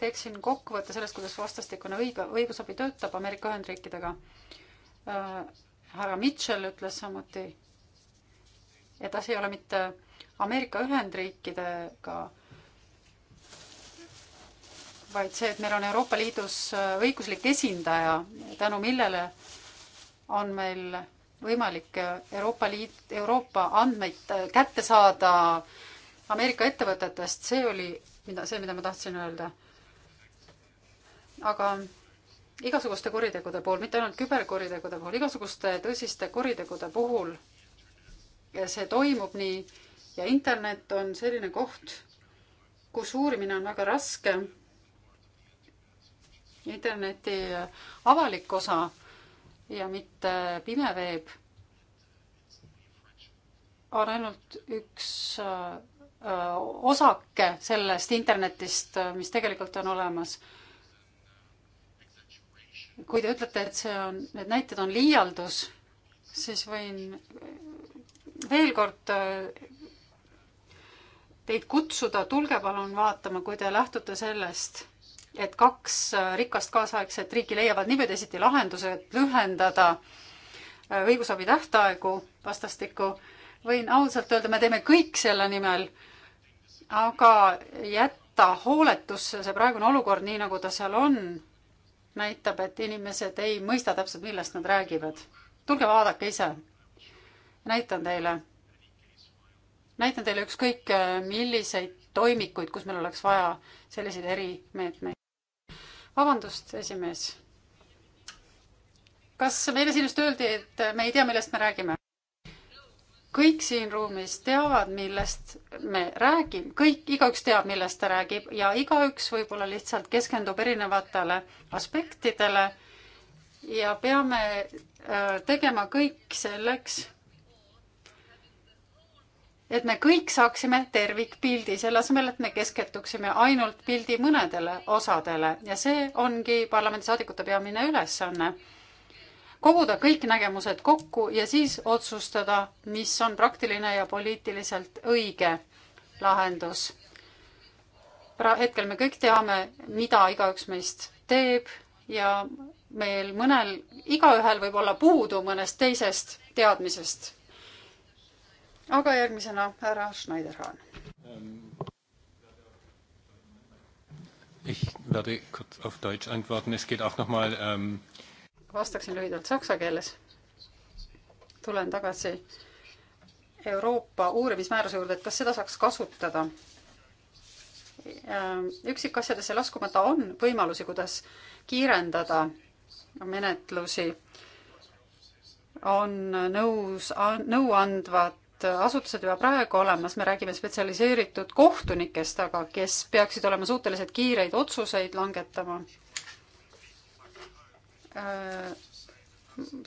teeksin kokkuvõtte sellest, kuidas vastastikune õiga, õigusabi töötab Ameerika Ühendriikidega äh,. härra Mitchell ütles samuti, et asi ei ole mitte Ameerika Ühendriikidega, vaid see, et meil on Euroopa Liidus äh, õiguslik esindaja, tänu millele on meil võimalik äh, Euroopa Liit, Euroopa andmeid äh, kätte saada Ameerika ettevõtetest, see oli, mida, see, mida ma tahtsin öelda aga igasuguste kuritegude puhul, mitte ainult küberkuritegude puhul, igasuguste tõsiste kuritegude puhul see toimub nii ja internet on selline koht, kus uurimine on väga raske. interneti avalik osa ja mitte pime veeb on ainult üks äh, osake sellest internetist, mis tegelikult on olemas kui te ütlete, et see on, need näited on liialdus, siis võin veel kord äh, teid kutsuda, tulge palun vaatama, kui te lähtute sellest, et kaks äh, rikast kaasaegset riiki leiavad nii või teisiti lahenduse, et lühendada äh, õigusabi tähtaegu vastastikku. võin ausalt öelda, me teeme kõik selle nimel, aga jätta hooletusse see praegune olukord, nii nagu ta seal on näitab, et inimesed ei mõista täpselt, millest nad räägivad. tulge vaadake ise. näitan teile, näitan teile ükskõik milliseid toimikuid, kus meil oleks vaja selliseid erimeetmeid. vabandust, esimees. kas meile siin just öeldi, et me ei tea, millest me räägime? kõik siin ruumis teavad, millest me räägime, kõik, igaüks teab, millest ta räägib ja igaüks võib-olla lihtsalt keskendub erinevatele aspektidele ja peame äh, tegema kõik selleks, et me kõik saaksime tervikpildi, selle asemel, et me keskenduksime ainult pildi mõnedele osadele ja see ongi parlamendisaadikute peamine ülesanne on koguda kõik nägemused kokku ja siis otsustada, mis on praktiline ja poliitiliselt õige lahendus. hetkel me kõik teame, mida igaüks meist teeb ja meil mõnel, igaühel võib olla puudu mõnest teisest teadmisest. aga järgmisena härra Schneiderhan. Ich werde kurz auf Deutsch antworten. Es geht auch nochmal ähm, um vastaksin lühidalt saksa keeles. tulen tagasi Euroopa uurimismääruse juurde, et kas seda saaks kasutada. Ähm, üksikasjadesse laskumata on võimalusi, kuidas kiirendada menetlusi. on nõus, nõuandvad asutused juba praegu olemas, me räägime spetsialiseeritud kohtunikest, aga kes peaksid olema suutelised kiireid otsuseid langetama Äh,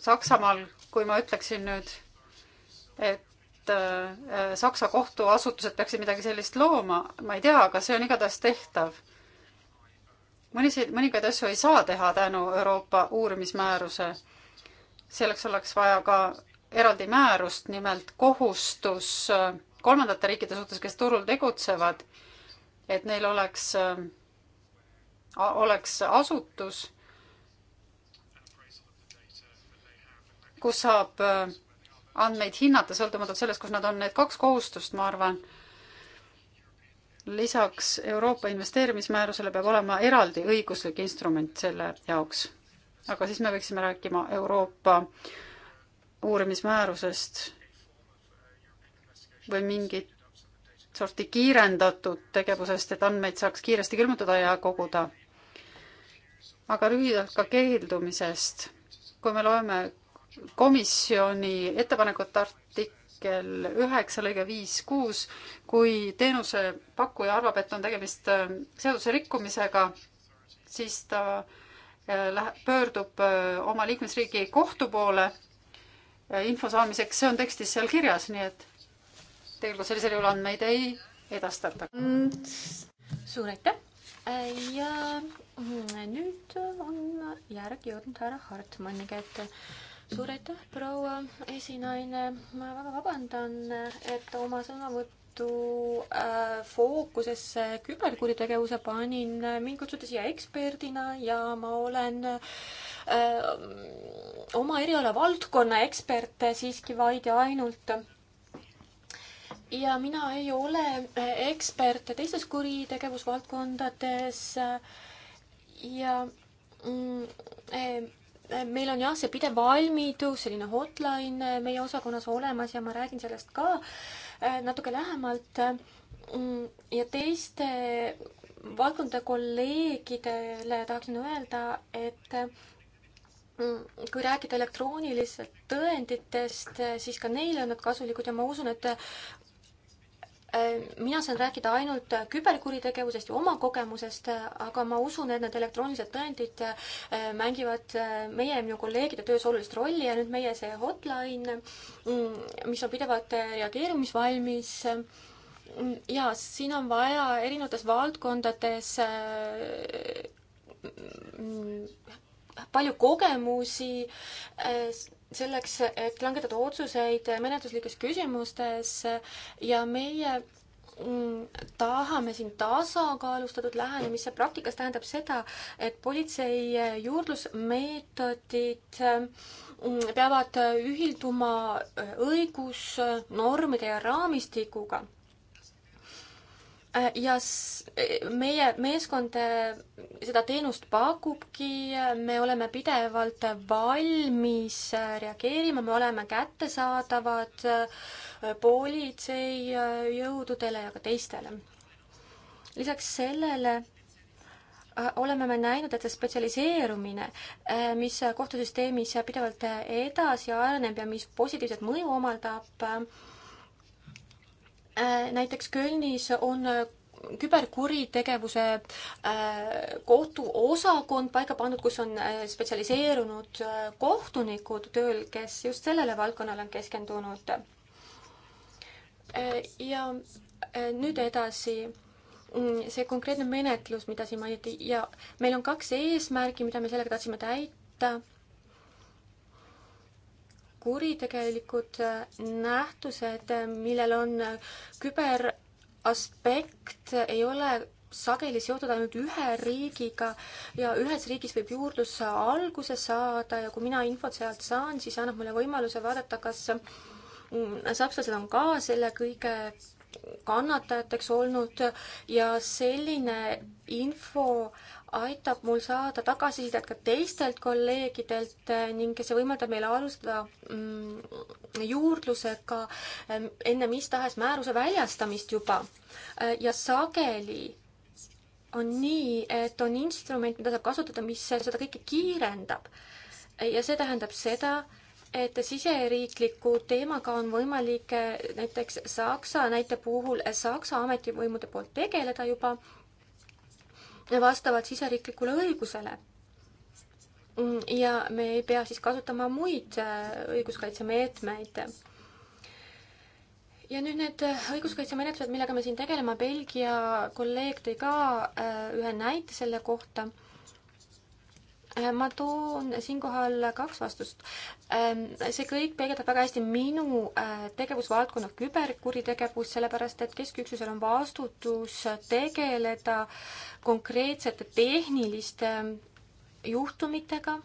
Saksamaal, kui ma ütleksin nüüd, et äh, Saksa kohtuasutused peaksid midagi sellist looma, ma ei tea, aga see on igatahes tehtav. mõniseid, mõningaid asju ei saa teha tänu Euroopa uurimismääruse. selleks oleks vaja ka eraldi määrust, nimelt kohustus äh, kolmandate riikide suhtes, kes turul tegutsevad, et neil oleks, oleks asutus kus saab äh, andmeid hinnata, sõltumatult sellest, kus nad on, need kaks kohustust, ma arvan, lisaks Euroopa investeerimismäärusele peab olema eraldi õiguslik instrument selle jaoks. aga siis me võiksime rääkima Euroopa uurimismäärusest või mingit sorti kiirendatud tegevusest, et andmeid saaks kiiresti külmutada ja koguda. aga lühidalt ka keeldumisest. kui me loeme komisjoni ettepanekut artikkel üheksa lõige viis kuus, kui teenusepakkuja arvab, et on tegemist äh, seaduse rikkumisega, siis ta äh, läheb, pöördub äh, oma liikmesriigi kohtu poole info saamiseks, see on tekstis seal kirjas, nii et tegelikult sellisel juhul andmeid ei edastata. suur aitäh ja mm, nüüd on järg jõudnud härra Hartmanni kätte suur aitäh, proua esinaine, ma väga vabandan, et oma sõnavõttu äh, fookusesse küberkuritegevuse panin, mind kutsuti siia eksperdina ja ma olen äh, oma eriala valdkonna ekspert siiski vaid ja ainult ja mina ei ole äh, ekspert teistes kuritegevusvaldkondades ja mm, äh, meil on jah, see pidev valmidus, selline hotline meie osakonnas olemas ja ma räägin sellest ka äh, natuke lähemalt. Mm, ja teiste valdkondade kolleegidele tahaksin öelda, et mm, kui rääkida elektroonilistest tõenditest, siis ka neile on nad kasulikud ja ma usun, et Äh, mina saan rääkida ainult küberkuritegevusest ja oma kogemusest, äh, aga ma usun, et need elektroonilised tõendid äh, mängivad meie ja minu kolleegide töös olulist rolli ja nüüd meie see hotline, mm, mis on pidevalt reageerimisvalmis, mm, ja siin on vaja erinevates valdkondades mm, palju kogemusi selleks, et langetada otsuseid menetluslikes küsimustes ja meie mm, tahame siin tasakaalustatud lähenemisse. praktikas tähendab seda, et politsei juurdlusmeetodid mm, peavad ühilduma õigusnormide ja raamistikuga. Äh, ja äh, meie meeskond äh, seda teenust pakubki, me oleme pidevalt valmis reageerima, me oleme kättesaadavad politseijõududele ja ka teistele. lisaks sellele oleme me näinud, et see spetsialiseerumine, mis kohtusüsteemis pidevalt edasi areneb ja mis positiivset mõju omaldab, Äh, näiteks Kölnis on äh, küberkuritegevuse äh, kohtuosakond paika pandud, kus on spetsialiseerunud kohtunikud tööl, kes just sellele valdkonnale on keskendunud. ja nüüd edasi mm, see konkreetne menetlus, mida siin mainiti ja meil on kaks eesmärki, mida me sellega tahtsime täita kuritegelikud äh, nähtused, äh, millel on äh, küberaspekt, ei ole sageli seotud ainult ühe riigiga ja ühes riigis võib juurdlus alguse saada ja kui mina infot sealt saan, siis annab mulle võimaluse vaadata, kas mm, sakslased on ka selle kõige kannatajateks olnud ja selline info aitab mul saada tagasisidet ka teistelt kolleegidelt eh, ning see võimaldab meil alustada mm, juurdlusega eh, enne mis tahes määruse väljastamist juba. Eh, ja sageli on nii, et on instrument, mida saab kasutada, mis seda kõike kiirendab. ja see tähendab seda, et siseriikliku teemaga on võimalik näiteks Saksa näite puhul Saksa ametivõimude poolt tegeleda juba vastavalt siseriiklikule õigusele. ja me ei pea siis kasutama muid äh, õiguskaitsemeetmeid ja nüüd need äh, õiguskaitsemenetlused, millega me siin tegeleme, Belgia kolleeg tõi ka äh, ühe näite selle kohta. Äh, ma toon siinkohal kaks vastust. Ähm, see kõik peegeldab väga hästi minu äh, tegevusvaldkonna küberkuritegevust, sellepärast et kesküksusel on vastutus tegeleda konkreetsete tehniliste äh, juhtumitega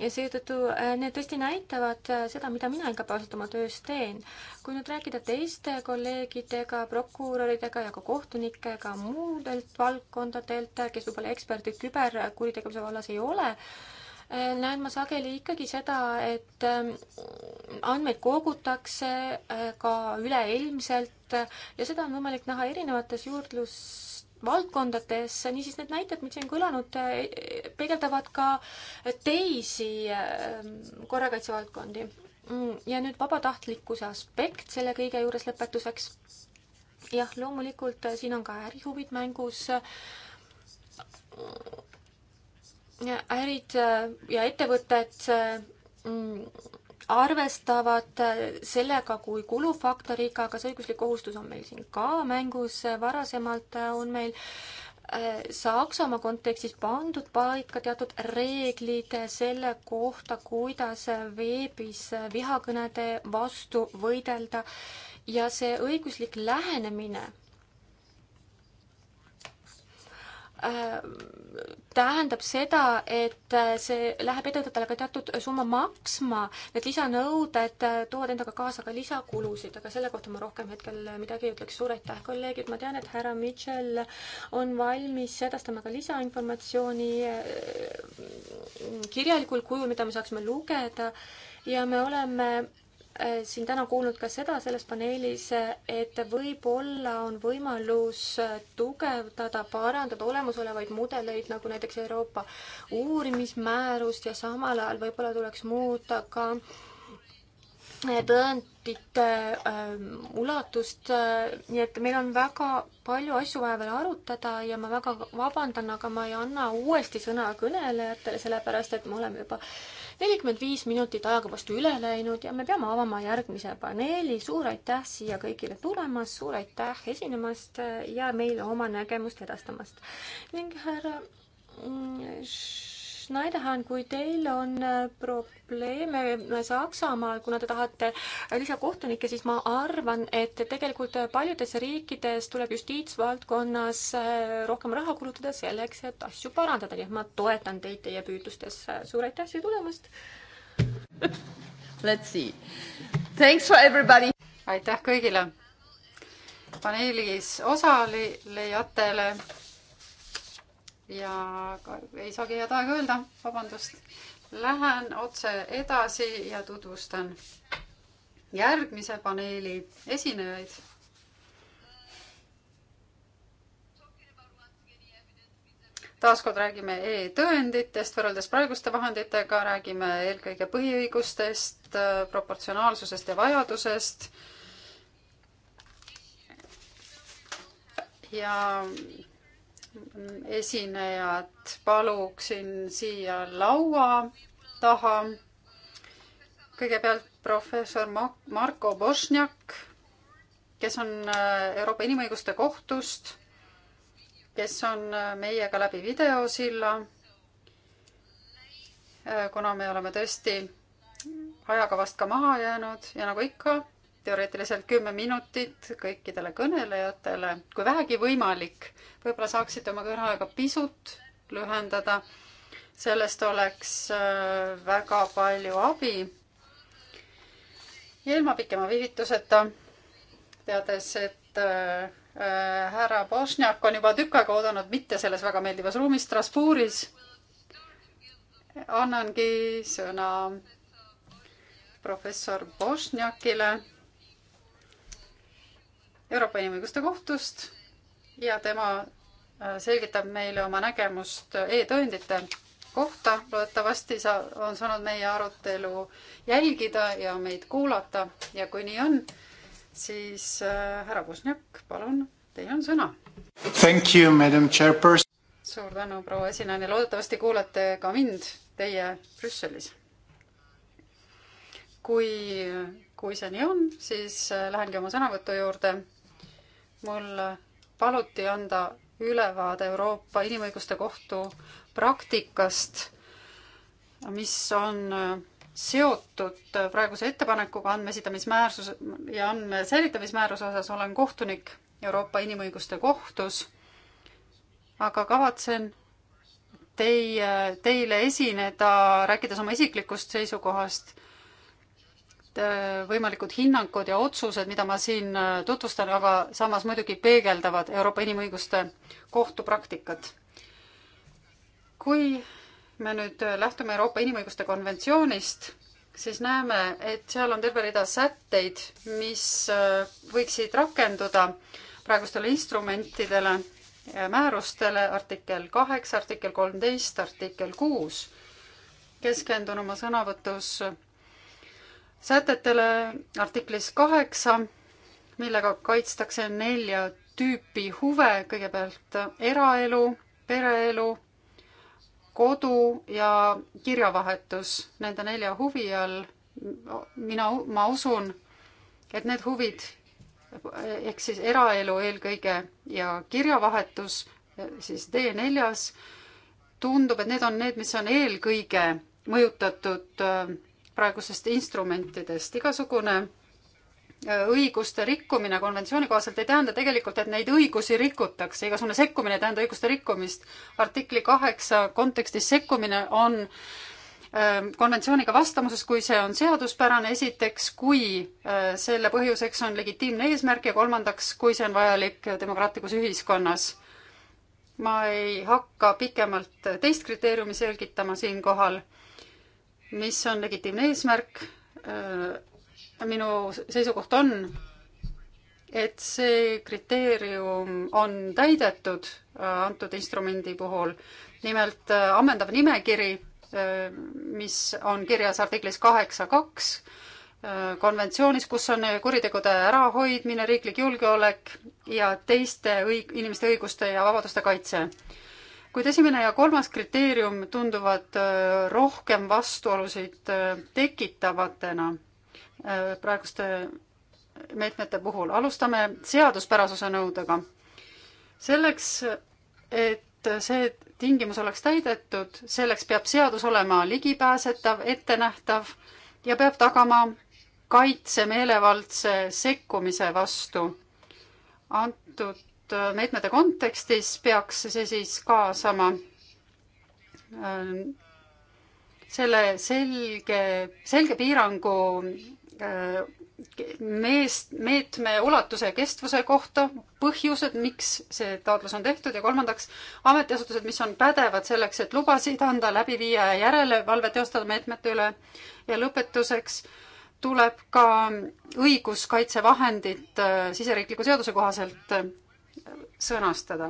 ja seetõttu äh, need tõesti näitavad äh, seda, mida mina igapäevaselt oma töös teen. kui nüüd rääkida teiste kolleegidega, prokuröridega ja ka kohtunikega muudelt valdkondadelt, kes võib-olla eksperdid küberkuritegevuse vallas ei ole, äh, näen ma sageli ikkagi seda, et ähm, andmeid kogutakse ka üleilmselt ja seda on võimalik näha erinevates juurdlus valdkondades, niisiis need näited, mis siin kõlanud, peegeldavad ka teisi ähm, korrakaitsevaldkondi. Mm, ja nüüd vabatahtlikkuse aspekt selle kõige juures lõpetuseks. jah, loomulikult äh, siin on ka ärihuvid mängus. ärid äh, ja ettevõtted äh, mm, arvestavad äh, sellega kui kulufaktoriga, kas õiguslik kohustus on meil siin ka mängus, varasemalt äh, on meil äh, Saksamaa kontekstis pandud paika teatud reeglid selle kohta, kuidas veebis vihakõnede vastu võidelda ja see õiguslik lähenemine Äh, tähendab seda, et äh, see läheb ettevõtetele ka teatud summa maksma, need lisanõuded äh, toovad endaga kaasa ka lisakulusid, aga selle kohta ma rohkem hetkel midagi ei ütleks. suur aitäh, kolleegid, ma tean, et härra Mitchell on valmis edastama ka lisainformatsiooni kirjalikul kujul, mida me saaksime lugeda ja me oleme Äh, siin täna kuulnud ka seda selles paneelis, et võib-olla on võimalus äh, tugevdada, parandada olemasolevaid mudeleid, nagu näiteks Euroopa uurimismäärust ja samal ajal võib-olla tuleks muuta ka äh, tõend, vahendite ähm, ulatust, äh, nii et meil on väga palju asju vaja veel arutada ja ma väga vabandan, aga ma ei anna uuesti sõna kõnelejatele, sellepärast et me oleme juba nelikümmend viis minutit ajaga vastu üle läinud ja me peame avama järgmise paneeli. suur aitäh siia kõigile tulemast, suur aitäh esinemast äh, ja meile oma nägemust edastamast ning härra mm, Schneiderhan, kui teil on äh, probleeme Saksamaal, kuna te tahate äh, lisakohtunikke, siis ma arvan, et tegelikult paljudes riikides tuleb justiitsvaldkonnas äh, rohkem raha kulutada selleks, et asju parandada, nii et ma toetan teid teie püüdlustes. suur aitäh siia tulemast! Let's see. Thanks for everybody! aitäh kõigile! paneelis osalejatele ja ei saagi head aega öelda, vabandust. Lähen otse edasi ja tutvustan järgmise paneeli esinejaid. taaskord räägime e-tõenditest võrreldes praeguste vahenditega, räägime eelkõige põhiõigustest, proportsionaalsusest ja vajadusest. ja esinejad paluksin siia laua taha. kõigepealt professor Marko Bosniak, kes on äh, Euroopa Inimõiguste Kohtust, kes on äh, meiega läbi videosilla. Äh, kuna me oleme tõesti ajakavast ka maha jäänud ja nagu ikka, teoreetiliselt kümme minutit kõikidele kõnelejatele, kui vähegi võimalik. võib-olla saaksite oma kõneaega pisut lühendada. sellest oleks äh, väga palju abi. ilma pikema viivituseta, teades, et äh, äh, härra Bosniak on juba tükk aega oodanud mitte selles väga meeldivas ruumis Strasbourgis, annangi sõna professor Bosniakile Euroopa Inimõiguste Kohtust ja tema äh, selgitab meile oma nägemust äh, e-tõendite kohta. loodetavasti sa, on saanud meie arutelu jälgida ja meid kuulata ja kui nii on, siis äh, härra Kusnjak, palun, teil on sõna. Thank you, madam chairperson. suur tänu, proua esinaine, loodetavasti kuulate ka mind teie Brüsselis. kui, kui see nii on, siis äh, lähengi oma sõnavõtu juurde mul paluti anda ülevaade Euroopa Inimõiguste Kohtu praktikast, mis on seotud praeguse ettepanekuga andmesidamismäärsus ja andmesäilitamismääruse osas olen kohtunik Euroopa Inimõiguste Kohtus, aga kavatsen teie, teile esineda, rääkides oma isiklikust seisukohast Äh, võimalikud hinnangud ja otsused, mida ma siin äh, tutvustan, aga samas muidugi peegeldavad Euroopa Inimõiguste Kohtu praktikat. kui me nüüd äh, lähtume Euroopa Inimõiguste Konventsioonist, siis näeme, et seal on terve rida sätteid, mis võiksid rakenduda praegustele instrumentidele, määrustele, artikkel kaheksa, artikkel kolmteist, artikkel kuus. keskendun oma sõnavõtus sätetele artiklis kaheksa, millega kaitstakse nelja tüüpi huve, kõigepealt eraelu, pereelu, kodu ja kirjavahetus nende nelja huvi all. mina, ma usun, et need huvid ehk siis eraelu eelkõige ja kirjavahetus, siis D4-s, tundub, et need on need, mis on eelkõige mõjutatud äh, praegusest instrumentidest. igasugune äh, õiguste rikkumine konventsiooni kohaselt ei tähenda tegelikult, et neid õigusi rikutakse, igasugune sekkumine ei tähenda õiguste rikkumist. artikli kaheksa kontekstis sekkumine on ähm, konventsiooniga vastamuses, kui see on seaduspärane, esiteks, kui äh, selle põhjuseks on legitiimne eesmärk ja kolmandaks, kui see on vajalik demokraatlikus ühiskonnas. ma ei hakka pikemalt teist kriteeriumi selgitama siinkohal mis on legitiimne eesmärk. Äh, minu seisukoht on, et see kriteerium on täidetud äh, antud instrumendi puhul. nimelt äh, ammendav nimekiri, mis on kirjas artiklis kaheksa kaks konventsioonis, kus on kuritegude ärahoidmine, riiklik julgeolek ja teiste õig-, inimeste õiguste ja vabaduste kaitse kuid esimene ja kolmas kriteerium tunduvad äh, rohkem vastuolusid äh, tekitavatena äh, praeguste meetmete puhul. alustame seaduspärasuse nõudega. selleks, et see tingimus oleks täidetud, selleks peab seadus olema ligipääsetav, ettenähtav ja peab tagama kaitse meelevaldse sekkumise vastu. antud Äh, meetmete kontekstis peaks see siis kaasama ähm, selle selge, selge piirangu äh, meest, meetme ulatuse ja kestvuse kohta, põhjused, miks see taotlus on tehtud ja kolmandaks, ametiasutused, mis on pädevad selleks, et lubasid anda, läbi viia ja järelevalve teostada meetmete üle ja lõpetuseks tuleb ka õiguskaitsevahendid äh, siseriikliku seaduse kohaselt sõnastada.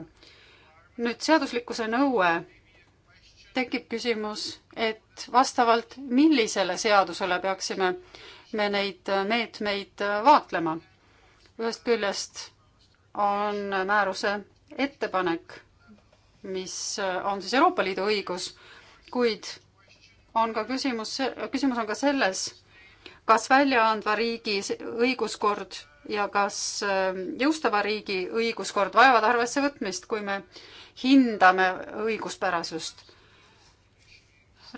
nüüd seaduslikkuse nõue, tekib küsimus, et vastavalt millisele seadusele peaksime me neid meetmeid vaatlema. ühest küljest on määruse ettepanek, mis on siis Euroopa Liidu õigus, kuid on ka küsimus, küsimus on ka selles, kas välja andva riigi õiguskord ja kas ähm, jõustava riigi õiguskord vajavad arvesse võtmist, kui me hindame õiguspärasust.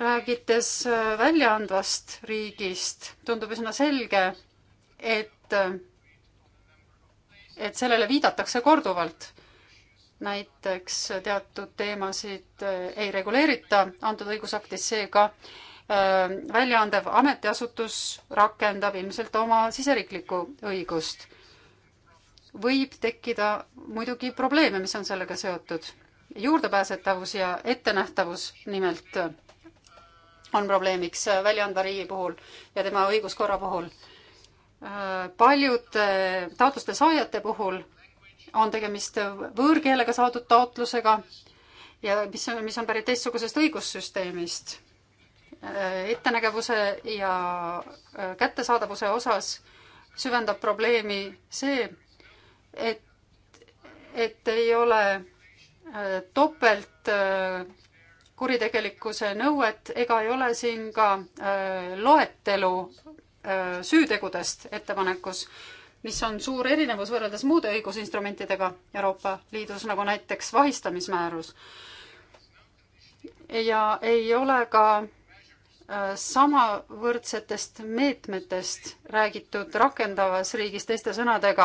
räägites äh, väljaandvast riigist, tundub üsna selge, et, äh, et sellele viidatakse korduvalt. näiteks teatud teemasid äh, ei reguleerita antud õigusaktis, seega Äh, välja andev ametiasutus rakendab ilmselt oma siseriiklikku õigust. võib tekkida muidugi probleeme, mis on sellega seotud. juurdepääsetavus ja ettenähtavus nimelt on probleemiks välja andva riigi puhul ja tema õiguskorra puhul. Äh, paljude taotluste saajate puhul on tegemist võõrkeelega saadud taotlusega ja mis on, mis on pärit teistsugusest õigussüsteemist Äh, ettenägevuse ja äh, kättesaadavuse osas süvendab probleemi see, et, et ei ole äh, topelt kuritegelikkuse nõuet ega ei ole siin ka loetelu süütegudest ettepanekus, mis on suur erinevus võrreldes muude õigusinstrumentidega Euroopa Liidus, nagu näiteks vahistamismäärus. ja ei ole ka Äh, samavõrdsetest meetmetest räägitud rakendavas riigis, teiste sõnadega,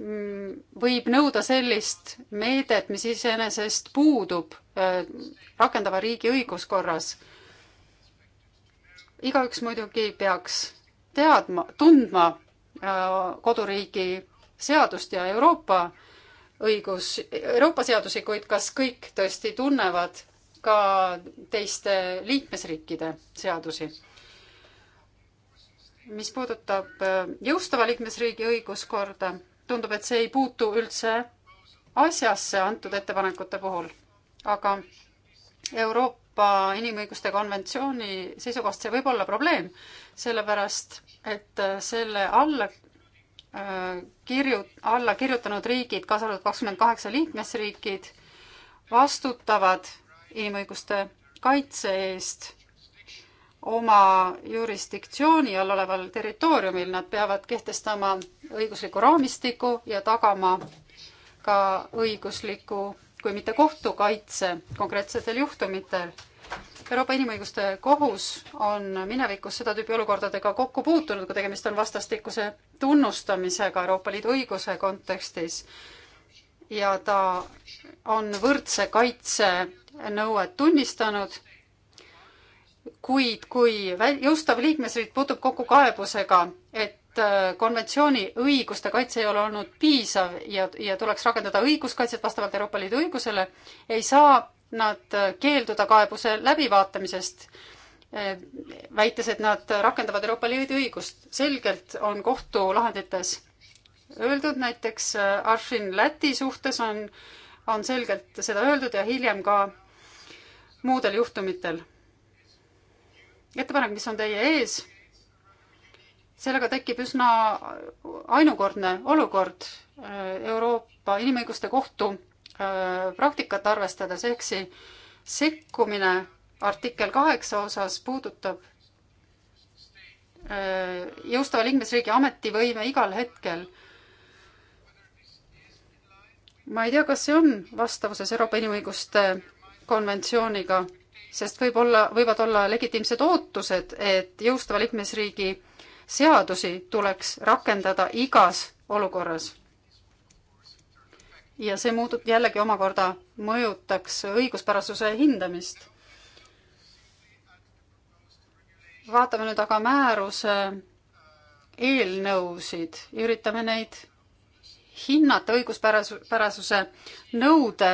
mm, võib nõuda sellist meedet, mis iseenesest puudub äh, rakendava riigi õiguskorras. igaüks muidugi peaks teadma, tundma äh, koduriigi seadust ja Euroopa õigus, Euroopa seadusi, kuid kas kõik tõesti tunnevad ka teiste liikmesriikide seadusi. mis puudutab äh, jõustava liikmesriigi õiguskorda, tundub, et see ei puutu üldse asjasse antud ettepanekute puhul, aga Euroopa Inimõiguste Konventsiooni seisukohast see võib olla probleem, sellepärast et äh, selle alla äh, kirju-, alla kirjutanud riigid, kaasa arvatud kakskümmend kaheksa liikmesriikid, vastutavad inimõiguste kaitse eest oma jurisdiktsiooni all oleval territooriumil, nad peavad kehtestama õigusliku raamistiku ja tagama ka õigusliku, kui mitte kohtukaitse konkreetsetel juhtumitel. Euroopa Inimõiguste Kohus on minevikus seda tüüpi olukordadega kokku puutunud, kui tegemist on vastastikuse tunnustamisega Euroopa Liidu õiguse kontekstis ja ta on võrdse kaitse nõuet tunnistanud, kuid kui jõustav liikmesriik puutub kokku kaebusega, et äh, konventsiooni õiguste kaitse ei ole olnud piisav ja, ja tuleks rakendada õiguskaitset vastavalt Euroopa Liidu õigusele, ei saa nad äh, keelduda kaebuse läbivaatamisest, äh, väites, et nad rakendavad Euroopa Liidu õigust. selgelt on kohtulahendites öeldud, näiteks äh, Arfin Läti suhtes on, on selgelt seda öeldud ja hiljem ka muudel juhtumitel. ettepanek, mis on teie ees, sellega tekib üsna ainukordne olukord äh, Euroopa Inimõiguste Kohtu äh, praktikat arvestades, ehk siis sekkumine artikkel kaheksa osas puudutab jõustava liikmesriigi ametivõime igal hetkel ma ei tea, kas see on vastavuses Euroopa inimõiguste konventsiooniga, sest võib-olla, võivad olla legitiimsed ootused, et jõustava liikmesriigi seadusi tuleks rakendada igas olukorras. ja see muutub jällegi omakorda, mõjutaks õiguspärasuse hindamist. vaatame nüüd aga määruse eelnõusid, üritame neid hinnata õiguspärasuse nõude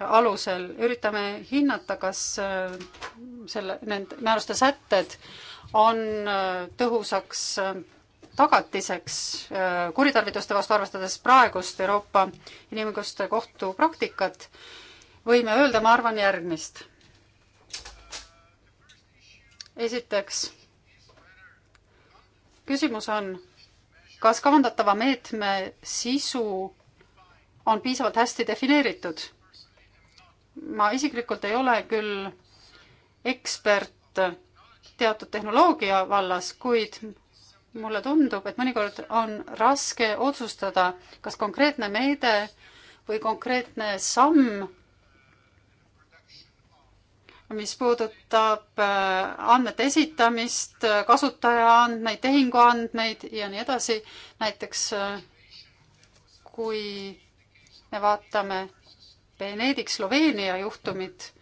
alusel, üritame hinnata, kas äh, selle, need määruste sätted on äh, tõhusaks äh, tagatiseks kuritarvituste vastu, arvestades praegust Euroopa Inimõiguste Kohtu praktikat, võime öelda, ma arvan, järgmist. esiteks, küsimus on, kas kavandatava meetme sisu on piisavalt hästi defineeritud? ma isiklikult ei ole küll ekspert teatud tehnoloogia vallas, kuid mulle tundub, et mõnikord on raske otsustada, kas konkreetne meede või konkreetne samm mis puudutab äh, andmete esitamist, äh, kasutajaandmeid, tehinguandmeid ja nii edasi. näiteks äh, kui me vaatame Benedik Sloveenia juhtumit,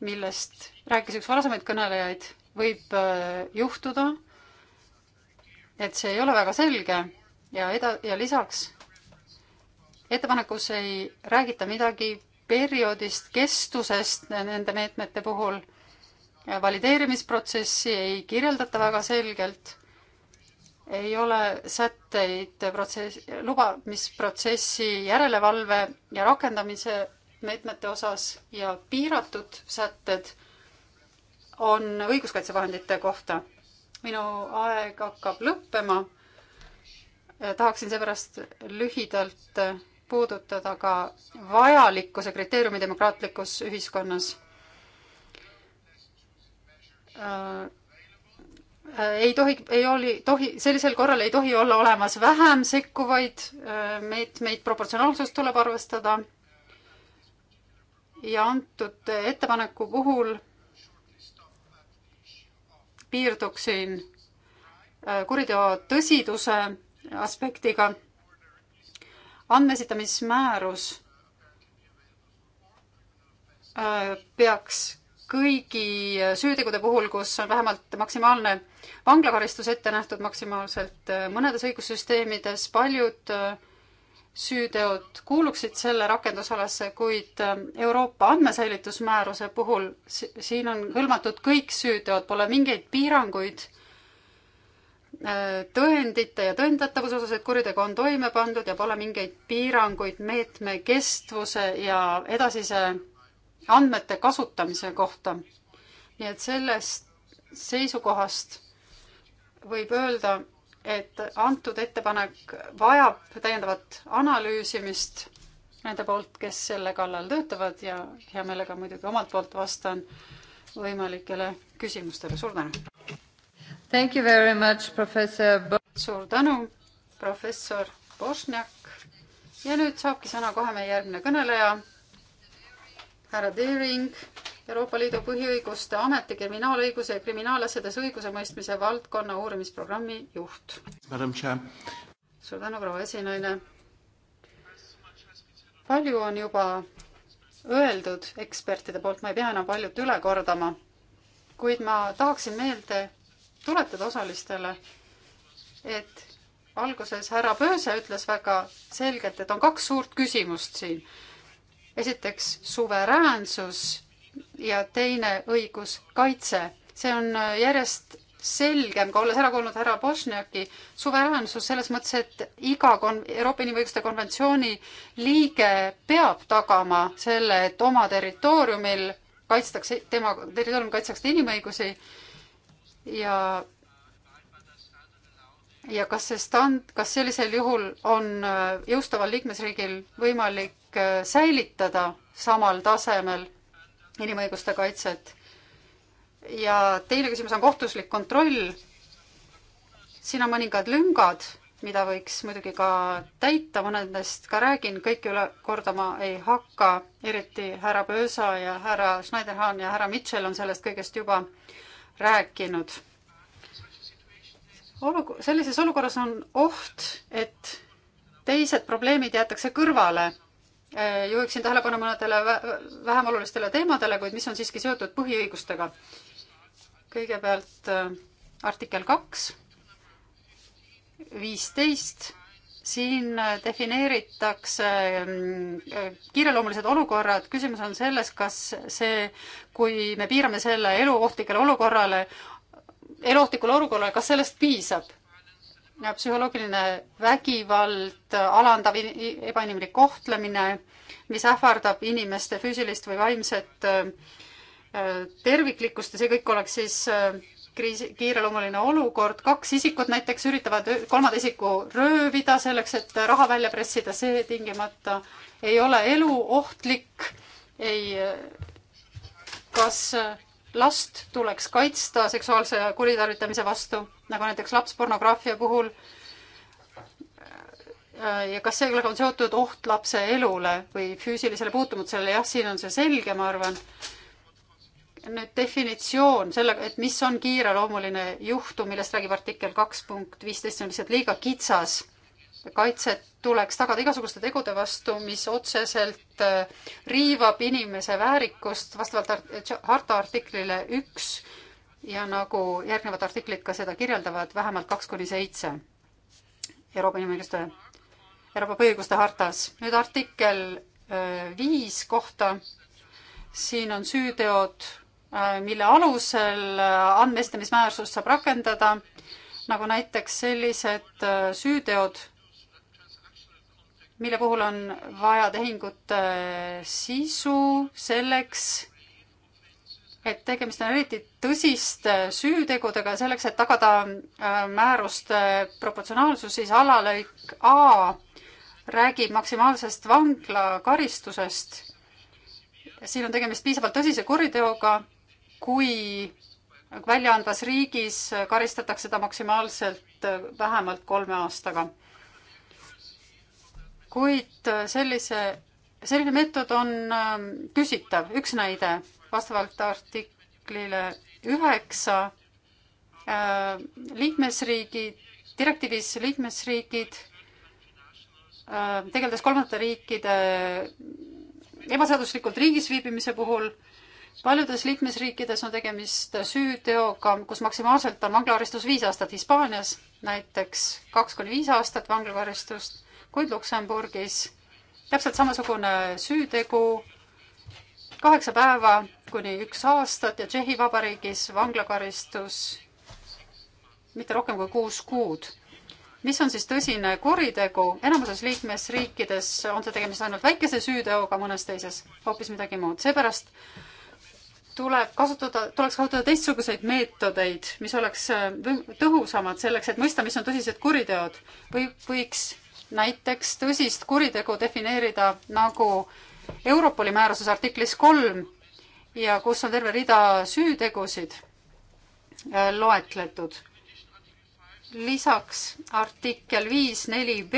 millest rääkis üks varasemaid kõnelejaid, võib juhtuda, et see ei ole väga selge ja eda- ja lisaks ettepanekus ei räägita midagi perioodist, kestusest nende meetmete puhul. valideerimisprotsessi ei kirjeldata väga selgelt. ei ole sätteid protsess, lubamisprotsessi järelevalve ja rakendamise meetmete osas ja piiratud sätted on õiguskaitsevahendite kohta. minu aeg hakkab lõppema. tahaksin seepärast lühidalt puudutada ka vajalikkuse kriteeriumi demokraatlikus ühiskonnas äh, äh, ei tohi, ei oli, tohi, sellisel korral ei tohi olla olemas vähem sekkuvaid äh, meetmeid, proportsionaalsust tuleb arvestada. ja antud ettepaneku puhul piirduksin äh, kuriteo tõsiduse aspektiga andmesitamismäärus äh, peaks kõigi süütegude puhul, kus on vähemalt maksimaalne vanglakaristus ette nähtud maksimaalselt äh, mõnedes õigussüsteemides, paljud äh, süüteod kuuluksid selle rakendusalasse, kuid Euroopa andmesäilitusmääruse puhul siin on hõlmatud kõik süüteod, pole mingeid piiranguid tõendite ja tõendatavuse osas, et kuritegu on toime pandud ja pole mingeid piiranguid meetme kestvuse ja edasise andmete kasutamise kohta. nii et sellest seisukohast võib öelda, et antud ettepanek vajab täiendavat analüüsimist nende poolt, kes selle kallal töötavad ja hea meelega muidugi omalt poolt vastan võimalikele küsimustele. suur tänu! Thank you very much, professor Bo-. suur tänu, professor Bosniak. ja nüüd saabki sõna kohe meie järgmine kõneleja, härra Deering, Euroopa Liidu põhiõiguste ameti kriminaalõiguse ja kriminaalasjades õigusemõistmise valdkonna uurimisprogrammi juht. suur tänu, proua esinaine. palju on juba öeldud ekspertide poolt, ma ei pea enam paljut üle kordama, kuid ma tahaksin meelde tuletada osalistele, et alguses härra Pööse ütles väga selgelt, et on kaks suurt küsimust siin. esiteks suveräänsus ja teine õiguskaitse. see on järjest selgem, ka olles ära kuulnud härra Bosniaki, suveräänsus selles mõttes, et iga kon-, Euroopa Inimõiguste Konventsiooni liige peab tagama selle, et oma territooriumil kaitstakse, tema territooriumil kaitstakse inimõigusi ja ja kas see stand, kas sellisel juhul on äh, jõustaval liikmesriigil võimalik äh, säilitada samal tasemel inimõiguste kaitset? ja teine küsimus on kohtuslik kontroll. siin on mõningad lüngad, mida võiks muidugi ka täita, mõnedest ka räägin, kõiki üle kordama ei hakka, eriti härra Pöösa ja härra Schneiderhan ja härra Mitchell on sellest kõigest juba äh, rääkinud. olugu-, sellises olukorras on oht, et teised probleemid jäetakse kõrvale. juhiksin tähelepanu mõnedele vähem olulistele teemadele, kuid mis on siiski seotud põhiõigustega. kõigepealt äh, artikkel kaks, viisteist siin äh, defineeritakse mm, äh, kiireloomulised olukorrad, küsimus on selles, kas see, kui me piirame selle eluohtlikele olukorrale, eluohtlikule olukorrale, kas sellest piisab? psühholoogiline vägivald, alandav ebainimlik kohtlemine, mis ähvardab inimeste füüsilist või vaimset äh, terviklikkust ja see kõik oleks siis kriis, kiireloomuline olukord, kaks isikut näiteks üritavad kolmanda isiku röövida selleks, et raha välja pressida, see tingimata ei ole eluohtlik, ei, kas last tuleks kaitsta seksuaalse kuritarvitamise vastu, nagu näiteks lapspornograafia puhul, äh, ja kas sellega on seotud oht lapse elule või füüsilisele puutumatusele, jah, siin on see selge, ma arvan nüüd definitsioon selle, et mis on kiireloomuline juhtum, millest räägib artikkel kaks punkt viisteist, see on lihtsalt liiga kitsas. kaitset tuleks tagada igasuguste tegude vastu, mis otseselt äh, riivab inimese väärikust vastavalt art äh, harta artiklile üks ja nagu järgnevad artiklid ka seda kirjeldavad, vähemalt kaks kuni seitse Euroopa inimõiguste, Euroopa põhiõiguste hartas. nüüd artikkel äh, viis kohta, siin on süüteod Äh, mille alusel äh, andmeestamismäärust saab rakendada, nagu näiteks sellised äh, süüteod, mille puhul on vaja tehingute sisu selleks, et tegemist on eriti tõsiste süütegudega ja selleks, et tagada määruste proportsionaalsus, siis alalõik A räägib maksimaalsest vanglakaristusest. siin on tegemist piisavalt tõsise kuriteoga kui väljaandvas riigis karistatakse ta maksimaalselt vähemalt kolme aastaga. kuid sellise, selline meetod on ähm, küsitav. üks näide vastavalt artiklile üheksa ähm, liikmesriigid, direktiivis liikmesriigid ähm, tegeldes kolmandate riikide ebaseaduslikult riigis viibimise puhul paljudes liikmesriikides on tegemist süüteoga, kus maksimaalselt on vanglakaristus viis aastat, Hispaanias näiteks kaks kuni viis aastat vanglakaristust, kuid Luksemburgis täpselt samasugune süütegu kaheksa päeva kuni üks aastat ja Tšehhi Vabariigis vanglakaristus mitte rohkem kui kuus kuud mis on siis tõsine kuritegu, enamuses liikmesriikides on see tegemist ainult väikese süüteoga, mõnes teises hoopis midagi muud, seepärast tuleb kasutada, tuleks kasutada teistsuguseid meetodeid, mis oleks äh, tõhusamad selleks, et mõista, mis on tõsised kuriteod või võiks näiteks tõsist kuritegu defineerida nagu Europoli määruses artiklis kolm ja kus on terve rida süütegusid äh, loetletud. lisaks artikkel viis neli B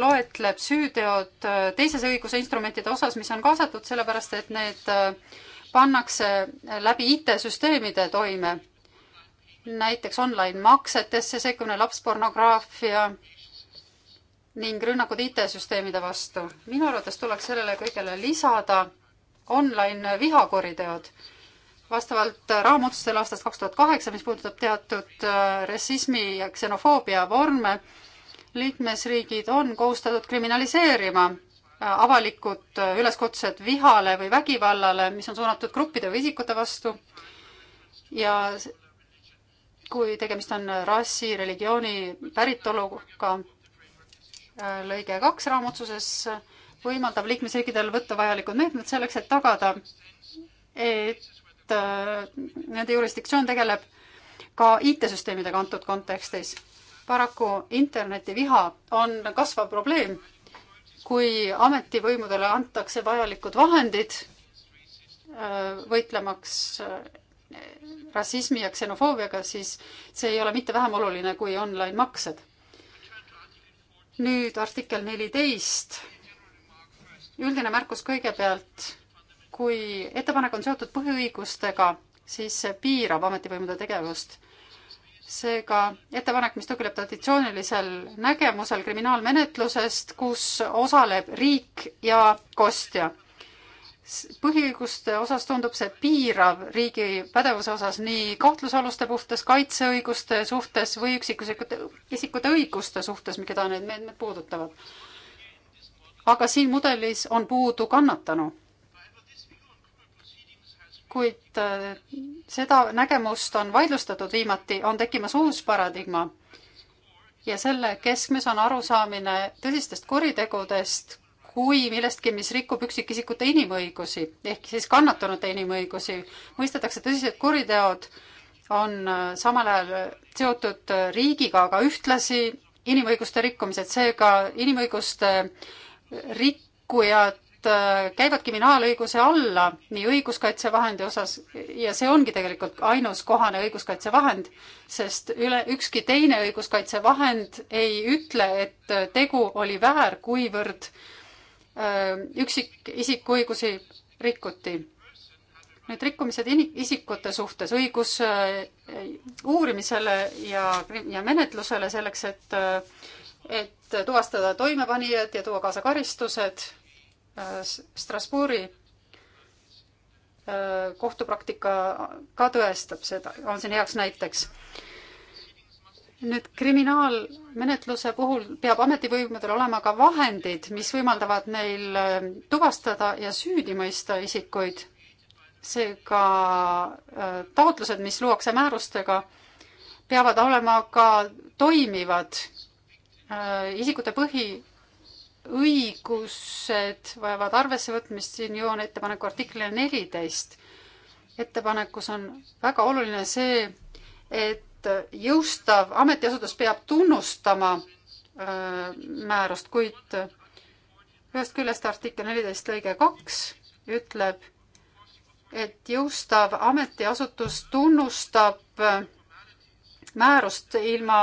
loetleb süüteod äh, teises õiguse instrumentide osas, mis on kaasatud, sellepärast et need pannakse läbi IT-süsteemide toime, näiteks online-maksetesse sekkumine, lapspornograafia ning rünnakud IT-süsteemide vastu. minu arvates tuleks sellele kõigele lisada online vihakuriteod vastavalt raamotsustele aastast kaks tuhat kaheksa, mis puudutab teatud äh, rassismi ja ksenofoobia vorme, liikmesriigid on kohustatud kriminaliseerima avalikud üleskutsed vihale või vägivallale, mis on suunatud gruppide või isikute vastu. ja kui tegemist on rassi, religiooni, päritoluga, äh, lõige kaks raamotsuses võimaldab liikmesriikidel võtta vajalikud meetmed selleks, et tagada, et äh, nende jurisdiktsioon tegeleb ka IT-süsteemidega antud kontekstis. paraku internetiviha on kasvav probleem kui ametivõimudele antakse vajalikud vahendid äh, võitlemaks äh, rassismi ja ksenofoobiaga, siis see ei ole mitte vähem oluline kui online maksed. nüüd artikkel neliteist. üldine märkus kõigepealt, kui ettepanek on seotud põhiõigustega, siis see piirab ametivõimude tegevust seega ettepanek, mis tugineb traditsioonilisel nägemusel kriminaalmenetlusest, kus osaleb riik ja kostja. põhiõiguste osas tundub see piirav riigi pädevuse osas nii kahtlusaluste puhtes, kaitseõiguste suhtes või üksikusikute, isikute õiguste suhtes, keda need meetmed puudutavad. aga siin mudelis on puudu kannatanu kuid äh, seda nägemust on vaidlustatud viimati, on tekkimas uus paradigma. ja selle keskmes on arusaamine tõsistest kuritegudest kui millestki, mis rikub üksikisikute inimõigusi ehk siis kannatanute inimõigusi. mõistetakse tõsised kuriteod, on äh, samal ajal seotud riigiga, aga ühtlasi inimõiguste rikkumised, seega inimõiguste rikkujad Äh, käivad kriminaalõiguse alla nii õiguskaitsevahendi osas ja see ongi tegelikult ainus kohane õiguskaitsevahend, sest üle, ükski teine õiguskaitsevahend ei ütle, et äh, tegu oli väär, kuivõrd äh, üksikisiku õigusi rikuti. Need rikkumised isikute suhtes, õigus uurimisele ja, ja menetlusele selleks, et, et tuvastada toimepanijad ja tuua kaasa karistused Äh, Strasbourgi äh, kohtupraktika ka tõestab seda, on siin heaks näiteks. nüüd kriminaalmenetluse puhul peab ametivõimudel olema ka vahendid, mis võimaldavad neil äh, tuvastada ja süüdi mõista isikuid. seega taotlused, mis luuakse määrustega, peavad olema ka toimivad isikute põhi õigused vajavad arvessevõtmist, siin joon ettepaneku artiklile neliteist. ettepanekus on väga oluline see, et jõustav ametiasutus peab tunnustama öö, määrust, kuid ühest küljest artikkel neliteist lõige kaks ütleb, et jõustav ametiasutus tunnustab määrust ilma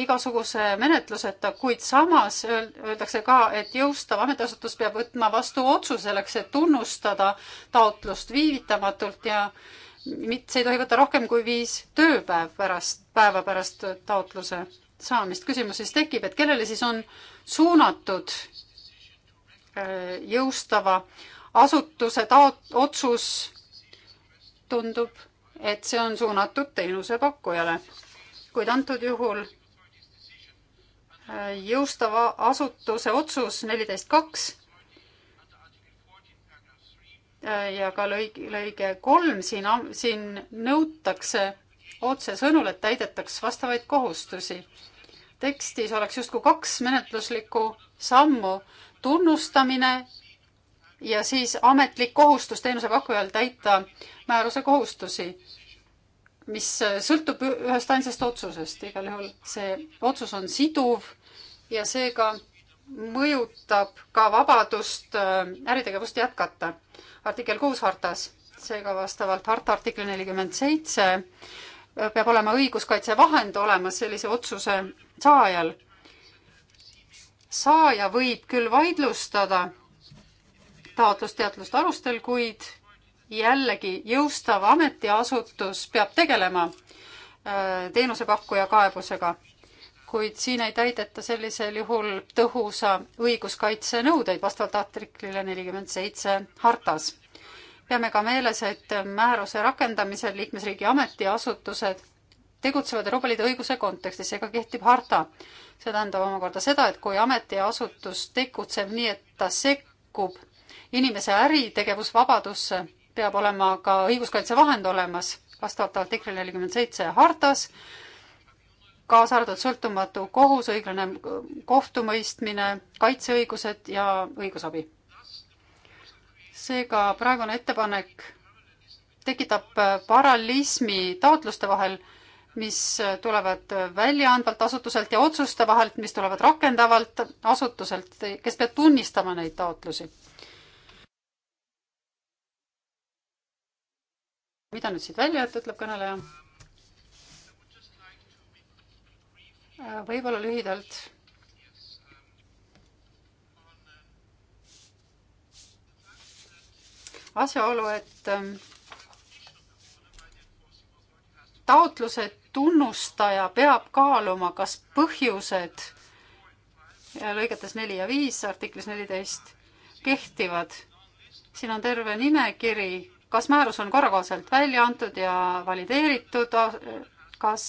igasuguse menetluseta, kuid samas öeldakse ka, et jõustav ametiasutus peab võtma vastu otsuse selleks, et tunnustada taotlust viivitamatult ja mitte, see ei tohi võtta rohkem kui viis tööpäev pärast, päeva pärast taotluse saamist. küsimus siis tekib, et kellele siis on suunatud äh, jõustava asutuse taot-, otsus tundub, et see on suunatud teenusepakkujale kuid antud juhul äh, jõustava asutuse otsus neliteist kaks äh, ja ka lõige, lõige kolm siin, siin nõutakse otsesõnul, et täidetaks vastavaid kohustusi. tekstis oleks justkui kaks menetluslikku sammu, tunnustamine ja siis ametlik kohustus teenusepakkujal täita määruse kohustusi mis sõltub ühest ainsast otsusest, igal juhul see otsus on siduv ja seega mõjutab ka vabadust äh, äritegevust jätkata. artikkel kuus hartas, seega vastavalt harta artikli nelikümmend seitse äh, peab olema õiguskaitsevahend olemas sellise otsuse saajal. saaja võib küll vaidlustada taotlust teadluste alustel, kuid jällegi jõustav ametiasutus peab tegelema äh, teenusepakkuja kaebusega, kuid siin ei täideta sellisel juhul tõhusa õiguskaitse nõudeid vastavalt artiklile nelikümmend seitse hartas. peame ka meeles, et määruse rakendamisel liikmesriigi ametiasutused tegutsevad Euroopa Liidu õiguse kontekstis, seega kehtib harta. see tähendab omakorda seda, et kui ametiasutus tegutseb nii, et ta sekkub inimese äritegevusvabadusse peab olema ka õiguskaitsevahend olemas vastavalt artikli nelikümmend seitse hartas, kaasa arvatud sõltumatu kohus, õiglane kohtumõistmine, kaitseõigused ja õigusabi. seega praegune ettepanek tekitab paralleelismi taotluste vahel, mis tulevad väljaandvalt asutuselt ja otsuste vahelt, mis tulevad rakendavalt asutuselt, kes peab tunnistama neid taotlusi mida nüüd siit välja jätta, ütleb kõneleja. Äh, võib-olla lühidalt. asjaolu, et ähm, taotluse tunnustaja peab kaaluma, kas põhjused äh, lõigetes neli ja viis artiklis neliteist kehtivad. siin on terve nimekiri kas määrus on korrakohaselt välja antud ja valideeritud, kas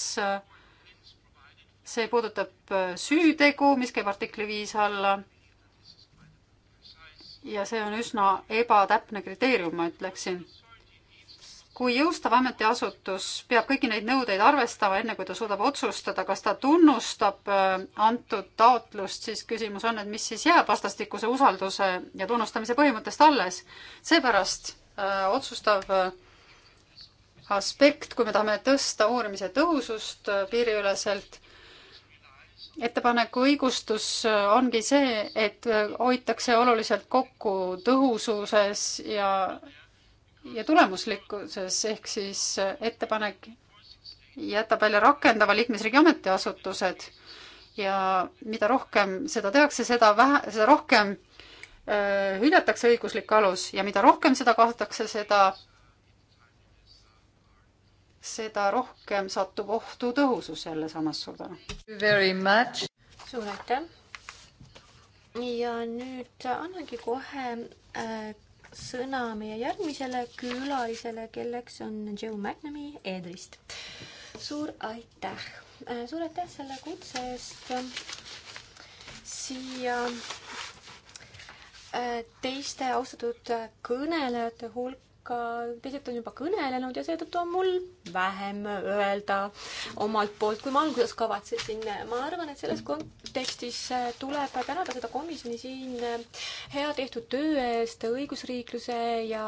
see puudutab süütegu, mis käib artikli viis alla. ja see on üsna ebatäpne kriteerium, ma ütleksin. kui jõustav ametiasutus peab kõiki neid nõudeid arvestama, enne kui ta suudab otsustada, kas ta tunnustab äh, antud taotlust, siis küsimus on, et mis siis jääb vastastikuse usalduse ja tunnustamise põhimõttest alles. seepärast Äh, otsustav äh, aspekt, kui me tahame tõsta uurimise tõhusust äh, piiriüleselt. ettepaneku õigustus ongi see, et hoitakse oluliselt kokku tõhususes ja, ja tulemuslikkuses, ehk siis ettepanek jätab välja rakendava liikmesriigi ametiasutused ja mida rohkem seda tehakse, seda vähe, seda rohkem Äh, hüljatakse õiguslik alus ja mida rohkem seda kasutatakse, seda, seda rohkem satub ohtu tõhusus jällesamasse. suur tänu! suur aitäh! ja nüüd annangi kohe äh, sõna meie järgmisele külalisele, kelleks on Joe Magnami Eedrist. suur aitäh äh,! suur aitäh selle kutse eest siia Äh, teiste austatud äh, kõnelejate hulka ka teised on juba kõnelenud ja seetõttu on mul vähem öelda omalt poolt, kui ma alguses kavatsesin. ma arvan, et selles kontekstis tuleb tänada seda komisjoni siin hea tehtud töö eest õigusriikluse ja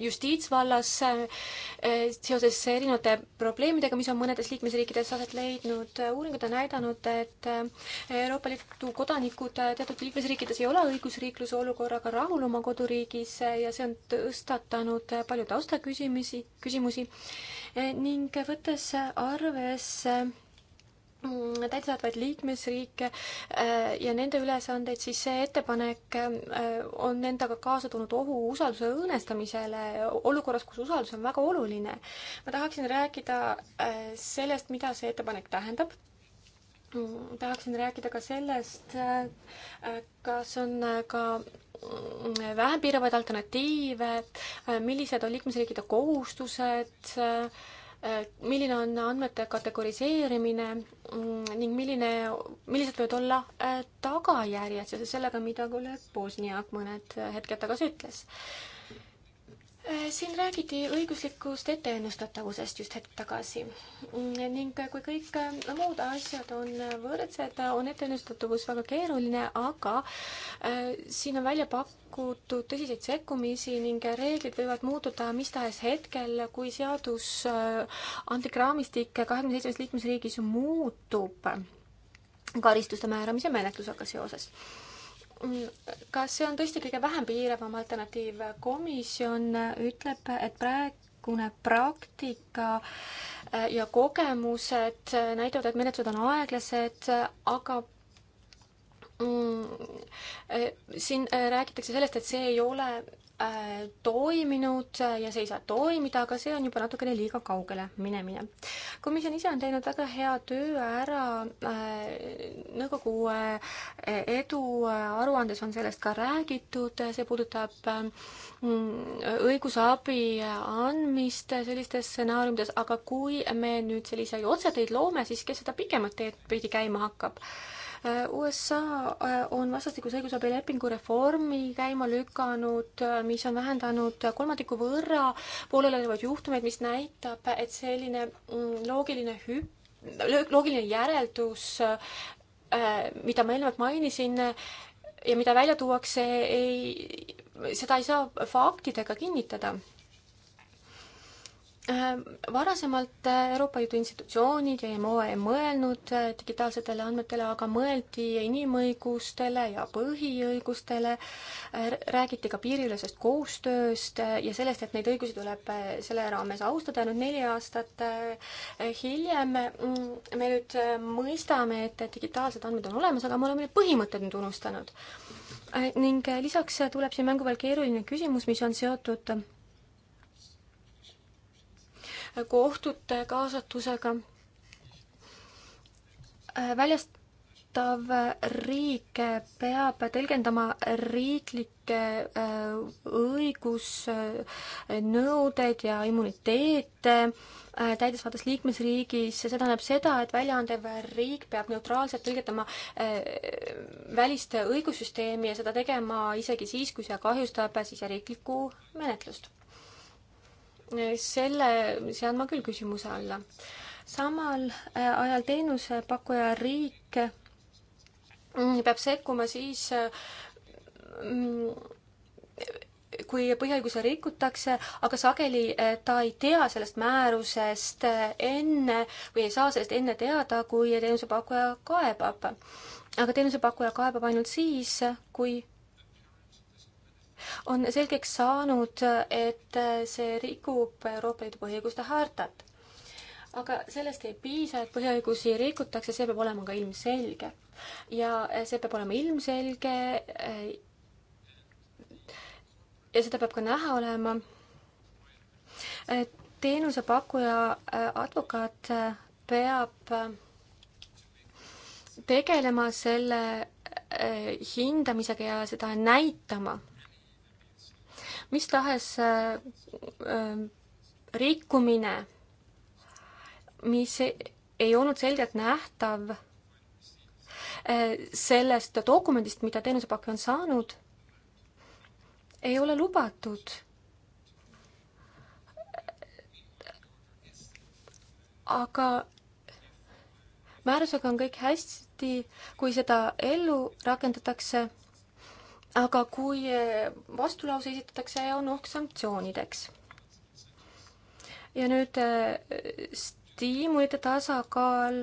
justiitsvallas seoses erinevate probleemidega, mis on mõnedes liikmesriikides aset leidnud. uuringud on näidanud, et Euroopa Liidu kodanikud teatud liikmesriikides ei ole õigusriikluse olukorraga rahul oma koduriigis sisse ja see on tõstatanud palju taustaküsimusi, küsimusi ning võttes arvesse mm, täidesaatvaid liikmesriike äh, ja nende ülesandeid, siis see ettepanek äh, on endaga kaasa tulnud ohu usalduse õõnestamisele olukorras, kus usaldus on väga oluline. ma tahaksin rääkida äh, sellest, mida see ettepanek tähendab. Mm, tahaksin rääkida ka sellest, kas on ka vähem piiravaid alternatiive, äh, millised on liikmesriikide kohustused, äh, milline on andmete kategoriseerimine mm, ning milline, millised võivad olla äh, tagajärjed seoses sellega, mida kolleeg Bosniak mõned hetked tagasi ütles Äh, siin räägiti õiguslikust etteennustatavusest just hetk tagasi ning kui kõik äh, muud asjad on võrdsed, on etteennustatavus väga keeruline, aga äh, siin on välja pakutud tõsiseid sekkumisi ning reeglid võivad muutuda mis tahes hetkel, kui seadusandlik raamistik kahekümne seitsmes liikmesriigis muutub karistuste määramise menetlusega seoses kas see on tõesti kõige vähem piiravam alternatiiv? komisjon ütleb, et praegune praktika äh, ja kogemused äh, näitavad, et menetlused on aeglased, aga mm, äh, siin räägitakse sellest, et see ei ole Äh, toiminud ja see ei saa toimida, aga see on juba natukene liiga kaugele minemine. komisjon ise on teinud väga hea töö ära, äh, nõukogu äh, edu aruandes on sellest ka räägitud, see puudutab mm, õigusabi andmist sellistes stsenaariumides, aga kui me nüüd selliseid otseteid loome, siis kes seda pikemat teed pidi käima hakkab? USA äh, on vastastikuse õigusabi lepingu reformi käima lükanud, äh, mis on vähendanud kolmandiku võrra pooleliolevaid juhtumeid, mis näitab, et selline mm, loogiline hüp-, loogiline järeldus, äh, mida ma eelnevalt mainisin ja mida välja tuuakse, ei, seda ei saa faktidega kinnitada Äh, varasemalt äh, Euroopa Liidu institutsioonid ja IMO e ei mõelnud äh, digitaalsetele andmetele, aga mõeldi inimõigustele ja põhiõigustele, räägiti ka piiriülesest koostööst ja sellest, et neid õigusi tuleb selle raames austada ja nüüd neli aastat hiljem mm, me nüüd mõistame, et digitaalsed andmed on olemas, aga me oleme need põhimõtted nüüd unustanud. ning lisaks tuleb siin mängu veel keeruline küsimus, mis on seotud kohtute kaasatusega. Äh, väljastav riik peab tõlgendama riiklikke äh, õigusnõudeid ja immuniteete äh, täidesaates liikmesriigis, see tähendab seda, et väljaandev riik peab neutraalselt tõlgetama välist õigussüsteemi ja seda tegema isegi siis, kui see kahjustab siseriiklikku menetlust selle sean ma küll küsimuse alla. samal äh, ajal teenusepakkuja riik mm, peab sekkuma siis äh, mm, kui põhiõigusi rikutakse, aga sageli äh, ta ei tea sellest määrusest enne või ei saa sellest enne teada, kui teenusepakkuja kaebab. aga teenusepakkuja kaebab ainult siis, kui on selgeks saanud, et see rikub Euroopa Liidu põhiõiguste hartat. aga sellest ei piisa, et põhiõigusi rikutakse, see peab olema ka ilmselge. ja see peab olema ilmselge ja seda peab ka näha olema. teenusepakkuja äh, advokaat äh, peab äh, tegelema selle hindamisega ja seda näitama mis tahes äh, äh, rikkumine, mis ei olnud selgelt nähtav äh, sellest dokumendist, mida teenusepakkuja on saanud, ei ole lubatud. aga määrusega on kõik hästi, kui seda ellu rakendatakse aga kui eh, vastulause esitatakse, on oht sanktsioonideks. ja nüüd eh, stiimulite tasakaal.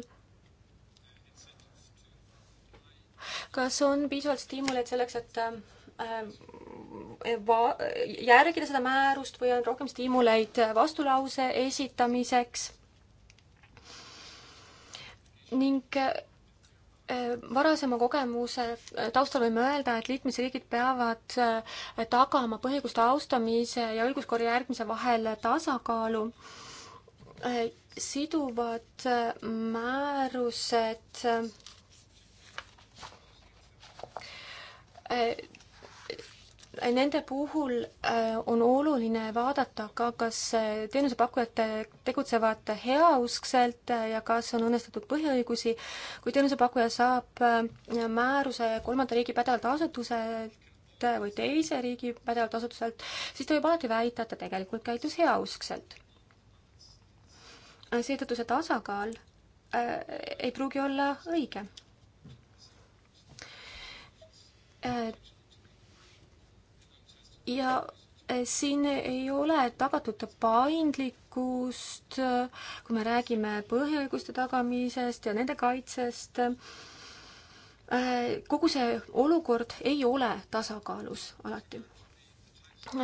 kas on piisavalt stiimuleid selleks, et eh, va-, järgida seda määrust või on rohkem stiimuleid vastulause esitamiseks. ning varasema kogemuse taustal võime öelda, et liikmesriigid peavad äh, tagama põhiõiguste austamise ja õiguskorra järgmise vahel tasakaalu. Äh, siduvad äh, määrused Nende puhul äh, on oluline vaadata ka, kas äh, teenusepakkujad tegutsevad heauskselt äh, ja kas on õnnestatud põhiõigusi. kui teenusepakkuja saab määruse kolmanda riigi pädevalt asutuselt või teise riigi pädevalt asutuselt, siis ta võib alati väita, et ta tegelikult käitus heauskselt. seetõttu see tasakaal ei pruugi olla õige ja eh, siin ei ole tagatud paindlikkust, eh, kui me räägime põhiõiguste tagamisest ja nende kaitsest. Eh, kogu see olukord ei ole tasakaalus alati.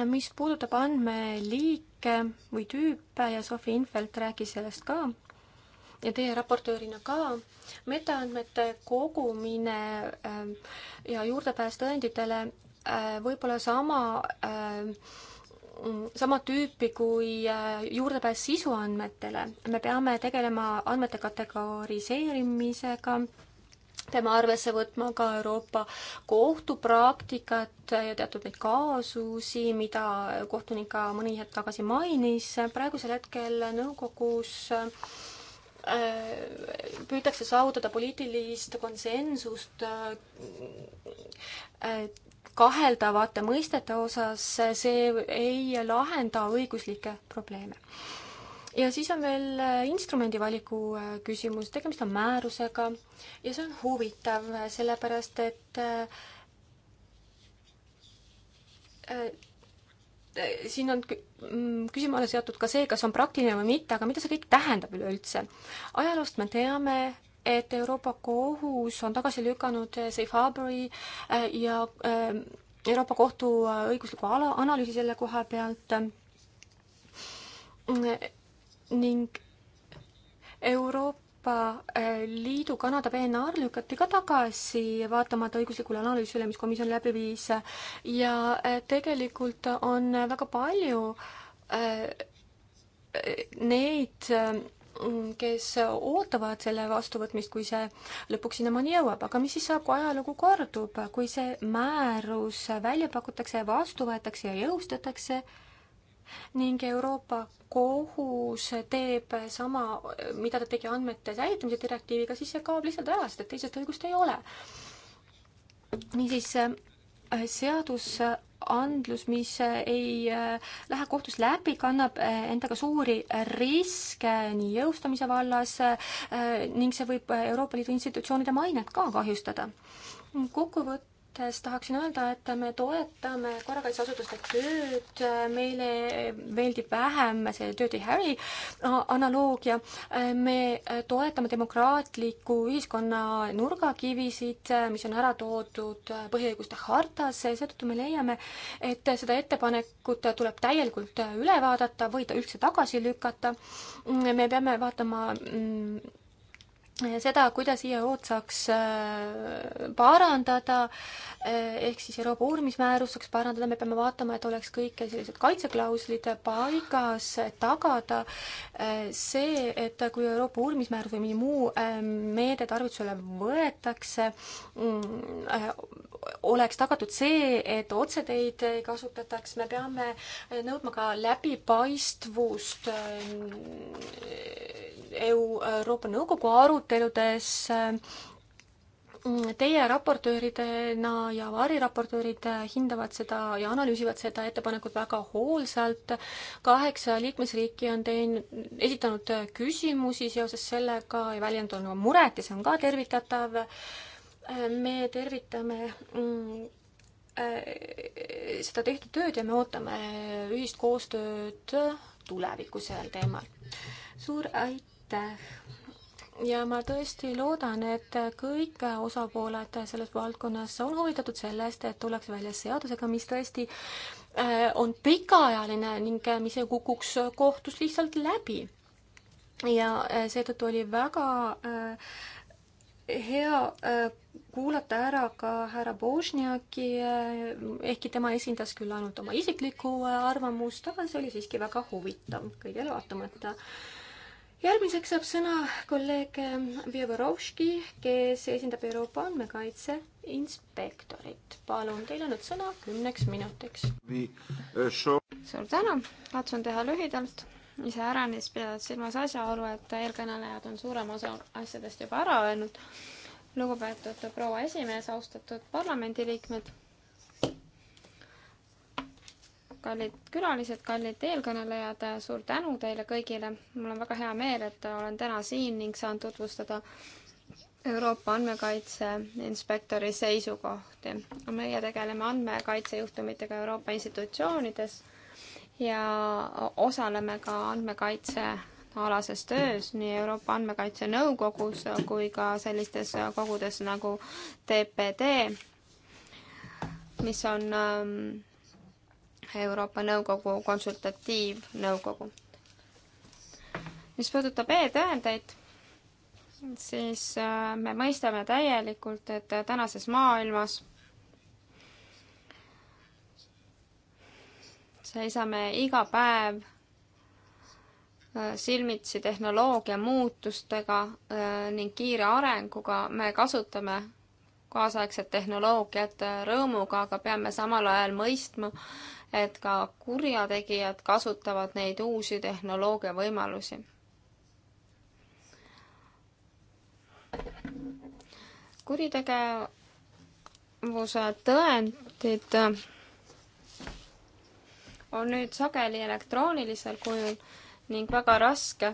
mis puudutab andmeliike või tüüpe ja Sofi Infeld rääkis sellest ka ja teie raportöörina ka, metaandmete kogumine ja juurdepääs tõenditele Äh, võib-olla sama äh, sama tüüpi kui äh, juurdepääs sisuandmetele. me peame tegelema andmete kategoriseerimisega, peame arvesse võtma ka Euroopa kohtupraktikat ja teatud neid kaasusi, mida kohtunik ka mõni hetk tagasi mainis. praegusel hetkel nõukogus püütakse saavutada poliitilist konsensust kaheldavate mõistete osas, see ei lahenda õiguslikke probleeme. ja siis on veel äh, instrumendivaliku äh, küsimus, tegemist on määrusega ja see on huvitav, äh, sellepärast et siin on mm, küsima alla seatud ka see, kas on praktiline või mitte, aga mida see kõik tähendab üleüldse. ajaloost me teame, et Euroopa Kohus on tagasi lükanud eh, Safe Harbori eh, ja eh, Euroopa Kohtu õigusliku ala, analüüsi selle koha pealt mm, ning Euroopa Euroopa Liidu Kanada PNR lükati ka tagasi, vaatamata õiguslikule analüüsile, mis komisjon läbi viis. ja tegelikult on väga palju neid kes ootavad selle vastuvõtmist, kui see lõpuks sinnamaani jõuab, aga mis siis saab, kui ajalugu kordub, kui see määrus välja pakutakse, vastu võetakse ja jõustatakse ning Euroopa Kohus teeb sama, mida ta tegi andmete säilitamise direktiiviga, siis see kaob lihtsalt ära, sest et teisest õigust ei ole. niisiis seadus andlus, mis äh, ei äh, lähe kohtus läbi, kannab äh, endaga suuri riske nii jõustamise vallas ning see võib Euroopa Liidu institutsioonide mainet ka kahjustada. kokkuvõttes kokkuvõttes tahaksin öelda, et me toetame korrakaitseasutuste tööd, meile meeldib vähem see Dirty Harry analoogia, me toetame demokraatliku ühiskonna nurgakivisid, mis on ära toodud põhiõiguste hartas, seetõttu me leiame, et seda ettepanekut tuleb täielikult üle vaadata või ta üldse tagasi lükata. me peame vaatama mm, seda, kuidas IAO-d saaks äh, parandada, äh, ehk siis Euroopa uurimismäärus saaks parandada, me peame vaatama, et oleks kõik sellised kaitseklauslid paigas, tagada äh, see, et kui Euroopa uurimismäärus või mingi muu meede tarvitusele võetakse, mm, oleks tagatud see, et otseteid ei kasutataks, me peame nõudma ka läbipaistvust EU Euroopa Nõukogu arutelul, aruteludes äh, teie raportööridena ja variraportöörid hindavad seda ja analüüsivad seda ettepanekut väga hoolsalt. kaheksa liikmesriiki on teinud, esitanud küsimusi seoses sellega ja väljendanud oma muret ja see on ka tervitatav. me tervitame äh, seda tehtud tööd ja me ootame ühist koostööd tulevikus sel teemal. suur aitäh! ja ma tõesti loodan, et kõik osapooled selles valdkonnas on huvitatud sellest, et tuleks välja seadusega, mis tõesti äh, on pikaajaline ning äh, mis ei kukuks kohtus lihtsalt läbi. ja äh, seetõttu oli väga hea kuulata ära ka härra Božniaki, ehkki tema esindas küll ainult oma isiklikku arvamust, aga see oli siiski väga huvitav kõigele vaatamata järgmiseks saab sõna kolleeg Vjevorovski, kes esindab Euroopa Andmekaitse Inspektorit. palun, teil on nüüd sõna kümneks minutiks. Uh, suur tänu, katsun teha lühidalt. iseäranis pidades silmas asjaolu, et eelkõnelejad on suurema osa asjadest juba ära öelnud. lugupeetud proua esimees, austatud parlamendiliikmed kallid külalised, kallid eelkõnelejad, suur tänu teile kõigile. mul on väga hea meel, et olen täna siin ning saan tutvustada Euroopa andmekaitse inspektori seisukohti. meie tegeleme andmekaitsejuhtumitega Euroopa institutsioonides ja osaleme ka andmekaitse alases töös nii Euroopa Andmekaitse Nõukogus kui ka sellistes kogudes nagu TPD, mis on ähm, Euroopa Nõukogu konsultatiivnõukogu. mis puudutab e-tõendeid, siis äh, me mõistame täielikult, et tänases maailmas seisame iga päev äh, silmitsi tehnoloogia muutustega äh, ning kiire arenguga, me kasutame kaasaegset tehnoloogiat rõõmuga, aga peame samal ajal mõistma, et ka kurjategijad kasutavad neid uusi tehnoloogia võimalusi. kuritegevuse tõendid on nüüd sageli elektroonilisel kujul ning väga raske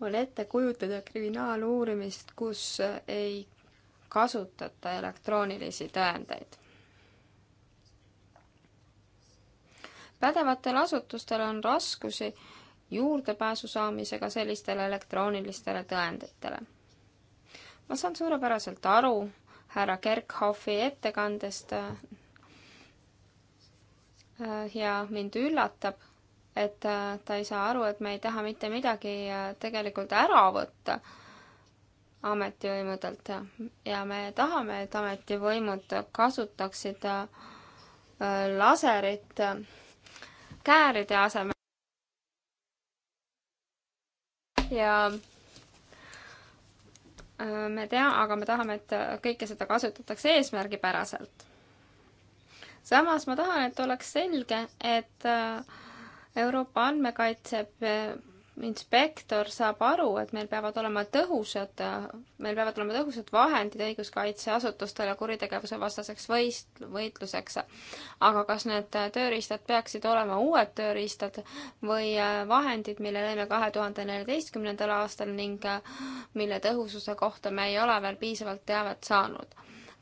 on ette kujutada kriminaaluurimist, kus ei kasutata elektroonilisi tõendeid pädevatel asutustel on raskusi juurdepääsu saamisega sellistele elektroonilistele tõenditele. ma saan suurepäraselt aru härra Kerkhoffi ettekandest äh, ja mind üllatab, et äh, ta ei saa aru, et me ei taha mitte midagi äh, tegelikult ära võtta ametivõimudelt ja me tahame, et ametivõimud kasutaksid laserit kääride asemel. ja äh, me tea, aga me tahame, et kõike seda kasutatakse eesmärgipäraselt. samas ma tahan, et oleks selge, et äh, Euroopa andmekaitse inspektor saab aru, et meil peavad olema tõhusad, meil peavad olema tõhusad vahendid õiguskaitseasutustele kuritegevuse vastaseks võist-, võitluseks. aga kas need tööriistad peaksid olema uued tööriistad või vahendid, mille lõime kahe tuhande neljateistkümnendal aastal ning mille tõhususe kohta me ei ole veel piisavalt teavet saanud?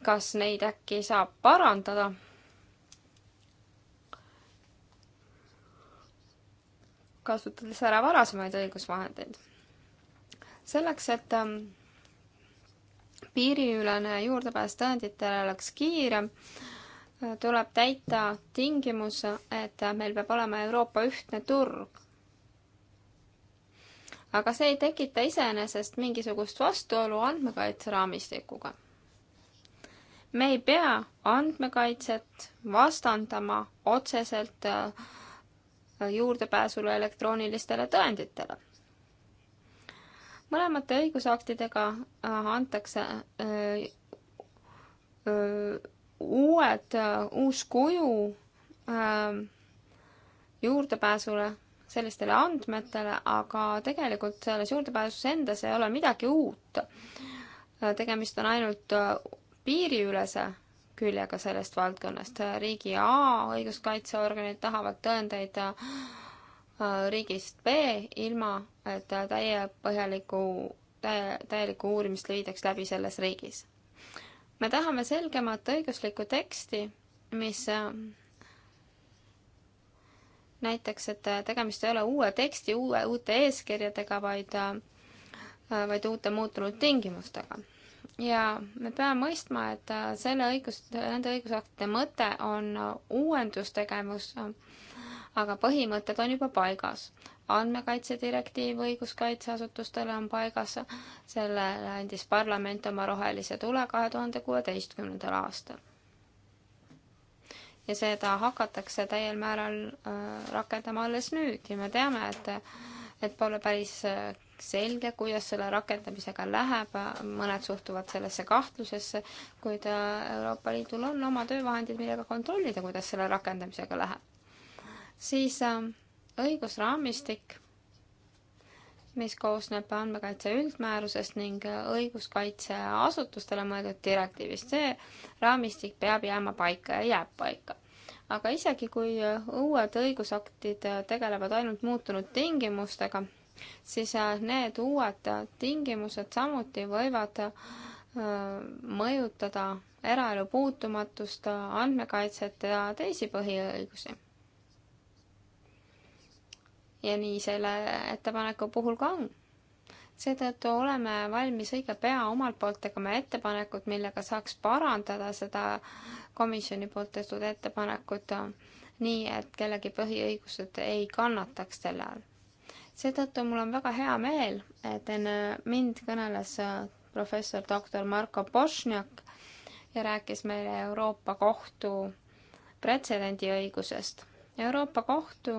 kas neid äkki saab parandada? kasutades ära varasemaid õigusvahendeid. selleks, et ähm, piiriülene juurdepääs tõenditele oleks kiirem, äh, tuleb täita tingimus, et meil peab olema Euroopa ühtne turg. aga see ei tekita iseenesest mingisugust vastuolu andmekaitseraamistikuga. me ei pea andmekaitset vastandama otseselt äh, juurdepääsule elektroonilistele tõenditele. mõlemate õigusaktidega äh, antakse äh, äh, uued, uus kuju juurdepääsule sellistele andmetele, aga tegelikult selles juurdepääsus endas ei ole midagi uut. tegemist on ainult piiriülese küljega sellest valdkonnast. riigi A õiguskaitseorganid tahavad tõendeid äh, riigist B, ilma et täiepõhjalikku, täie, täielikku uurimist viidaks läbi selles riigis. me tahame selgemat õiguslikku teksti, mis äh, näiteks, et tegemist ei ole uue teksti, uue, uute eeskirjadega, vaid, äh, vaid uute muutunud tingimustega ja me peame mõistma, et äh, selle õigus, nende õigusaktide mõte on äh, uuendustegevus, äh, aga põhimõtted on juba paigas. andmekaitse direktiiv õiguskaitseasutustele on paigas, sellele andis parlament oma rohelise tule kahe tuhande kuueteistkümnendal aastal. ja seda hakatakse täiel määral rakendama alles nüüd ja me teame, et et pole päris selge, kuidas selle rakendamisega läheb, mõned suhtuvad sellesse kahtlusesse, kuid Euroopa Liidul on oma töövahendid, millega kontrollida, kuidas selle rakendamisega läheb. siis äh, õigusraamistik, mis koosneb andmekaitse üldmäärusest ning äh, õiguskaitseasutustele mõeldud direktiivist, see raamistik peab jääma paika ja jääb paika aga isegi, kui äh, uued õigusaktid tegelevad ainult muutunud tingimustega, siis äh, need uued tingimused samuti võivad äh, mõjutada eraelu puutumatust, äh, andmekaitset ja teisi põhiõigusi. ja nii selle ettepaneku puhul ka on. seetõttu oleme valmis õige pea omalt poolt tegema ettepanekut, millega saaks parandada seda komisjoni poolt tehtud ettepanekut nii, et kellegi põhiõigused ei kannataks selle all seetõttu mul on väga hea meel, et enne mind kõneles äh, professor doktor Marko Bošnjak ja rääkis meile Euroopa Kohtu pretsedendiõigusest. Euroopa Kohtu,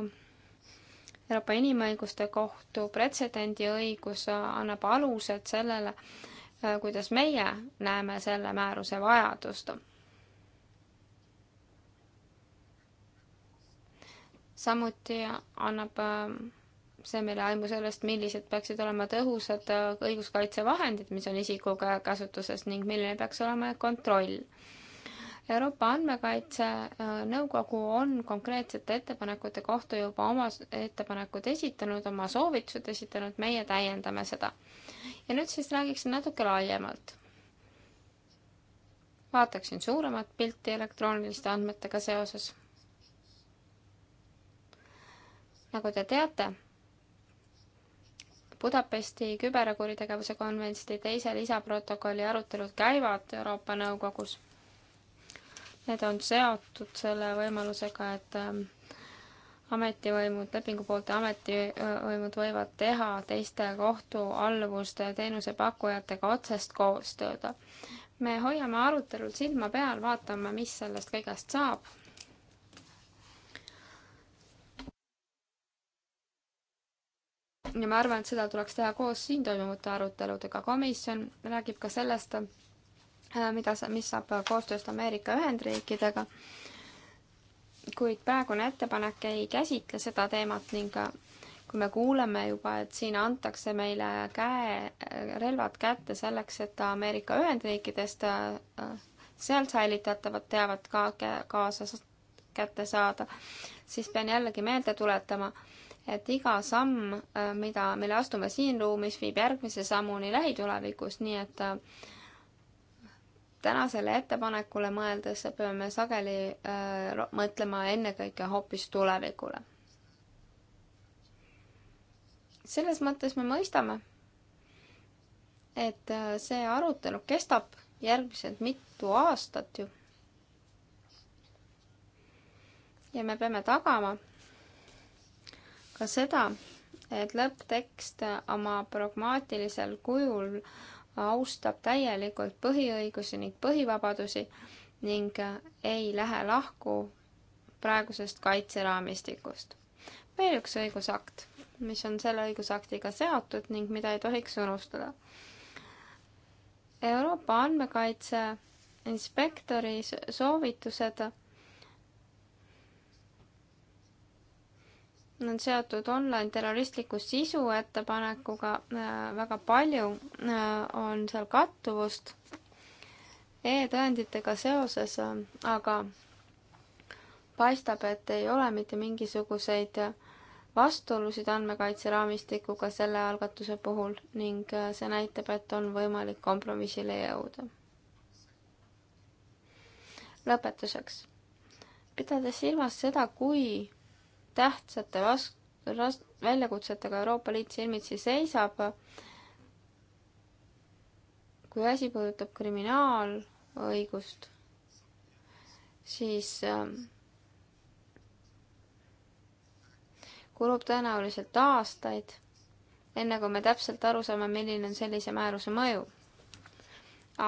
Euroopa Inimõiguste Kohtu pretsedendiõigus äh, annab alused sellele, äh, kuidas meie näeme selle määruse vajadust samuti annab see meile aimu sellest, millised peaksid olema tõhusad äh, õiguskaitsevahendid, mis on isiku käsutuses ning milline peaks olema kontroll. Euroopa Andmekaitse äh, Nõukogu on konkreetsete ettepanekute kohta juba oma ettepanekud esitanud, oma soovitused esitanud, meie täiendame seda. ja nüüd siis räägiksin natuke laiemalt. vaataksin suuremat pilti elektrooniliste andmetega seoses nagu te teate, Budapesti küberkuritegevuse konventsi teise lisaprotokolli arutelud käivad Euroopa Nõukogus. Need on seotud selle võimalusega, et ähm, ametivõimud, lepingupoolte ametivõimud võivad teha teiste kohtualluvuste teenusepakkujatega otsest koostööd. me hoiame arutelul silma peal, vaatame, mis sellest kõigest saab ja ma arvan, et seda tuleks teha koos siin toimuvate aruteludega. komisjon räägib ka sellest, äh, mida, mis saab koostööst Ameerika Ühendriikidega, kuid praegune ettepanek ei käsitle seda teemat ning kui me kuuleme juba, et siin antakse meile käe, relvad kätte selleks, et Ameerika Ühendriikidest äh, sealt säilitatavat teavet ka kaasa kätte saada, siis pean jällegi meelde tuletama, et iga samm, äh, mida, mille astume siin ruumis, viib järgmise sammuni lähitulevikus, nii et äh, tänasele ettepanekule mõeldes peame sageli äh, mõtlema ennekõike hoopis tulevikule. selles mõttes me mõistame, et äh, see arutelu kestab järgmised mitu aastat ju. ja me peame tagama, ka seda, et lõpptekst oma pragmaatilisel kujul austab täielikult põhiõigusi ning põhivabadusi ning ei lähe lahku praegusest kaitseraamistikust. veel üks õigusakt, mis on selle õigusaktiga seotud ning mida ei tohiks unustada. Euroopa andmekaitse inspektori soovitused on seotud online terroristliku sisu ettepanekuga, äh, väga palju äh, on seal kattuvust e-tõenditega seoses, äh, aga paistab, et ei ole mitte mingisuguseid vastuolusid andmekaitse raamistikuga selle algatuse puhul ning see näitab, et on võimalik kompromissile jõuda. lõpetuseks, pidades silmas seda, kui tähtsate las-, ras-, väljakutsetega Euroopa Liit silmitsi seisab. kui asi puudutab kriminaalõigust, siis ähm, kulub tõenäoliselt aastaid, enne kui me täpselt aru saame, milline on sellise määruse mõju.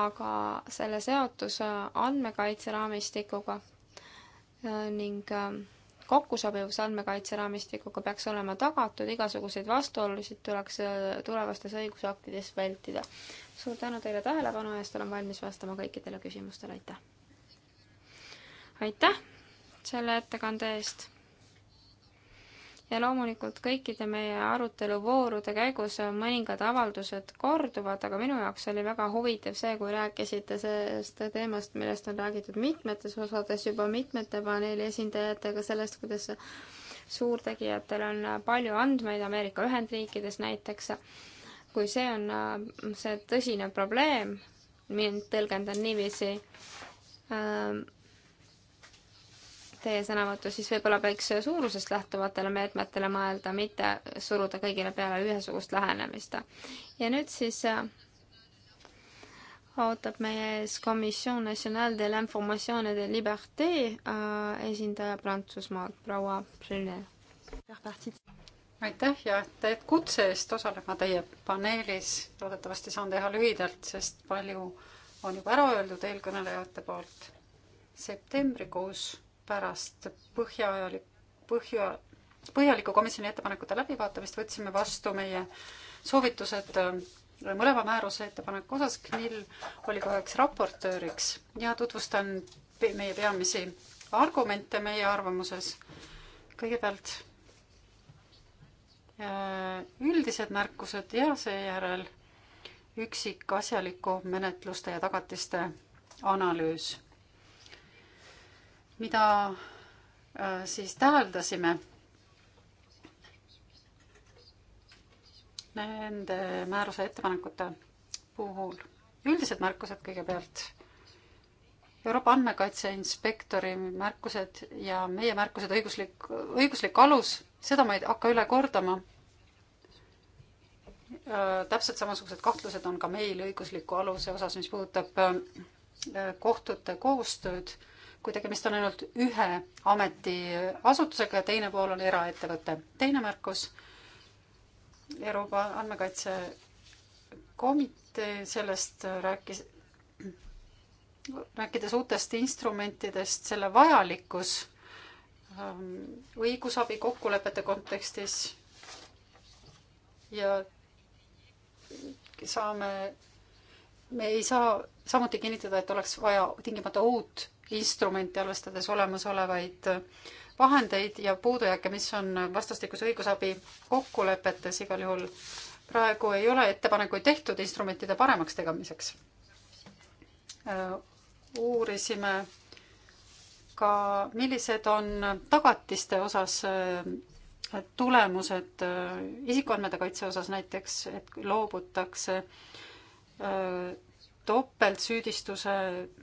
aga selle seotus äh, andmekaitseraamistikuga äh, ning äh, kokkusobivus andmekaitseraamistikuga peaks olema tagatud, igasuguseid vastuolusid tuleks äh, tulevastes õigusaktides vältida. suur tänu teile tähelepanu eest, olen valmis vastama kõikidele küsimustele, aitäh! aitäh selle ettekande eest! ja loomulikult kõikide meie aruteluvoorude käigus mõningad avaldused korduvad, aga minu jaoks oli väga huvitav see, kui rääkisite sellest teemast, millest on räägitud mitmetes osades juba mitmete paneeli esindajatega, sellest, kuidas suurtegijatel on palju andmeid Ameerika Ühendriikides näiteks. kui see on see tõsine probleem, mind tõlgendan niiviisi, teie sõnavõttu, siis võib-olla peaks suurusest lähtuvatele meetmetele mõelda, mitte suruda kõigile peale ühesugust lähenemist. ja nüüd siis äh, ootab meie ees Commission Nationale de l'Information et de Liberté äh, esindaja Prantsusmaalt, proua Brune. aitäh ja aitäh kutse eest osalema teie paneelis. loodetavasti saan teha lühidalt, sest palju on juba ära öeldud eelkõnelejate poolt septembrikuus pärast põhjalik, põhja, põhjaliku komisjoni ettepanekute läbivaatamist võtsime vastu meie soovitused äh, mõlema määruse ettepaneku osas. Knill oli ka üheks raportööriks ja tutvustan meie peamisi argumente meie arvamuses. kõigepealt äh, üldised märkused ja seejärel üksikasjaliku menetluste ja tagatiste analüüs mida äh, siis täheldasime nende määruse ettepanekute puhul. üldised märkused kõigepealt. Euroopa Andmekaitse Inspektori märkused ja meie märkused õiguslik, õiguslik alus, seda ma ei hakka üle kordama. Äh, täpselt samasugused kahtlused on ka meil õigusliku aluse osas, mis puudutab äh, kohtute koostööd kui tegemist on ainult ühe ametiasutusega ja teine pool on eraettevõte. teine märkus, Euroopa Andmekaitsekomitee sellest rääkis, rääkides uutest instrumentidest, selle vajalikkus ähm, õigusabi kokkulepete kontekstis ja saame, me ei saa samuti kinnitada, et oleks vaja tingimata uut instrumenti, arvestades olemasolevaid vahendeid ja puudujääke, mis on vastastikuse õigusabi kokkulepetes igal juhul. praegu ei ole ettepanekuid tehtud instrumentide paremaks tegamiseks. uurisime ka, millised on tagatiste osas eh, tulemused eh, isikuandmete kaitse osas näiteks, et loobutakse eh, topeltsüüdistuse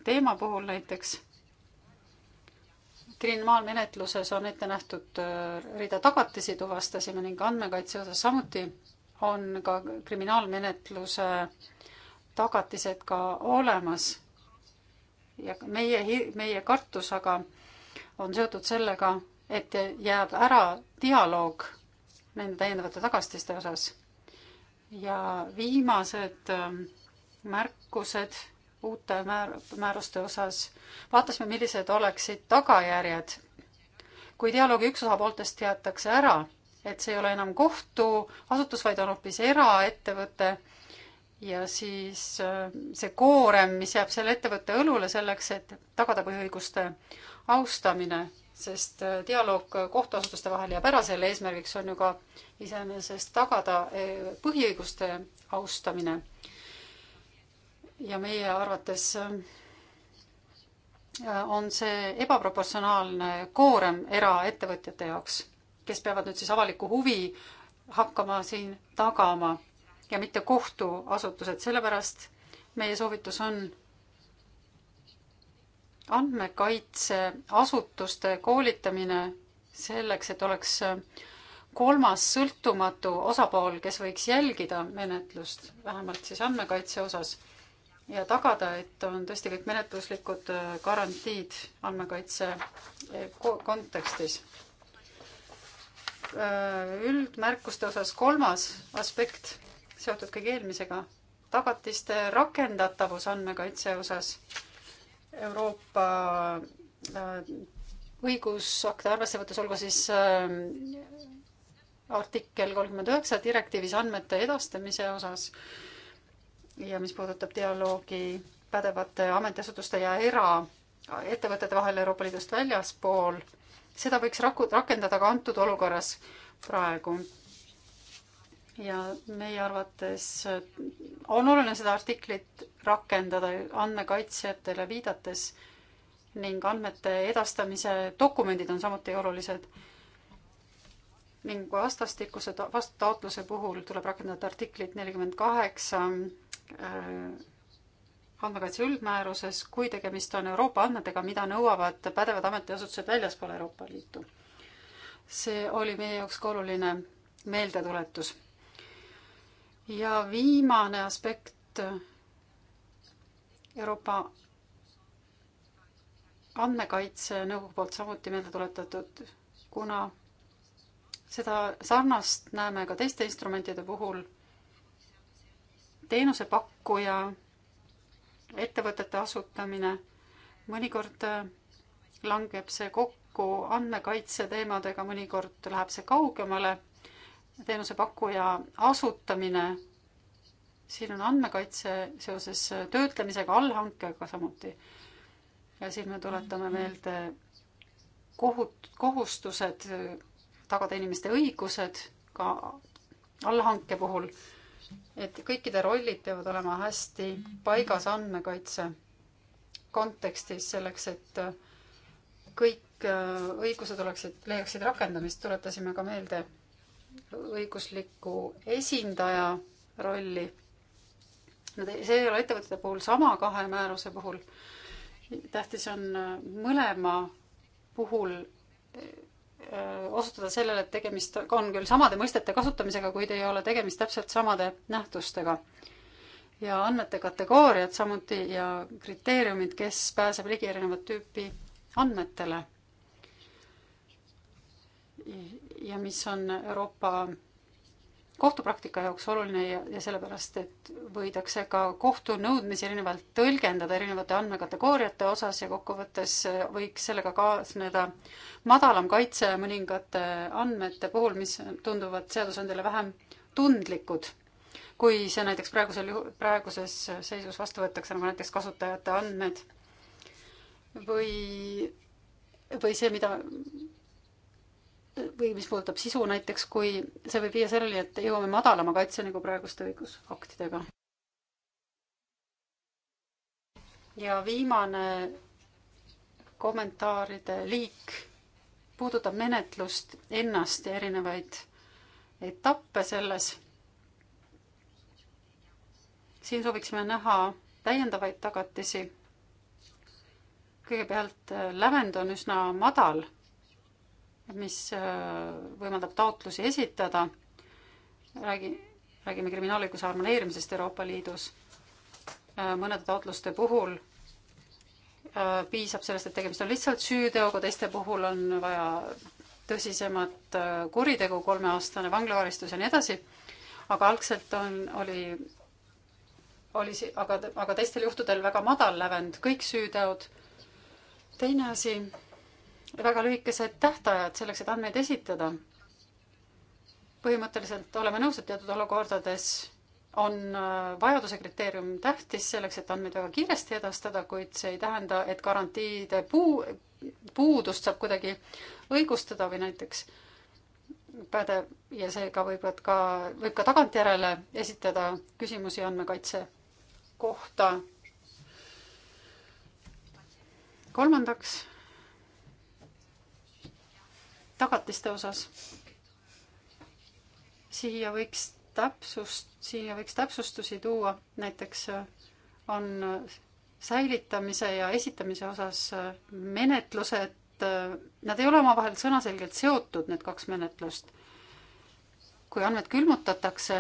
teema puhul näiteks kriminaalmenetluses on ette nähtud äh, rida tagatisi, tuvastasime ning andmekaitse osas samuti on ka kriminaalmenetluse tagatised ka olemas. ja meie, meie kartus aga on seotud sellega, et jääb ära dialoog nende täiendavate tagastiste osas. ja viimased ähm, märkused uute määr-, määruste osas, vaatasime, millised oleksid tagajärjed, kui dialoogi üks osapooltest jäetakse ära, et see ei ole enam kohtuasutus, vaid on hoopis eraettevõte ja siis äh, see koorem, mis jääb selle ettevõtte õlule selleks, et tagada põhiõiguste austamine, sest äh, dialoog kohtuasutuste vahel jääb ära, selle eesmärgiks on ju ka iseenesest tagada äh, põhiõiguste austamine ja meie arvates äh, on see ebaproportsionaalne koorem eraettevõtjate jaoks, kes peavad nüüd siis avalikku huvi hakkama siin tagama ja mitte kohtuasutused, sellepärast meie soovitus on andmekaitseasutuste koolitamine selleks, et oleks kolmas sõltumatu osapool, kes võiks jälgida menetlust, vähemalt siis andmekaitse osas ja tagada, et on tõesti kõik menetluslikud äh, garantiid andmekaitse äh, kontekstis. Äh, üldmärkuste osas kolmas aspekt seotud kõige eelmisega, tagatiste rakendatavus andmekaitse osas Euroopa õigusakte arvesse võttes, olgu siis artikkel kolmkümmend üheksa direktiivis andmete edastamise osas ja mis puudutab dialoogi pädevate ametiasutuste ja eraettevõtete vahel Euroopa Liidust väljaspool, seda võiks raku-, rakendada ka antud olukorras praegu. ja meie arvates on oluline seda artiklit rakendada andmekaitsjatele viidates ning andmete edastamise dokumendid on samuti olulised. ning vastastikuse ta-, vastutaotluse puhul tuleb rakendada artiklit nelikümmend kaheksa Äh, andmekaitse üldmääruses, kui tegemist on Euroopa andmetega, mida nõuavad pädevad ametiasutused väljaspool Euroopa Liitu. see oli meie jaoks ka oluline meeldetuletus. ja viimane aspekt äh, Euroopa andmekaitse nõukogu poolt samuti meelde tuletatud, kuna seda sarnast näeme ka teiste instrumentide puhul teenusepakkuja, ettevõtete asutamine, mõnikord äh, langeb see kokku andmekaitse teemadega, mõnikord läheb see kaugemale. teenusepakkuja asutamine, siin on andmekaitse seoses äh, töötlemisega, allhankega samuti. ja siin me tuletame meelde kohut-, kohustused äh, tagada inimeste õigused ka allhanke puhul et kõikide rollid peavad olema hästi paigas andmekaitse kontekstis selleks, et äh, kõik äh, õigused oleksid, leiaksid rakendamist, tuletasime ka meelde õigusliku esindaja rolli. Nad ei, see ei ole ettevõtete puhul sama kahe määruse puhul. tähtis on äh, mõlema puhul Äh, osutada sellele, et tegemist on küll samade mõistete kasutamisega, kuid ei ole tegemist täpselt samade nähtustega. ja andmete kategooriad samuti ja kriteeriumid, kes pääseb ligi erinevat tüüpi andmetele. ja mis on Euroopa kohtupraktika jaoks oluline ja, ja sellepärast, et võidakse ka kohtunõudmisi erinevalt tõlgendada erinevate andmekategooriate osas ja kokkuvõttes äh, võiks sellega kaasneda madalam kaitse mõningate andmete puhul, mis tunduvad seadusandjale vähem tundlikud. kui see näiteks praegusel juhul, praeguses seisus vastu võetakse, nagu näiteks kasutajate andmed või, või see, mida või mis puudutab sisu näiteks, kui see võib viia selleni, et jõuame madalama kaitseni nagu kui praeguste õigusaktidega. ja viimane kommentaaride liik puudutab menetlust ennast ja erinevaid etappe selles. siin sooviksime näha täiendavaid tagatisi. kõigepealt lävend on üsna madal mis äh, võimaldab taotlusi esitada. räägi, räägime kriminaalõiguse harmoneerimisest Euroopa Liidus. Äh, mõnede taotluste puhul äh, piisab sellest, et tegemist on lihtsalt süüteoga, teiste puhul on vaja tõsisemat kuritegu, kolmeaastane vanglakaristus ja nii edasi. aga algselt on, oli, oli, aga, aga teistel juhtudel väga madal lävend, kõik süüteod. teine asi väga lühikesed tähtajad selleks, et andmeid esitada. põhimõtteliselt oleme nõus, et teatud olukordades on äh, vajaduse kriteerium tähtis selleks, et andmeid väga kiiresti edastada, kuid see ei tähenda, et garantiide puu, puudust saab kuidagi õigustada või näiteks pädev ja seega võivad ka, võib ka tagantjärele esitada küsimusi andmekaitse kohta. kolmandaks tagatiste osas. siia võiks täpsust, siia võiks täpsustusi tuua, näiteks äh, on äh, säilitamise ja esitamise osas äh, menetlused, nad ei ole omavahel sõnaselgelt seotud, need kaks menetlust. kui andmed külmutatakse,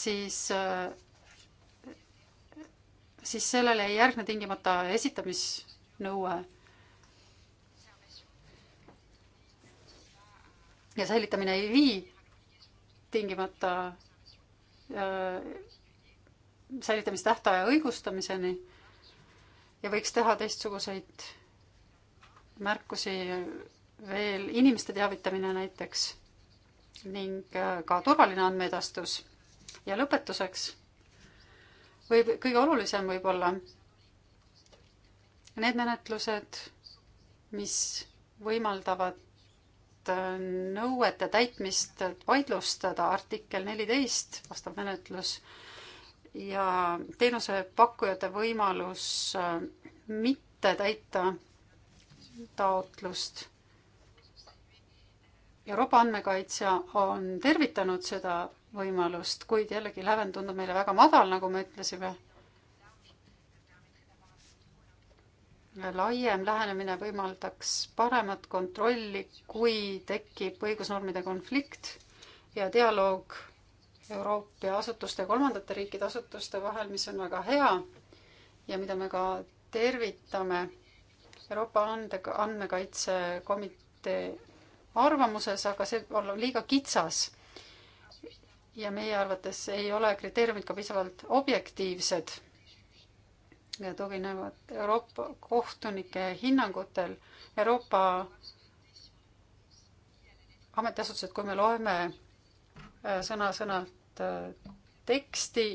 siis, siis sellele ei järgne tingimata esitamisnõue ja säilitamine ei vii tingimata äh, säilitamistähtaja õigustamiseni ja võiks teha teistsuguseid märkusi veel inimeste teavitamine näiteks ning äh, ka turvaline andmeedastus. ja lõpetuseks võib, kõige olulisem võib-olla need menetlused, mis võimaldavad Äh, nõuete täitmist vaidlustada, artikkel neliteist vastav menetlus, ja teenusepakkujate võimalus äh, mitte täita taotlust. Euroopa andmekaitsja on tervitanud seda võimalust, kuid jällegi lävend tundub meile väga madal, nagu me ütlesime laiem lähenemine võimaldaks paremat kontrolli, kui tekib õigusnormide konflikt ja dialoog Euroopa asutuste ja kolmandate riikide asutuste vahel, mis on väga hea ja mida me ka tervitame Euroopa ande, andmekaitsekomitee arvamuses, aga see on liiga kitsas. ja meie arvates ei ole kriteeriumid ka piisavalt objektiivsed tuginevad Euroopa kohtunike hinnangutel Euroopa ametiasutused, kui me loeme äh, sõna-sõnalt äh, teksti,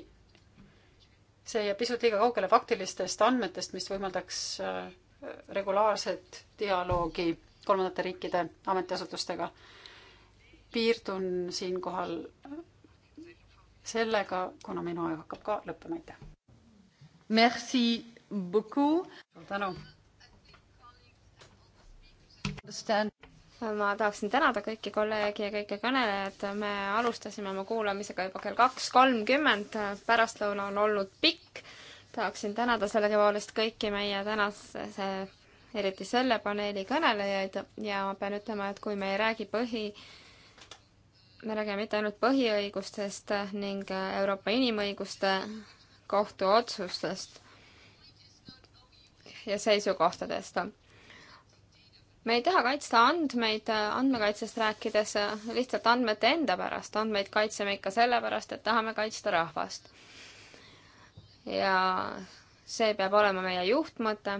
see jääb pisut liiga kaugele faktilistest andmetest, mis võimaldaks äh, regulaarset dialoogi kolmandate riikide ametiasutustega. piirdun siinkohal sellega, kuna minu aeg hakkab ka lõppema, aitäh. Merci beaucoup. suur tänu. ma tahaksin tänada kõiki kolleege ja kõiki kõnelejad, me alustasime oma kuulamisega juba kell kaks kolmkümmend, pärastlõuna on olnud pikk. tahaksin tänada selle poolest kõiki meie tänase, eriti selle paneeli kõnelejaid ja ma pean ütlema, et kui me ei räägi põhi me räägime mitte ainult põhiõigustest ning Euroopa inimõiguste kohtuotsustest ja seisukohtadest. me ei taha kaitsta andmeid andmekaitsest rääkides lihtsalt andmete enda pärast, andmeid kaitseme ikka sellepärast, et tahame kaitsta rahvast. ja see peab olema meie juhtmõte.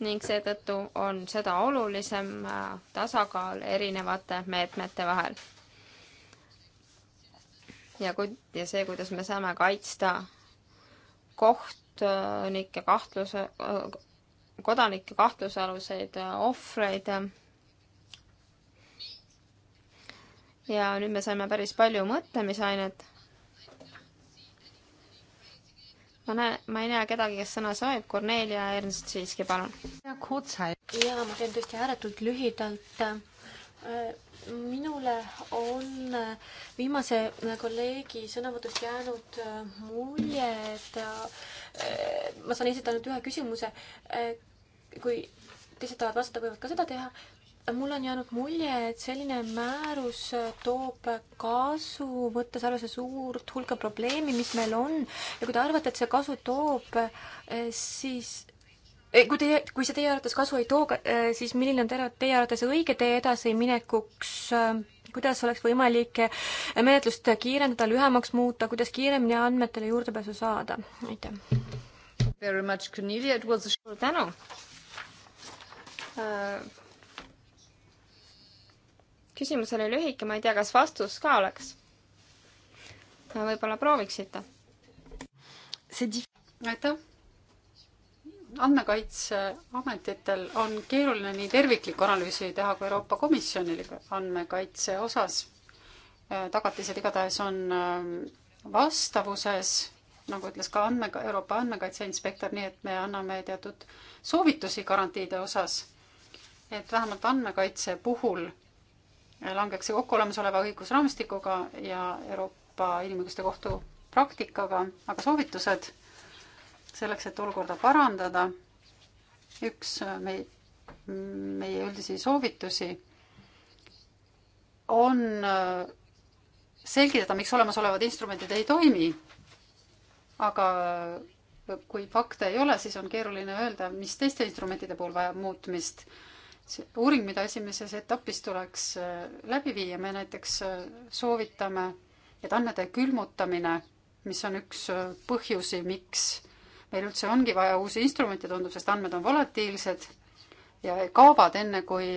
ning seetõttu on seda olulisem äh, tasakaal erinevate meetmete vahel ja ku-, ja see, kuidas me saame kaitsta kohtunike kahtluse, kodanike kahtlusaluseid äh, ohvreid. ja nüüd me saime päris palju mõtlemisainet. ma näe, ma ei näe kedagi, kes sõna soovib, Kornelia Ernst siiski, palun. jaa, ma teen tõesti ääretult lühidalt äh, minule on äh, viimase äh, kolleegi sõnavõtust jäänud äh, mulje, et ma saan esitada ainult ühe küsimuse. kui teised tahavad vastata, võivad ka seda teha. mul on jäänud mulje, et selline määrus toob kasu, võttes arvesse suurt hulka probleemi, mis meil on ja kui te arvate, et see kasu toob, siis kui teie, kui see teie arvates kasu ei too, äh, siis milline on teie arvates õige tee edasiminekuks, äh, kuidas oleks võimalik äh, menetlust kiirendada, lühemaks muuta, kuidas kiiremini andmetele juurdepääsu saada? aitäh! suur tänu! küsimus oli lühike, ma ei tea, kas vastus ka oleks? võib-olla prooviksite? aitäh! andmekaitseametitel on keeruline nii terviklikku analüüsi teha kui Euroopa Komisjonil andmekaitse osas. Äh, tagatised igatahes on äh, vastavuses, nagu ütles ka andme, Euroopa andmekaitse inspektor, nii et me anname teatud soovitusi garantiide osas, et vähemalt andmekaitse puhul äh, langeks see kokku olemasoleva õigusraamistikuga ja Euroopa Inimõiguste Kohtu praktikaga, aga soovitused selleks, et olukorda parandada. üks meie, meie üldisi soovitusi on äh, selgitada, miks olemasolevad instrumendid ei toimi. aga äh, kui fakte ei ole, siis on keeruline öelda, mis teiste instrumentide puhul vajab muutmist. see uuring, mida esimeses etapis tuleks äh, läbi viia, me näiteks soovitame, et andmete külmutamine, mis on üks põhjusi, miks meil üldse ongi vaja uusi instrumente, tundub, sest andmed on volatiilsed ja kaovad enne, kui,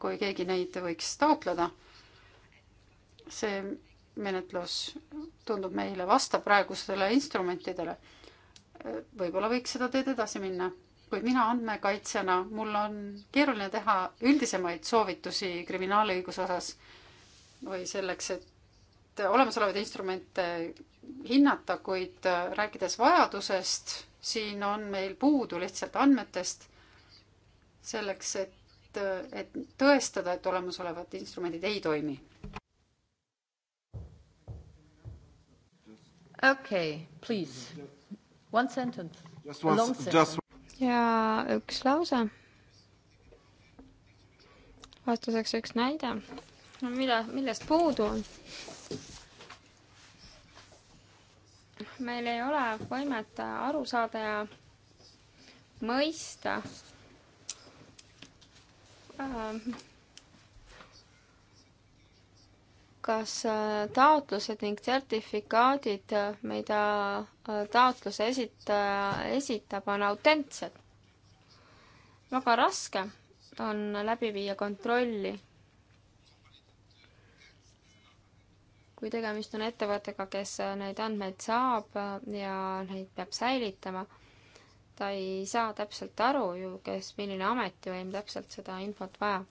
kui keegi neid võiks taotleda. see menetlus tundub meile vastab praegustele instrumentidele. võib-olla võiks seda teed edasi minna, kuid mina andmekaitsjana, mul on keeruline teha üldisemaid soovitusi kriminaalõiguse osas või selleks, et olemasolevaid instrumente hinnata, kuid äh, rääkides vajadusest, siin on meil puudu lihtsalt andmetest selleks, et, äh, et tõestada, et olemasolevad instrumendid ei toimi. okei okay,, please, one sentence. Just... ja üks lause. vastuseks üks näide no,, mille, millest puudu on meil ei ole võimet aru saada ja mõista ähm, kas äh, taotlused ning sertifikaadid, äh, mida äh, taotluse esitaja esitab, on autentsed? väga raske on läbi viia kontrolli kui tegemist on ettevõttega, kes neid andmeid saab ja neid peab säilitama, ta ei saa täpselt aru ju, kes, milline ametivõim täpselt seda infot vajab.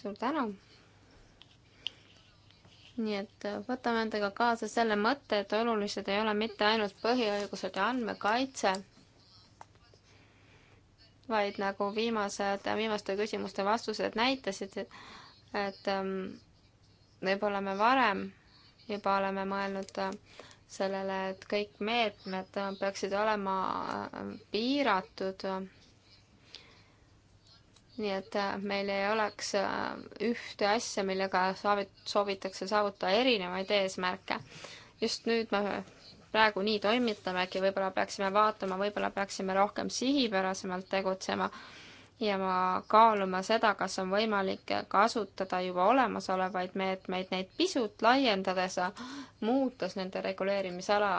suur tänu! nii et võtame endaga kaasa selle mõtte, et olulised ei ole mitte ainult põhiõigused ja andmekaitse, vaid nagu viimased, viimaste küsimuste vastused näitasid, et et ähm, võib-olla me varem juba oleme mõelnud äh, sellele, et kõik meetmed äh, peaksid olema äh, piiratud. nii et meil ei oleks ühte asja, millega soovitakse saavutada erinevaid eesmärke. just nüüd me praegu nii toimetamegi, võib-olla peaksime vaatama, võib-olla peaksime rohkem sihipärasemalt tegutsema ja ma kaaluma seda, kas on võimalik kasutada juba olemasolevaid meetmeid, neid pisut laiendades, muutes nende reguleerimisala.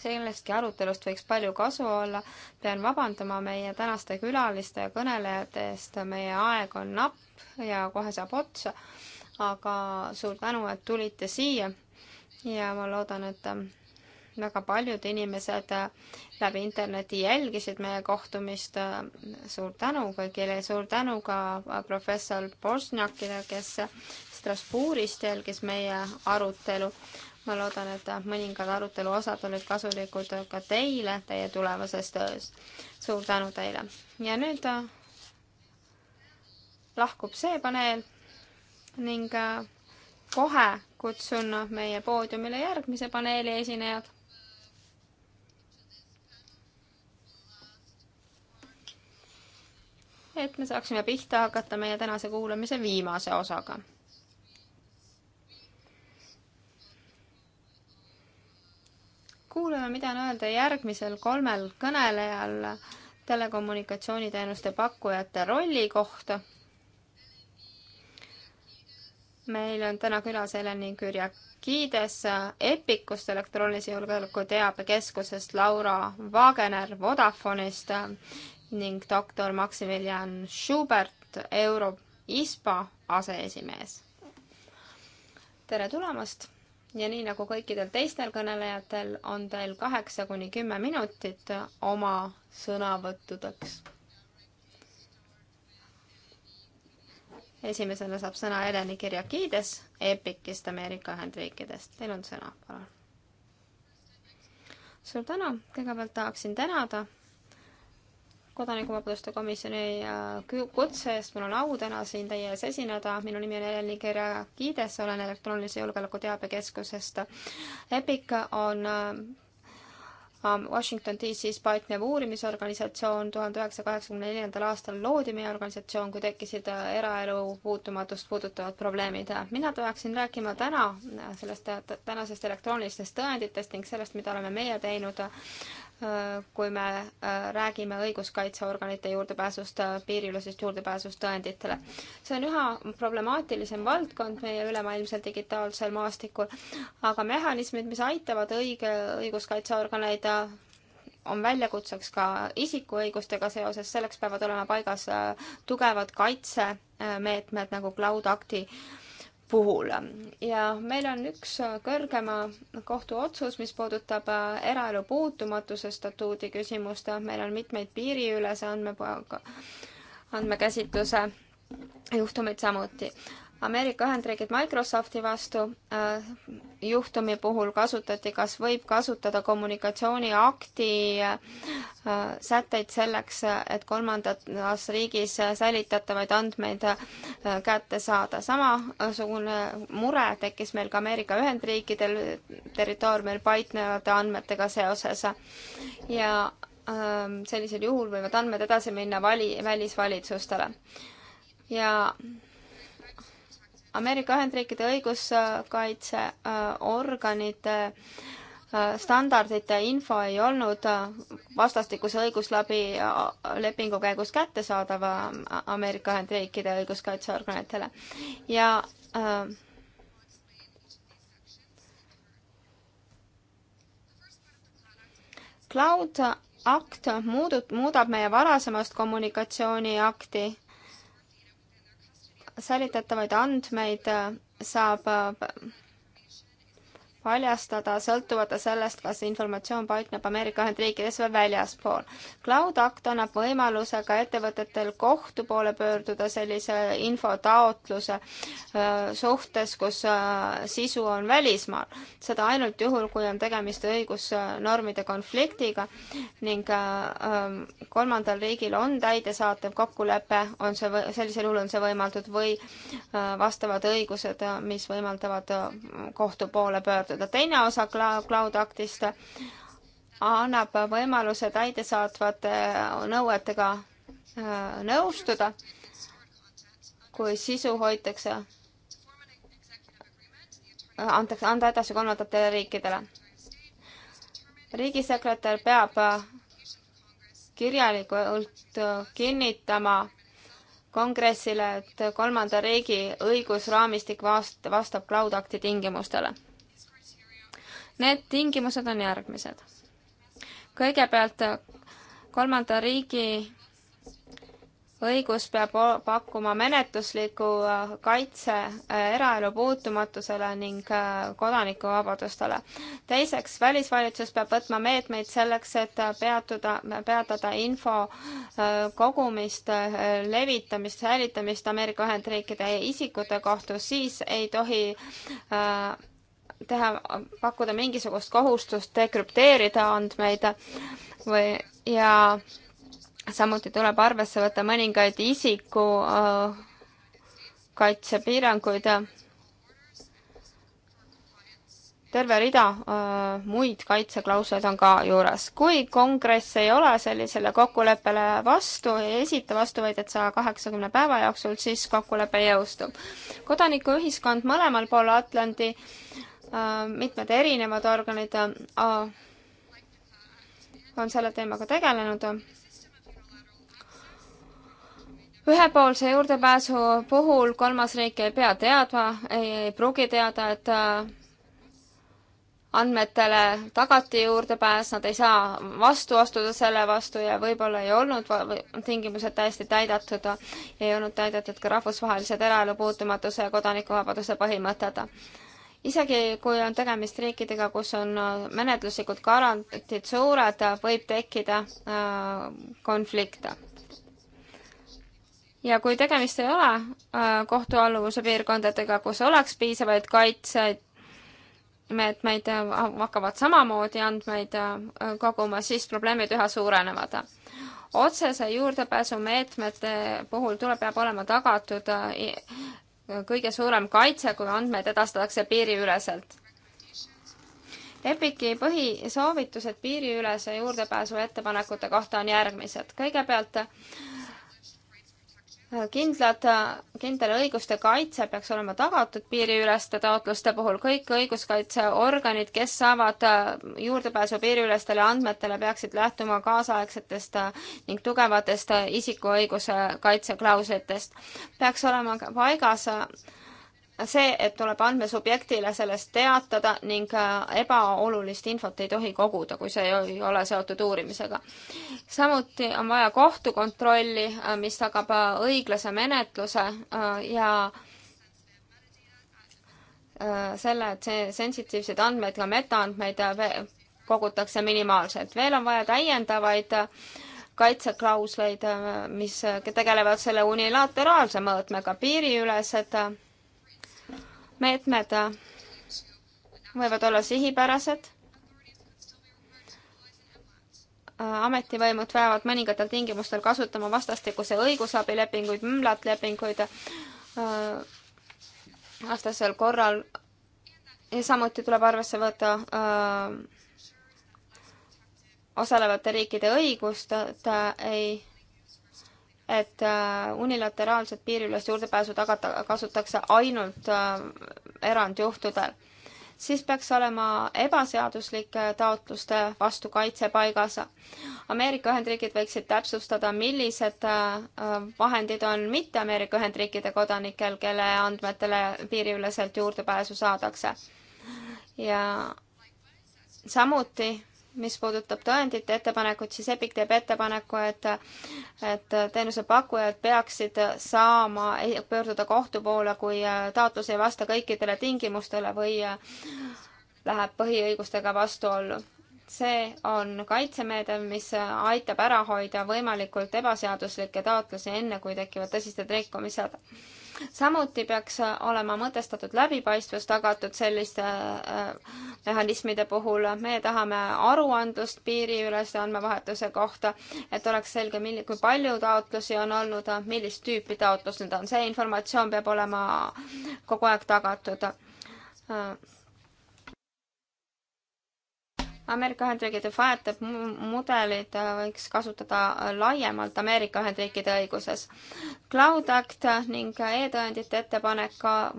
sellestki arutelust võiks palju kasu olla. pean vabandama meie tänaste külaliste ja kõnelejate eest, meie aeg on napp ja kohe saab otsa. aga suur tänu, et tulite siia ja ma loodan, et väga paljud inimesed äh, läbi interneti jälgisid meie kohtumist. Äh, suur tänu kõigile, suur tänu ka äh, professor Bosnjakile, kes Strasbourgist jälgis meie arutelu. ma loodan, et mõningad arutelu osad olid kasulikud ka teile, teie tulevases töös. suur tänu teile. ja nüüd lahkub see paneel ning kohe kutsun meie poodiumile järgmise paneeli esinejad et me saaksime pihta hakata meie tänase kuulamise viimase osaga. kuulame, mida on öelda järgmisel kolmel kõnelejal telekommunikatsiooniteenuste pakkujate rolli kohta. meil on täna külas Eleni Kürjakides Epikust, elektroonilise julgeoleku teabekeskusest, Laura Wagener Vodafonist ning doktor Maximilian Schubert, Euro ISPA aseesimees. tere tulemast ja nii nagu kõikidel teistel kõnelejatel, on teil kaheksa kuni kümme minutit oma sõnavõttudeks. esimesena saab sõna Eleni Kirjakiides EPIC-ist Ameerika Ühendriikidest. Teil on sõna, palun. suur tänu, kõigepealt tahaksin tänada kodanikuvabaduste komisjoni kutse eest. mul on au täna siin teie ees esineda. minu nimi on Eleni Kerja Kiides, olen elektroonilise julgeoleku teabekeskusest. EPIC on ähm, Washington DC-s paiknev uurimisorganisatsioon, tuhande üheksasaja kaheksakümne neljandal aastal loodi meie organisatsioon, kui tekkisid äh, eraelu puutumatust puudutavad probleemid. mina tuleksin rääkima täna sellest äh, tänasest elektroonilistest tõenditest ning sellest, mida oleme meie teinud kui me äh, räägime õiguskaitseorganite juurdepääsust, äh, piiriülesest juurdepääsust tõenditele. see on üha problemaatilisem valdkond meie ülemaailmsel digitaalsel maastikul, aga mehhanismid, mis aitavad õige õiguskaitseorganeid äh, on väljakutseks ka isikuõigustega seoses, selleks peavad olema paigas tugevad kaitsemeetmed nagu Cloud Acti äh, puhul ja meil on üks kõrgema kohtu otsus, mis puudutab äh, eraelu puutumatuse statuudi küsimust, meil on mitmeid piiriülese andmepa-, andmekäsitluse juhtumeid samuti. Ameerika Ühendriigid Microsofti vastu äh, juhtumi puhul kasutati, kas võib kasutada kommunikatsiooniakti äh, sätteid selleks, et kolmandas riigis säilitatavaid andmeid äh, kätte saada. samasugune mure tekkis meil ka Ameerika Ühendriikidel territooriumil paiknevate andmetega seoses ja äh, sellisel juhul võivad andmed edasi minna vali, välisvalitsustele. ja äh, Ameerika Ühendriikide õiguskaitseorganite äh, standardite info ei olnud äh, vastastikuse õiguslabi äh, lepingu käigus kättesaadav Ameerika Ühendriikide õiguskaitseorganitele ja äh, Cloud Act muudab meie varasemast kommunikatsiooniakti säilitatavaid andmeid äh, saab äh, paljastada, sõltuvalt sellest, kas informatsioon paikneb Ameerika Ühendriikides või väljaspool. Cloud Act annab võimaluse ka ettevõtetel kohtu poole pöörduda sellise infotaotluse äh, suhtes, kus äh, sisu on välismaal. seda ainult juhul, kui on tegemist õigusnormide konfliktiga ning äh, ähm, kolmandal riigil on täidesaatev kokkulepe, on see, sellisel juhul on see võimaldatud või vastavad õigused, mis võimaldavad kohtu poole pöörduda kasutada. teine osa Cloud Actist annab võimaluse täidesaatvate äh, nõuetega äh, nõustuda, kui sisu hoitakse, äh, antakse, anda edasi kolmandatele riikidele. riigisekretär peab kirjalikult kinnitama kongressile, et kolmanda riigi õigusraamistik vast-, vastab Cloud Acti tingimustele Need tingimused on järgmised. kõigepealt kolmanda riigi õigus peab pakkuma menetlusliku äh, kaitse äh, eraelu puutumatusele ning äh, kodanikuvabadustele. teiseks, välisvalitsus peab võtma meetmeid selleks, et peatuda, peatada info kogumist, levitamist, säilitamist Ameerika Ühendriikide isikute kohta, siis ei tohi äh, teha, pakkuda mingisugust kohustust dekrüpteerida andmeid või, ja samuti tuleb arvesse võtta mõningaid isiku äh, kaitsepiiranguid terve rida äh, muid kaitseklausleid on ka juures. kui kongress ei ole sellisele kokkuleppele vastu, ei esita vastuväidet saja kaheksakümne päeva jooksul, siis kokkulepe jõustub. kodanikuühiskond mõlemal pool Atlandi Äh, mitmed erinevad organid äh, on selle teemaga tegelenud. ühepoolse juurdepääsu puhul kolmas riik ei pea teadma, ei pruugi teada, et äh, andmetele tagati juurdepääs, nad ei saa vastu astuda selle vastu ja võib-olla ei olnud tingimused täiesti täidetud, ei olnud täidetud ka rahvusvahelised eraelu puutumatuse ja kodanikuvabaduste põhimõtted isegi kui on tegemist riikidega, kus on äh, menetluslikud garantiid suured, võib tekkida äh, konflikte. ja kui tegemist ei ole äh, kohtualluvuse piirkondadega, kus oleks piisavaid kaitseid, meetmeid hakkavad samamoodi andmeid koguma, siis probleemid üha suurenevad. otsese juurdepääsu meetmete puhul tuleb, peab olema tagatud kõige suurem kaitse, kui andmed edastatakse piiriüleselt. EPIC-i põhisoovitused piiriülese juurdepääsu ettepanekute kohta on järgmised. kõigepealt äh, kindlad, kindel õiguste kaitse peaks olema tagatud piiriüleste taotluste puhul. kõik õiguskaitseorganid, kes saavad äh, juurdepääsu piiriülestele andmetele, peaksid lähtuma kaasaegsetest äh, ning tugevatest äh, isikuõiguse kaitseklauslitest. peaks olema paigas see, et tuleb andmesubjektile sellest teatada ning äh, ebaolulist infot ei tohi koguda, kui see ei ole seotud uurimisega. samuti on vaja kohtukontrolli, äh, mis tagab äh, õiglase menetluse ja selle, et see sensitiivseid andmeid, ka metaandmeid kogutakse minimaalselt. veel on vaja täiendavaid kaitseklausleid, mis tegelevad selle unilateraalse mõõtmega, piiriülesed meetmed äh, võivad olla sihipärased. Äh, ametivõimud peavad mõningatel tingimustel kasutama vastastikuse õigusabilepinguid, MLAT lepinguid äh, vastasel korral ja samuti tuleb arvesse võtta öö, osalevate riikide õigust, ta ei et äh, unilateraalset piiriülest juurdepääsu tagata, kasutakse ainult äh, erandjuhtudel. siis peaks olema ebaseaduslike taotluste vastu kaitse paigas. Ameerika Ühendriigid võiksid täpsustada, millised äh, vahendid on mitte Ameerika Ühendriikide kodanikel, kelle andmetele piiriüleselt juurdepääsu saadakse. ja samuti mis puudutab tõendite ettepanekut, siis Epic teeb ettepaneku, et, et teenusepakkujad peaksid saama pöörduda kohtu poole, kui äh, taotlus ei vasta kõikidele tingimustele või äh, läheb põhiõigustega vastuollu see on kaitsemeede, mis aitab ära hoida võimalikult ebaseaduslikke taotlusi, enne kui tekivad tõsised rikkumised. samuti peaks olema mõtestatud läbipaistvus tagatud selliste äh, mehhanismide puhul. meie tahame aruandlust piiriülese andmevahetuse kohta, et oleks selge, milli-, kui palju taotlusi on olnud, millist tüüpi taotlus need on. see informatsioon peab olema kogu aeg tagatud äh, Ameerika Ühendriikide FATF mudelid äh, võiks kasutada äh, laiemalt Ameerika Ühendriikide õiguses. Cloud Act ning e-tõendite ettepanek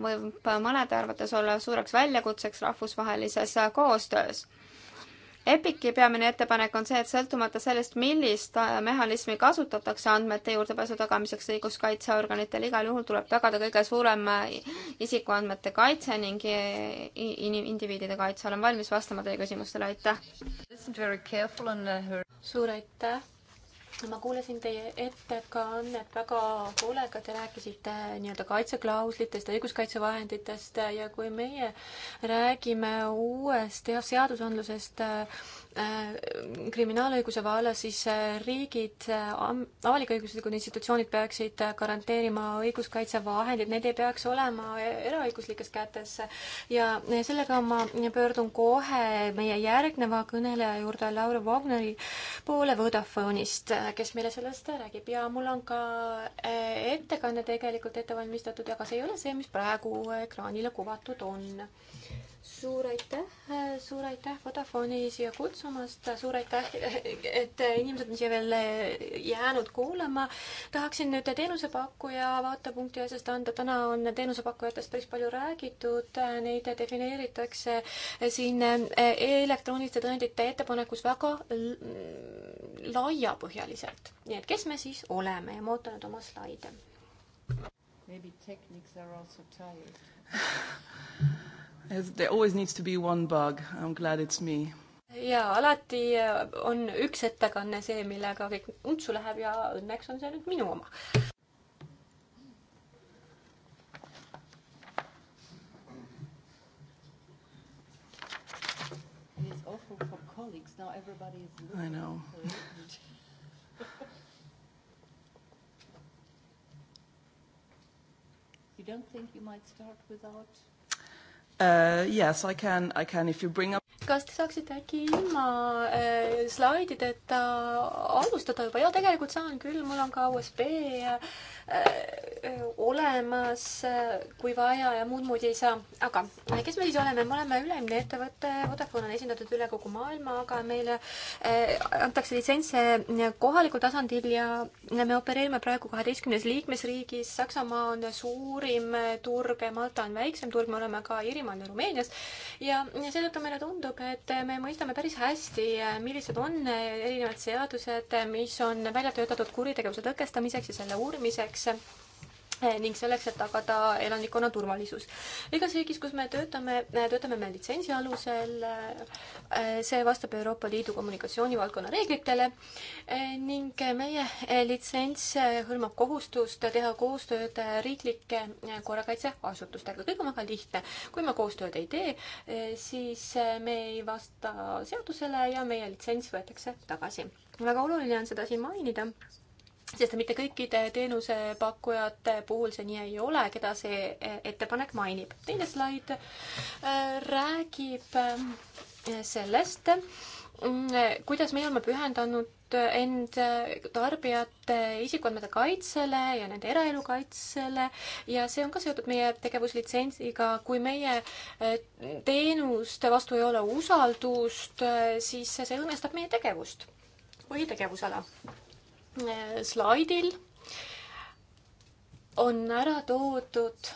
võib mõnede arvates olla suureks väljakutseks rahvusvahelises äh, koostöös EPIC-i peamine ettepanek on see, et sõltumata sellest, millist äh, mehhanismi kasutatakse andmete juurdepääsu tagamiseks õiguskaitseorganitel, igal juhul tuleb tagada kõige suurem äh, isikuandmete kaitse ning äh, indiviidide kaitse. olen valmis vastama teie küsimustele, aitäh! Uh, suur aitäh! ma kuulasin teie ettekannet väga hoolega, te rääkisite nii-öelda kaitseklauslitest ja õiguskaitsevahenditest ja kui meie räägime uuest seadusandlusest Äh, kriminaalõiguse vallas, siis äh, riigid, äh, avalik-õiguslikud institutsioonid peaksid garanteerima õiguskaitsevahendid, need ei peaks olema eraõiguslikes kätes. ja sellega ma pöördun kohe meie järgneva kõneleja juurde, Laura Wagneri poole Vodafone'ist, kes meile sellest räägib ja mul on ka ettekanne tegelikult ette valmistatud, aga see ei ole see, mis praegu ekraanile kuvatud on suur aitäh, äh, suur aitäh Vodafone'i siia kutsumast, suur aitäh, äh, et inimesed on siia veel äh, jäänud kuulama. tahaksin nüüd teenusepakkuja vaatepunkti asjast anda, täna on teenusepakkujatest päris palju räägitud, neid defineeritakse siin elektrooniliste tõendite ettepanekus väga laiapõhjaliselt. nii et kes me siis oleme ja ma ootan nüüd oma slaide. Maybe techniques are also tired There always needs to be one bug. I am glad it's me. jaa, alati äh, on üks ettekanne see, millega kõik untsu läheb ja õnneks on see nüüd minu oma. It's awful for colleagues. Now everybody is looking I know. you don't think you might start without Uh, yes, I can. I can if you bring up kas te saaksite äkki ilma äh, slaidideta alustada juba? jaa, tegelikult saan küll, mul on ka USB äh, äh, olemas, äh, kui vaja ja muud moodi ei saa. aga äh, kes me siis oleme? me oleme ülemine ettevõte, Vodafone on esindatud üle kogu maailma, aga meile äh, antakse litsentse kohalikul tasandil ja me opereerime praegu kaheteistkümnes liikmesriigis. Saksamaa on suurim turg, Malta on väiksem turg, me oleme ka Iirimaal ja Rumeenias ja, ja seetõttu meile tundub, tundub, et me mõistame päris hästi, millised on erinevad seadused, mis on välja töötatud kuritegevuse tõkestamiseks ja selle uurimiseks Eh, ning selleks, et tagada elanikkonna turvalisus. igas riigis, kus me töötame, eh, töötame me litsentsi alusel, eh, see vastab Euroopa Liidu kommunikatsioonivaldkonna reeglitele ning meie litsents hõlmab kohustust teha koostööd riiklike korrakaitseasutustega. kõik on väga lihtne. kui me koostööd ei tee, siis me ei vasta seadusele ja meie litsents võetakse tagasi. väga oluline on seda siin mainida sest mitte kõikide teenusepakkujate puhul see nii ei ole, keda see ettepanek mainib. teine slaid äh, räägib äh, sellest, mm, kuidas meie oleme pühendanud end tarbijate isikuandmete kaitsele ja nende eraelu kaitsele ja see on ka seotud meie tegevuslitsentsiga. kui meie äh, teenuste vastu ei ole usaldust, siis see õõnestab meie tegevust, põhitegevusala Äh, slaidil on ära toodud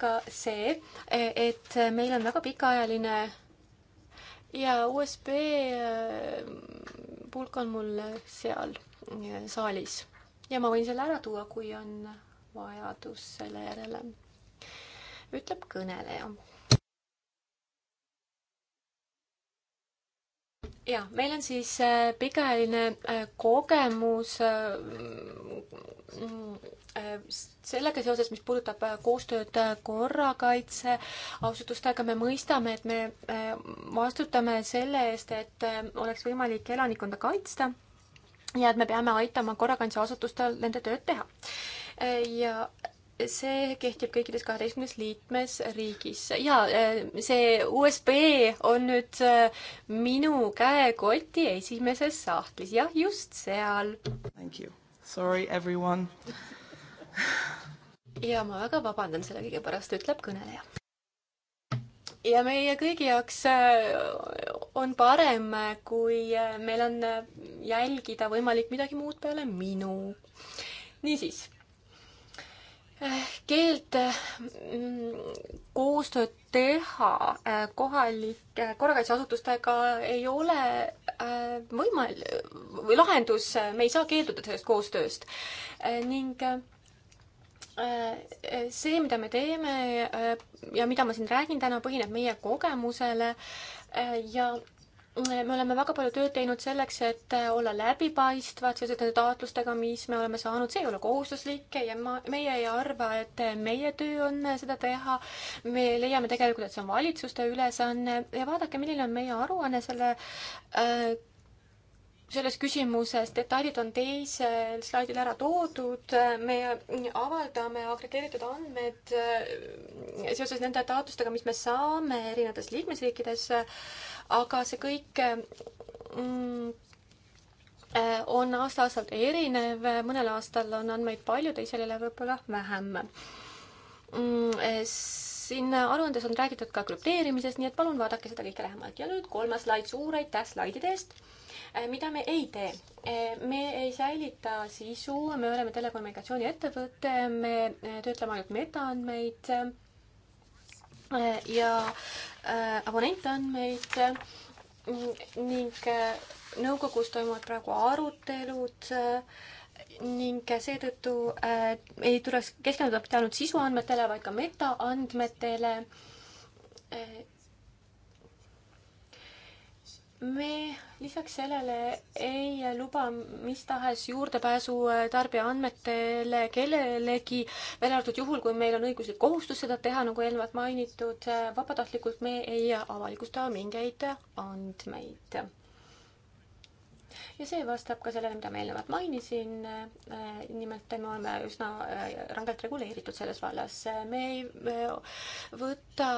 ka see, et meil on väga pikaajaline ja USB äh, pulk on mul seal äh, saalis ja ma võin selle ära tuua, kui on vajadus selle järele, ütleb kõneleja jah, meil on siis äh, pikaajaline äh, kogemus äh, mm, sellega seoses, mis puudutab koostööd korrakaitseasutustega, me mõistame, et me vastutame selle eest, et oleks võimalik elanikkonda kaitsta ja et me peame aitama korrakaitseasutustel nende tööd teha. ja see kehtib kõikides kaheteistkümnes liikmesriigis ja äh, see USB on nüüd äh, minu käekoti esimeses sahtlis, jah, just seal. Thank you, sorry everyone ja ma väga vabandan selle kõige pärast, ütleb kõneleja. ja meie kõigi jaoks äh, on parem, kui meil on jälgida võimalik midagi muud peale minu. niisiis Äh, keelt äh, mm, koostööd teha äh, kohalike korrakaitseasutustega ei ole võimal- või lahendus, me ei saa keelduda sellest koostööst. ning see, mida me teeme ja mida ma siin räägin täna, põhineb meie kogemusele ja me oleme väga palju tööd teinud selleks, et olla läbipaistvad seoses nende taotlustega, mis me oleme saanud, see ei ole kohustuslik ja ma, meie ei arva, et meie töö on seda teha. me leiame tegelikult, et see on valitsuste ülesanne ja vaadake, milline on meie aruanne selle äh, selles küsimuses, detailid on teisel slaidil ära toodud, me avaldame agregeeritud andmed äh, seoses nende taotlustega, mis me saame erinevates liikmesriikides, aga see kõik mm, äh, on aasta-aastalt erinev, mõnel aastal on andmeid palju, teisel jälle võib-olla vähem mm,. Äh, siin aruandes on räägitud ka krüpteerimisest, nii et palun vaadake seda kõike lähemalt ja nüüd kolmas slaid, suur aitäh slaidide eest Äh, mida me ei tee? Äh, me ei säilita sisu, me oleme telekommunikatsiooniettevõte, me äh, töötleme ainult metaandmeid ja abonentandmeid mm, ning nõukogus toimuvad praegu arutelud ning seetõttu äh, ei tuleks keskenduda mitte ainult sisuandmetele, vaid ka metaandmetele äh, me lisaks sellele ei luba mis tahes juurdepääsu äh, tarbija andmetele kellelegi, välja arvatud juhul, kui meil on õiguslik kohustus seda teha, nagu eelnevalt mainitud, äh, vabatahtlikult me ei avalikusta mingeid andmeid ja see vastab ka sellele, mida ma eelnevalt mainisin. Äh, nimelt me oleme üsna äh, rangelt reguleeritud selles vallas. me ei võta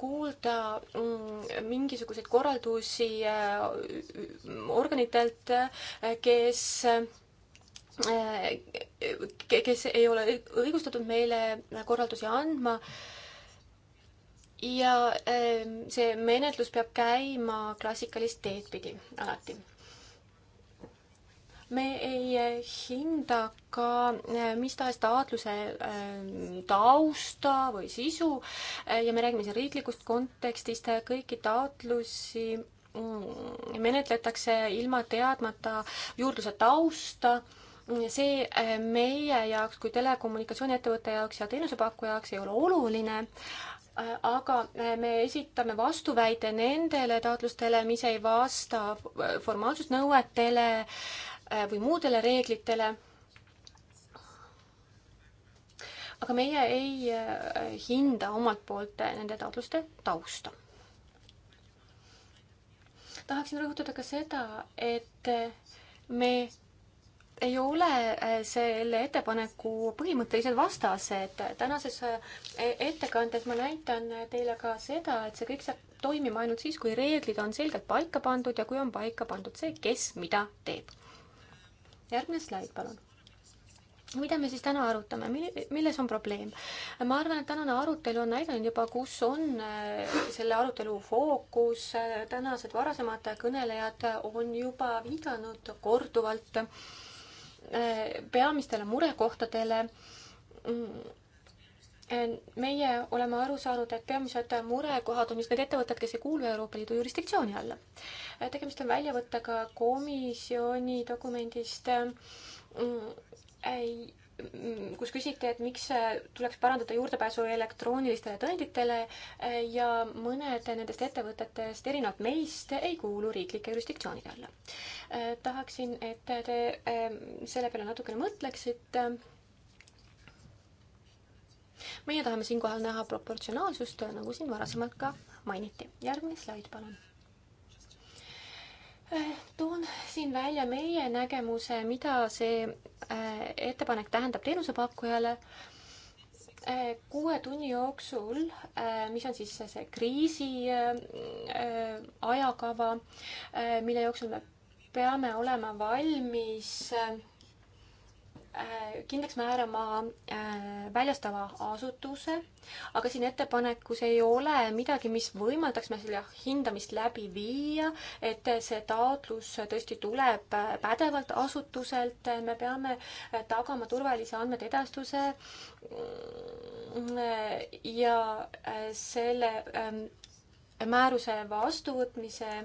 kuulda mm, mingisuguseid korraldusi äh, organitelt, kes kes ei ole õigustatud meile korraldusi andma ja see menetlus peab käima klassikalist teed pidi alati me ei eh, hinda ka eh, mis tahes taotluse eh, tausta või sisu ja me räägime siin riiklikust kontekstist, kõiki taotlusi mm, menetletakse ilma teadmata juurdluse tausta see meie jaoks kui telekommunikatsiooniettevõtte jaoks ja teenusepakkuja jaoks ei ole oluline, aga me esitame vastuväite nendele taotlustele, mis ei vasta formaalsusnõuetele Äh, või muudele reeglitele. aga meie ei äh, hinda omalt poolt äh, nende taotluste tausta. tahaksin rõhutada ka seda, et me ei ole selle ettepaneku põhimõttelised vastased. tänases ettekandes ma näitan teile ka seda, et see kõik saab toimima ainult siis, kui reeglid on selgelt paika pandud ja kui on paika pandud see, kes mida teeb järgmine slaid, palun mida me siis täna arutame, mille, milles on probleem? ma arvan, et tänane arutelu on näidanud juba, kus on äh, selle arutelu fookus, tänased varasemad kõnelejad on juba viidanud korduvalt äh, peamistele murekohtadele mm, Äh, meie oleme aru saanud, et peamised murekohad on just need ettevõtted, kes ei kuulu Euroopa Liidu jurisdiktsiooni alla. Äh, tegemist on väljavõttega komisjoni dokumendist, äh, kus küsiti, et miks tuleks parandada juurdepääsu elektroonilistele tõenditele ja mõned nendest ettevõtetest, erinevalt meist, ei kuulu riiklike jurisdiktsioonide alla. tahaksin, et te selle peale natukene mõtleksite meie tahame siinkohal näha proportsionaalsust, nagu siin varasemalt ka mainiti. järgmine slaid, palun. Äh, toon siin välja meie nägemuse, mida see äh, ettepanek tähendab teenusepakkujale äh, kuue tunni jooksul, mis on siis see kriisi ajakava, mille jooksul me peame olema valmis Äh, kindlaks määrama äh, väljastava asutuse, aga siin ettepanekus ei ole midagi, mis võimaldaks meil selle hindamist läbi viia, et see taotlus tõesti tuleb äh, pädevalt asutuselt, me peame tagama turvalise andmete edastuse ja selle ähm, määruse vastuvõtmise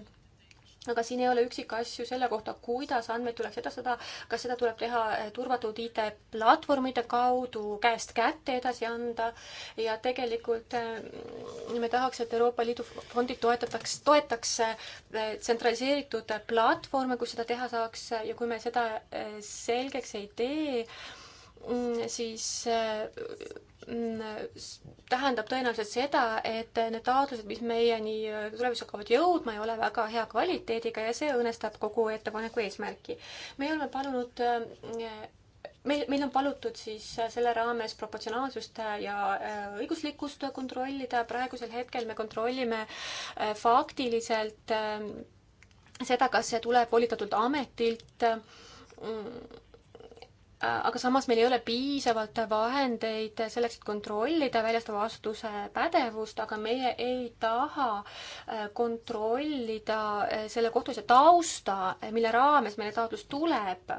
aga siin ei ole üksikasju selle kohta, kuidas andmeid tuleks edastada, kas seda tuleb teha eh, turvatud IT-platvormide kaudu, käest kätte edasi anda ja tegelikult eh, me tahaks, et Euroopa Liidu fondid toetataks, toetaks eh, tsentraliseeritud platvorme, kus seda teha saaks ja kui me seda selgeks ei tee, mm, siis Mm, tähendab tõenäoliselt seda, et need taotlused, mis meieni tulevikus hakkavad jõudma, ei ole väga hea kvaliteediga ja see õõnestab kogu ettepaneku eesmärki. me oleme palunud mm, meil, meil on palutud siis selle raames proportsionaalsust ja äh, õiguslikkust kontrollida, praegusel hetkel me kontrollime äh, faktiliselt äh, seda, kas see tuleb volitatult ametilt mm, aga samas meil ei ole piisavalt vahendeid selleks, et kontrollida väljastava vastutuse pädevust, aga meie ei taha äh, kontrollida äh, selle kohtuasja tausta, äh, mille raames meile taotlus tuleb.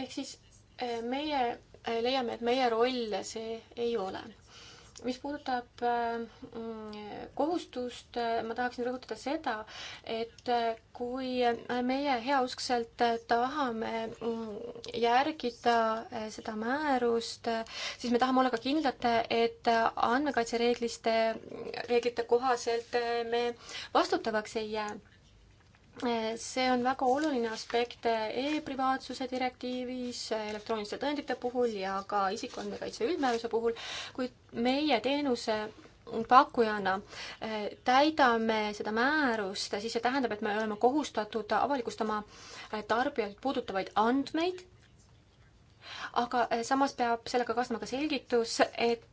ehk siis meie leiame, et meie roll see ei ole mis puudutab äh, kohustust, äh, ma tahaksin rõhutada seda, et äh, kui meie heauskselt tahame mm, järgida seda määrust, siis me tahame olla ka kindlad, et andmekaitsereegliste, reeglite kohaselt me vastutavaks ei jää see on väga oluline aspekt e-privaatsuse direktiivis, elektrooniliste tõendite puhul ja ka isikuandmekaitse üldmääruse puhul, kuid meie teenuse pakkujana eh, täidame seda määrust, siis see tähendab, et me oleme kohustatud avalikustama eh, tarbijalt puudutavaid andmeid, aga eh, samas peab sellega kaasnema ka selgitus, et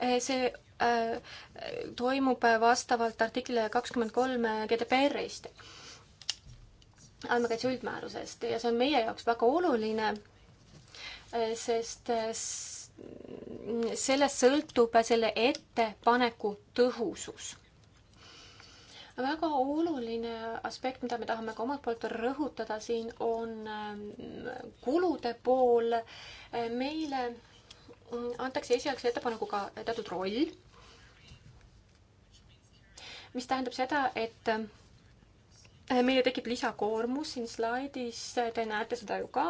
Eh, see eh, toimub vastavalt artiklile kakskümmend kolm GDPR-ist, andmekaitse üldmäärusest ja see on meie jaoks väga oluline, eh, sest sellest sõltub selle ettepaneku tõhusus. väga oluline aspekt, mida me tahame ka omalt poolt rõhutada siin, on kulude pool. meile Mm, antakse esialgse ettepanekuga teatud roll, mis tähendab seda, et äh, meile tekib lisakoormus, siin slaidis äh, te näete seda ju ka.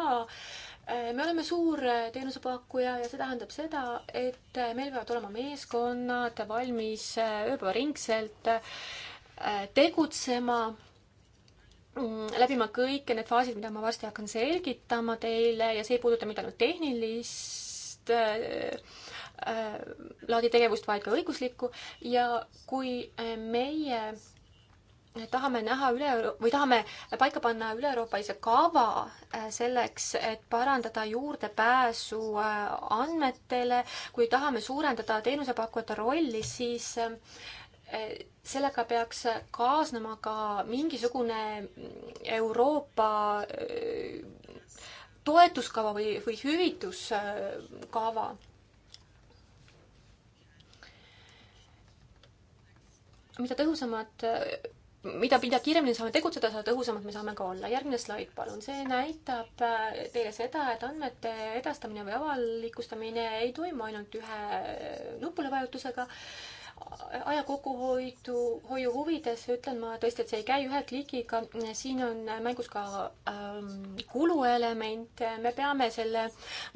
Äh, me oleme suur teenusepakkuja ja see tähendab seda, et meil peavad olema meeskonnad valmis ööpäevaringselt tegutsema, mm, läbima kõik need faasid, mida ma varsti hakkan selgitama teile ja see ei puuduta mitte ainult tehnilist Äh, äh, laadi tegevust, vaid ka õiguslikku ja kui äh, meie tahame näha üle või tahame paika panna üle-euroopalise kava selleks, et parandada juurdepääsu andmetele, kui tahame suurendada teenusepakkujate rolli, siis sellega peaks kaasnema ka mingisugune Euroopa toetuskava või, või hüvituskava. mida tõhusamad, mida, mida kiiremini saame tegutseda, seda tõhusamad me saame ka olla. järgmine slaid, palun. see näitab äh, teile seda, et andmete edastamine või avalikustamine ei toimu ainult ühe nupule vajutusega aja kokkuhoidu, hoiu huvides ütlen ma tõesti, et see ei käi ühe klikiga, siin on mängus ka ähm, kuluelement, me peame selle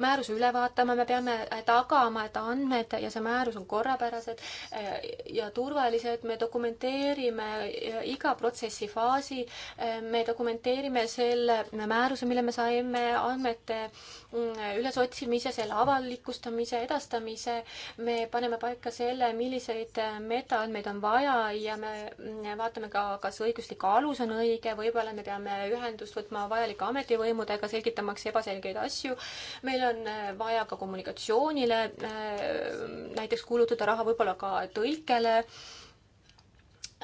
määruse üle vaatama, me peame tagama, et andmed ja see määrus on korrapärased äh, ja turvalised, me dokumenteerime äh, iga protsessi faasi, äh, me dokumenteerime selle määruse, mille me saime, andmete mm, ülesotsimise, selle avalikustamise, edastamise, me paneme paika selle, milliseid milliseid metaandmeid on vaja ja me vaatame ka, kas õiguslik alus on õige, võib-olla me peame ühendust võtma vajalike ametivõimudega, selgitamaks ebaselgeid asju. meil on vaja ka kommunikatsioonile äh, näiteks kulutada raha, võib-olla ka tõlkele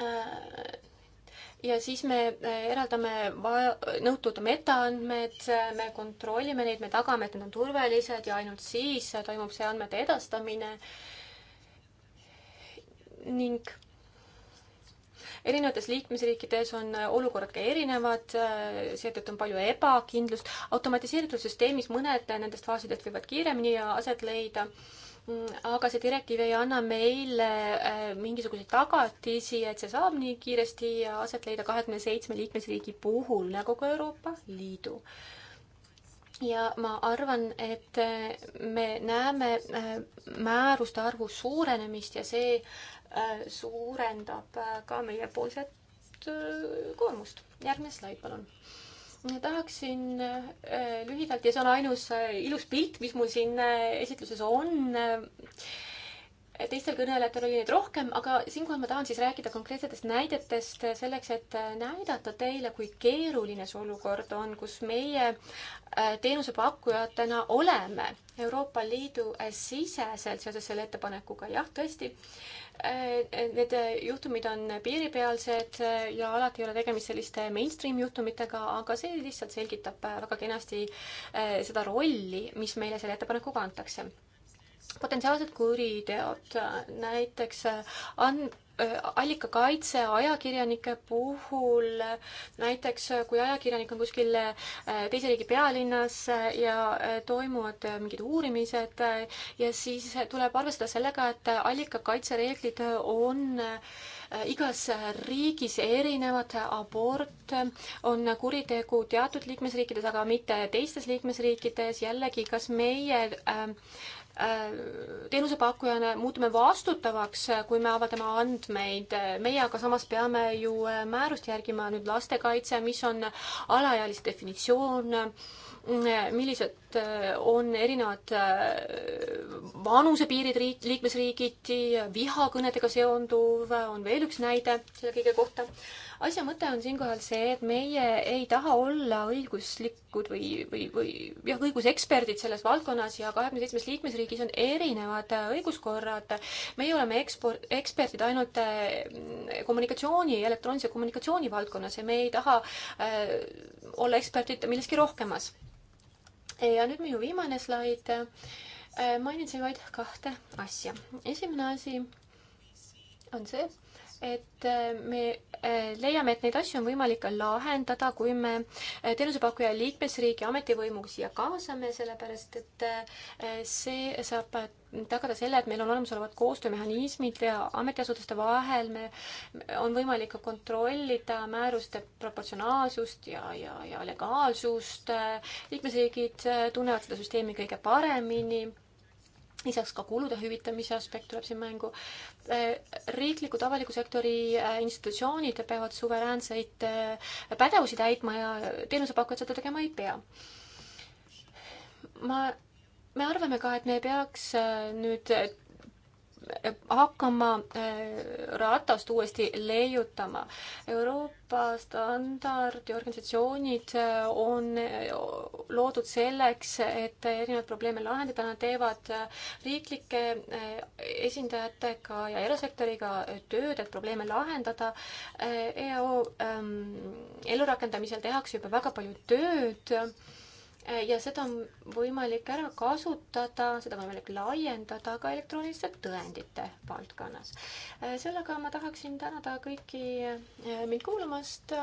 äh, ja siis me eraldame nõutud metaandmed, me kontrollime neid, me tagame, et need on turvalised ja ainult siis toimub see andmete edastamine ning erinevates liikmesriikides on äh, olukorrad ka erinevad, äh, seetõttu on palju ebakindlust. automatiseeritud süsteemis mõned äh, nendest faasidest võivad kiiremini aset leida, mm, aga see direktiiv ei anna meile mingisuguseid tagatisi, et see saab nii kiiresti aset leida kahekümne seitsme liikmesriigi puhul, nagu ka Euroopa Liidu ja ma arvan, et me näeme määruste arvu suurenemist ja see äh, Äh, suurendab äh, ka meiepoolset äh, koormust. järgmine slaid, palun. tahaksin lühidalt ja see on ainus ilus pilt, mis mul siin esitluses on teistel kõnelejatel oli neid rohkem, aga siinkohal ma tahan siis rääkida konkreetsetest näidetest selleks, et näidata teile, kui keeruline see olukord on, kus meie teenusepakkujatena oleme Euroopa Liidu siseselt seoses selle ettepanekuga. jah, tõesti, Äh, need juhtumid on piiripealsed äh, ja alati ei ole tegemist selliste mainstream juhtumitega, aga see lihtsalt selgitab äh, väga kenasti seda rolli, mis meile selle ettepanekuga antakse potentsiaalsed kuriteod, näiteks äh, and-, äh, allikakaitse ajakirjanike puhul, näiteks äh, kui ajakirjanik on kuskil teise riigi pealinnas ja toimuvad mingid uurimised ja siis tuleb arvestada sellega, et allikakaitsereeglid on igas riigis erinevad, abort on kuritegu teatud liikmesriikides, aga mitte teistes liikmesriikides, jällegi, kas meie äh, Äh, teenusepakkujana muutume vastutavaks, äh, kui me avaldame andmeid. Äh, meie aga samas peame ju määrust järgima nüüd lastekaitse, mis on alaealiste definitsioon, millised Äh, on erinevad äh, vanusepiirid riik, liikmesriigiti, vihakõnedega seonduv on veel üks näide selle kõige kohta. asja mõte on siinkohal see, et meie ei taha olla õiguslikud või, või, või jah, õiguseksperdid selles valdkonnas ja kahekümne seitsmes liikmesriigis on erinevad äh, õiguskorrad. meie oleme ekspor-, eksperdid ainult kommunikatsiooni, elektroonilise kommunikatsiooni valdkonnas ja me ei taha äh, olla eksperdid milleski rohkemas ja nüüd minu viimane slaid. Äh, mainin siin vaid kahte asja. esimene asi on see, et äh, me äh, leiame, et neid asju on võimalik lahendada, kui me äh, teenusepakkuja liikmesriigi ametivõimuga siia kaasame, sellepärast et see saab tagada selle, et meil on olemasolevad koostöömehhanismid ametiasutuste vahel, me, on võimalik kontrollida määruste proportsionaalsust ja, ja, ja legaalsust, liikmesriigid tunnevad seda süsteemi kõige paremini lisaks ka kulude hüvitamise aspekt tuleb siin mängu. Äh, riiklikud avaliku sektori äh, institutsioonid peavad suveräänseid äh, pädevusi täitma ja teenusepakkujad seda tegema ei pea. ma, me arvame ka, et me ei peaks nüüd hakkama äh, ratast uuesti leiutama. Euroopa standardiorganisatsioonid äh, on äh, loodud selleks, et erinevaid probleeme lahendada, nad teevad riiklike esindajatega ja erasektoriga tööd, et probleeme lahendada. EAO ähm, ellurakendamisel tehakse juba väga palju tööd ja seda on võimalik ära kasutada, seda on võimalik laiendada ka elektrooniliste tõendite valdkonnas. Äh, sellega ma tahaksin tänada kõiki äh, mind kuulamast.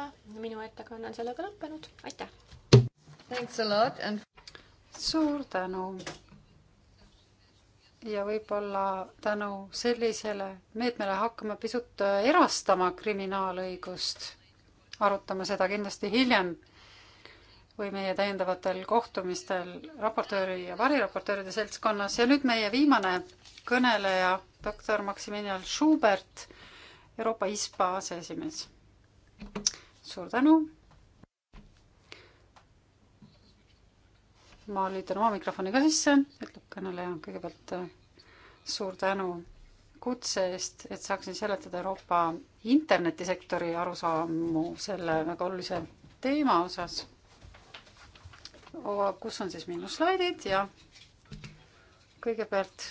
minu ettekanne on sellega lõppenud, aitäh! And... suur tänu! ja võib-olla tänu sellisele meetmele hakkame pisut äh, erastama kriminaalõigust, arutame seda kindlasti hiljem või meie täiendavatel kohtumistel raportööri ja variraportööride seltskonnas ja nüüd meie viimane kõneleja, doktor Maximilian Schubert, Euroopa ISPA aseesimees. suur tänu. ma lülitan oma mikrofoni ka sisse, ütleb kõneleja kõigepealt äh, suur tänu kutse eest, et saaksin seletada Euroopa internetisektori arusaamu selle väga olulise teema osas Oh, kus on siis minu slaidid ja kõigepealt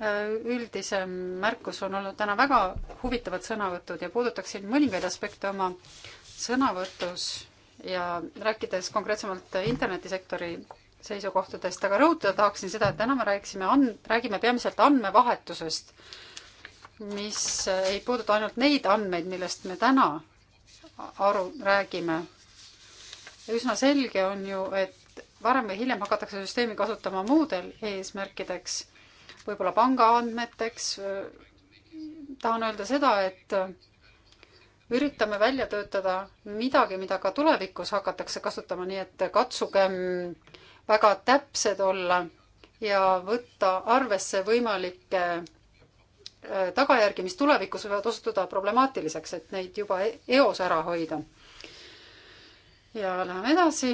äh, üldisem märkus on olnud täna väga huvitavad sõnavõtud ja puudutaksin mõningaid aspekte oma sõnavõtus ja rääkides konkreetsemalt internetisektori seisukohtadest, aga rõhutada tahaksin seda, et täna me rääkisime and-, räägime peamiselt andmevahetusest, mis ei puuduta ainult neid andmeid, millest me täna aru räägime, üsna selge on ju, et varem või hiljem hakatakse süsteemi kasutama muudel eesmärkideks, võib-olla pangaandmeteks. tahan öelda seda, et üritame välja töötada midagi, mida ka tulevikus hakatakse kasutama, nii et katsugem väga täpsed olla ja võtta arvesse võimalikke äh, tagajärgi, mis tulevikus võivad osutuda problemaatiliseks, et neid juba e-, eos ära hoida ja läheme edasi,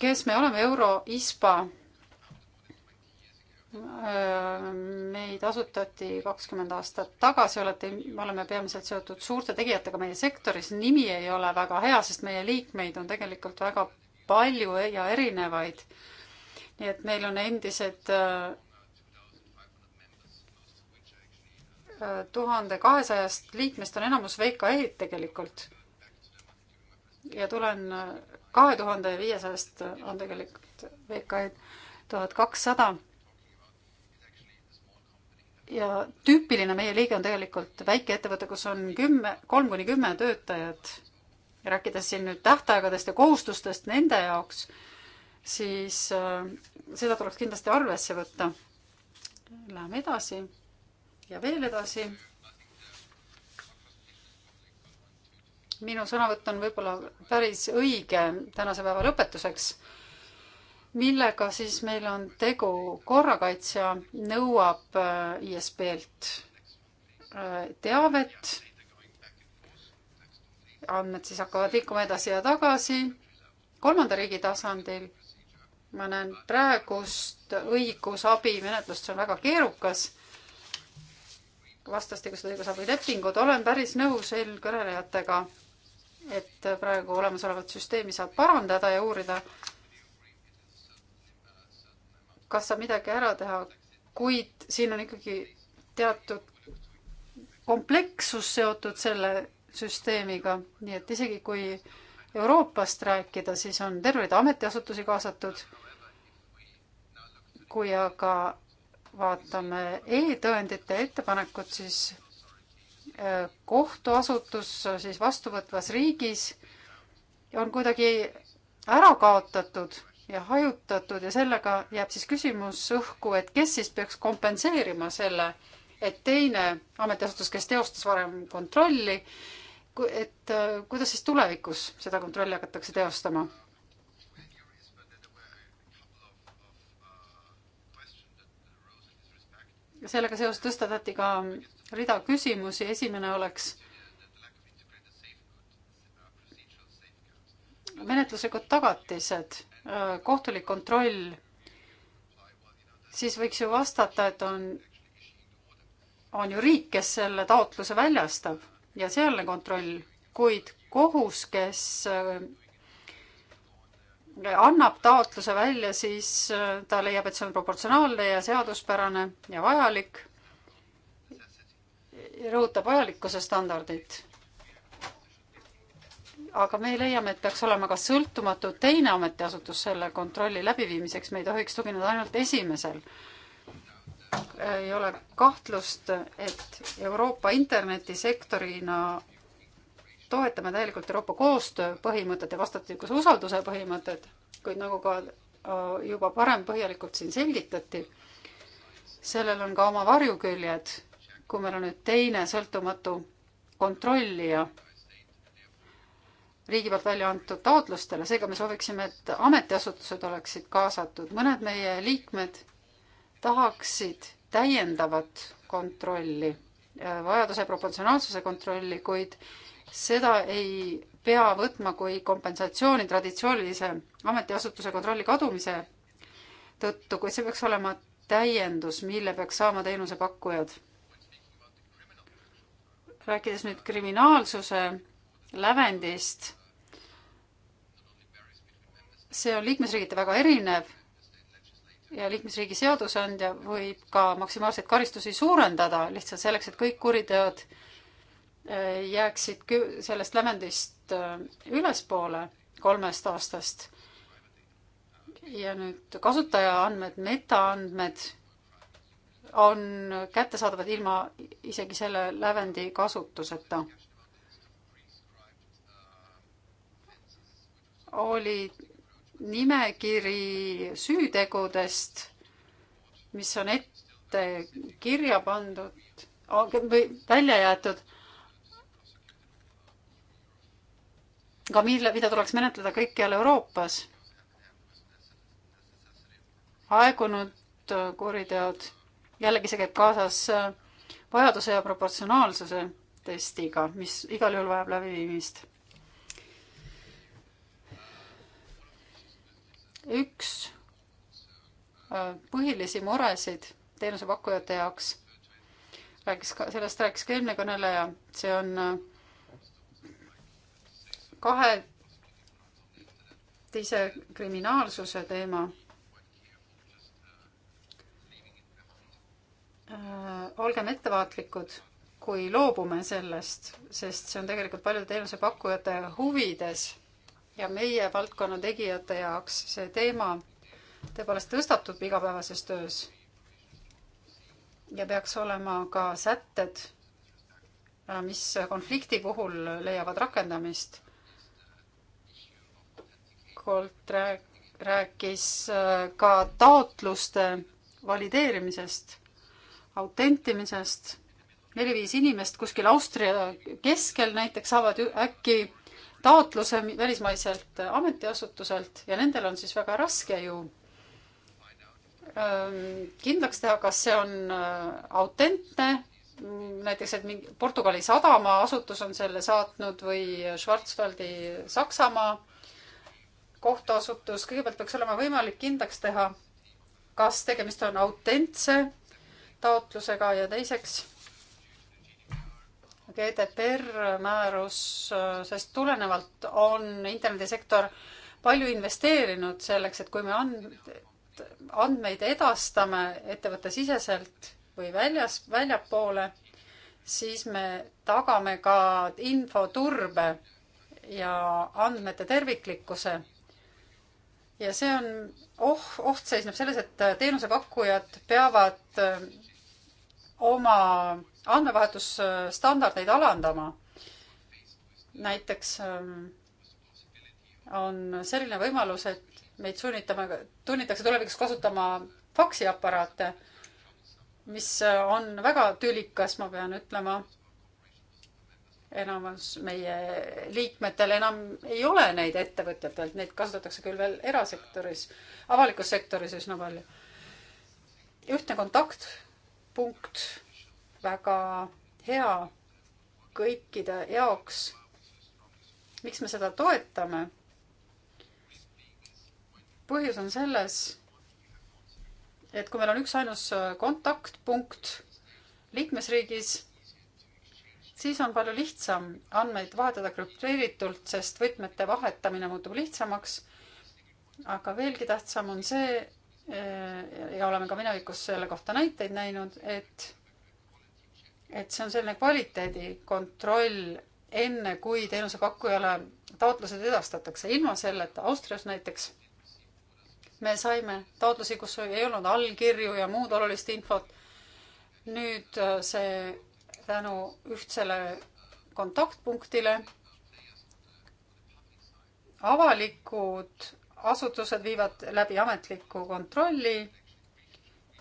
kes me oleme, Euro-ISPA. Äh, meid asutati kakskümmend aastat tagasi, olete, me oleme peamiselt seotud suurte tegijatega meie sektoris, nimi ei ole väga hea, sest meie liikmeid on tegelikult väga palju ja erinevaid. nii et meil on endised äh, tuhande kahesajast liikmest on enamus VKE-d tegelikult. ja tulen äh, kahe tuhande viiesajast on tegelikult VKE-d tuhat kakssada. ja tüüpiline meie liige on tegelikult väikeettevõte, kus on kümme, kolm kuni kümme töötajat. rääkides siin nüüd tähtaegadest ja kohustustest nende jaoks, siis äh, seda tuleks kindlasti arvesse võtta. Läheme edasi ja veel edasi minu sõnavõtt on võib-olla päris õige tänase päeva lõpetuseks. millega siis meil on tegu? korrakaitsja nõuab äh, ISP-lt äh, teavet. andmed siis hakkavad liikuma edasi ja tagasi. kolmanda riigi tasandil ma näen praegust õigusabi menetlust, see on väga keerukas vastastikused õigusabilepingud, olen päris nõus eelkõnelejatega et praegu olemasolevat süsteemi saab parandada ja uurida, kas saab midagi ära teha, kuid siin on ikkagi teatud komplekssus seotud selle süsteemiga, nii et isegi kui Euroopast rääkida, siis on terveid ametiasutusi kaasatud. kui aga vaatame e-tõendite ettepanekut, siis kohtuasutus siis vastuvõtvas riigis on kuidagi ära kaotatud ja hajutatud ja sellega jääb siis küsimus õhku, et kes siis peaks kompenseerima selle, et teine ametiasutus, kes teostas varem kontrolli, et äh, kuidas siis tulevikus seda kontrolli hakatakse teostama? sellega seoses tõstatati ka rida küsimusi, esimene oleks menetluslikud tagatised, kohtulik kontroll, siis võiks ju vastata, et on, on ju riik, kes selle taotluse väljastab ja sealne kontroll, kuid kohus, kes annab taotluse välja, siis ta leiab, et see on proportsionaalne ja seaduspärane ja vajalik rõhutab vajalikkuse standardit. aga me leiame, et peaks olema ka sõltumatu teine ametiasutus selle kontrolli läbiviimiseks, me ei tohiks tugineda ainult esimesel. ei ole kahtlust, et Euroopa internetisektorina toetame täielikult Euroopa koostöö põhimõtet ja vastastikuse usalduse põhimõtet, kuid nagu ka äh, juba varem põhjalikult siin selgitati, sellel on ka oma varjuküljed kui meil on nüüd teine sõltumatu kontrollija riigi poolt välja antud taotlustele, seega me sooviksime, et ametiasutused oleksid kaasatud. mõned meie liikmed tahaksid täiendavat kontrolli, äh, vajaduse proportsionaalsuse kontrolli, kuid seda ei pea võtma kui kompensatsiooni traditsioonilise ametiasutuse kontrolli kadumise tõttu, kuid see peaks olema täiendus, mille peaks saama teenusepakkujad rääkides nüüd kriminaalsuse lävendist, see on liikmesriigiti väga erinev ja liikmesriigi seadusandja võib ka maksimaalseid karistusi suurendada lihtsalt selleks, et kõik kuriteod eh, jääksid sellest lävendist eh, ülespoole kolmest aastast. ja nüüd kasutaja andmed, metaandmed on kättesaadavad ilma isegi selle lävendi kasutuseta. oli nimekiri süütegudest, mis on ette kirja pandud või välja jäetud ka mille, mida tuleks menetleda kõikjal Euroopas. aegunud kuriteod jällegi see käib kaasas äh, vajaduse ja proportsionaalsuse testiga, mis igal juhul vajab läbiviimist. üks äh, põhilisi muresid teenusepakkujate jaoks rääkis ka, sellest rääkis ka eelmine kõneleja, see on äh, kahetise kriminaalsuse teema Äh, olgem ettevaatlikud, kui loobume sellest, sest see on tegelikult paljude teenusepakkujate huvides ja meie valdkonna tegijate jaoks see teema tõepoolest tõstatub igapäevases töös. ja peaks olema ka sätted, äh, mis konflikti puhul leiavad rakendamist. Kolt rääkis äh, ka taotluste valideerimisest autentimisest. neli-viis inimest kuskil Austria keskel näiteks saavad äkki taotluse välismaiselt ametiasutuselt ja nendel on siis väga raske ju ähm, kindlaks teha, kas see on äh, autentne, näiteks, et mingi Portugali sadama asutus on selle saatnud või Schwarzwaldi Saksamaa kohtuasutus, kõigepealt peaks olema võimalik kindlaks teha, kas tegemist on autentse taotlusega ja teiseks GDPR määrusest tulenevalt on internetisektor palju investeerinud selleks, et kui me and-, andmeid edastame ettevõttesiseselt või väljas, väljapoole, siis me tagame ka infoturbe ja andmete terviklikkuse. ja see on, oh, oht seisneb selles, et teenusepakkujad peavad oma andmevahetusstandardeid alandama. näiteks ähm, on selline võimalus, et meid sunnitame, tunnitakse tulevikus kasutama faksiaparaate, mis äh, on väga tülikas, ma pean ütlema. enamus meie liikmetel enam ei ole neid ettevõtjatelt, neid kasutatakse küll veel erasektoris, avalikus sektoris üsna palju. ühtne kontakt punkt, väga hea kõikide jaoks. miks me seda toetame? põhjus on selles, et kui meil on üksainus kontaktpunkt liikmesriigis, siis on palju lihtsam andmeid vahetada krüpteeritult, sest võtmete vahetamine muutub lihtsamaks. aga veelgi tähtsam on see, Äh, ja oleme ka minevikus selle kohta näiteid näinud, et, et see on selline kvaliteedikontroll, enne kui teenusepakkujale taotlused edastatakse. ilma selleta Austrias näiteks me saime taotlusi, kus ei olnud allkirju ja muud olulist infot. nüüd äh, see tänu ühtsele kontaktpunktile avalikud asutused viivad läbi ametliku kontrolli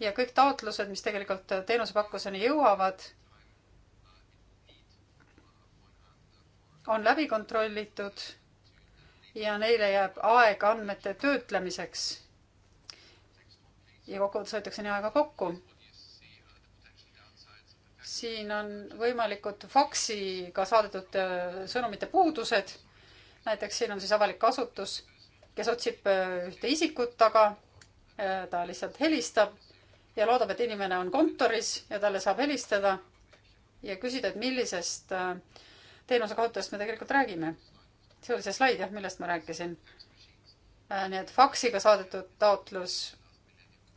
ja kõik taotlused, mis tegelikult teenusepakkuseni jõuavad, on läbi kontrollitud ja neile jääb aeg andmete töötlemiseks. ja kokkuvõttes hoitakse nii aega kokku. siin on võimalikud faksiga saadetud äh, sõnumite puudused. näiteks siin on siis avalik kasutus kes otsib äh, ühte isikut taga, äh, ta lihtsalt helistab ja loodab, et inimene on kontoris ja talle saab helistada ja küsida, et millisest äh, teenuse kasutajast me tegelikult räägime. see oli see slaid jah, millest ma rääkisin. nii et faksiga saadetud taotlus,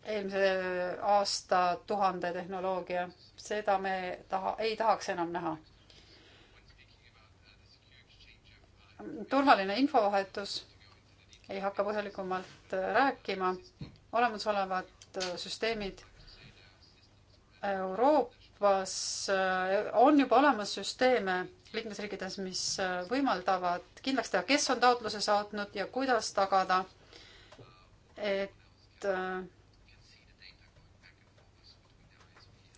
eelmise aastatuhande tehnoloogia, seda me taha, ei tahaks enam näha. turvaline infovahetus ei hakka põhjalikumalt äh, rääkima. olemasolevad äh, süsteemid äh, Euroopas on juba olemas süsteeme liikmesriikides, mis võimaldavad kindlaks teha, kes on taotluse saatnud ja kuidas tagada, et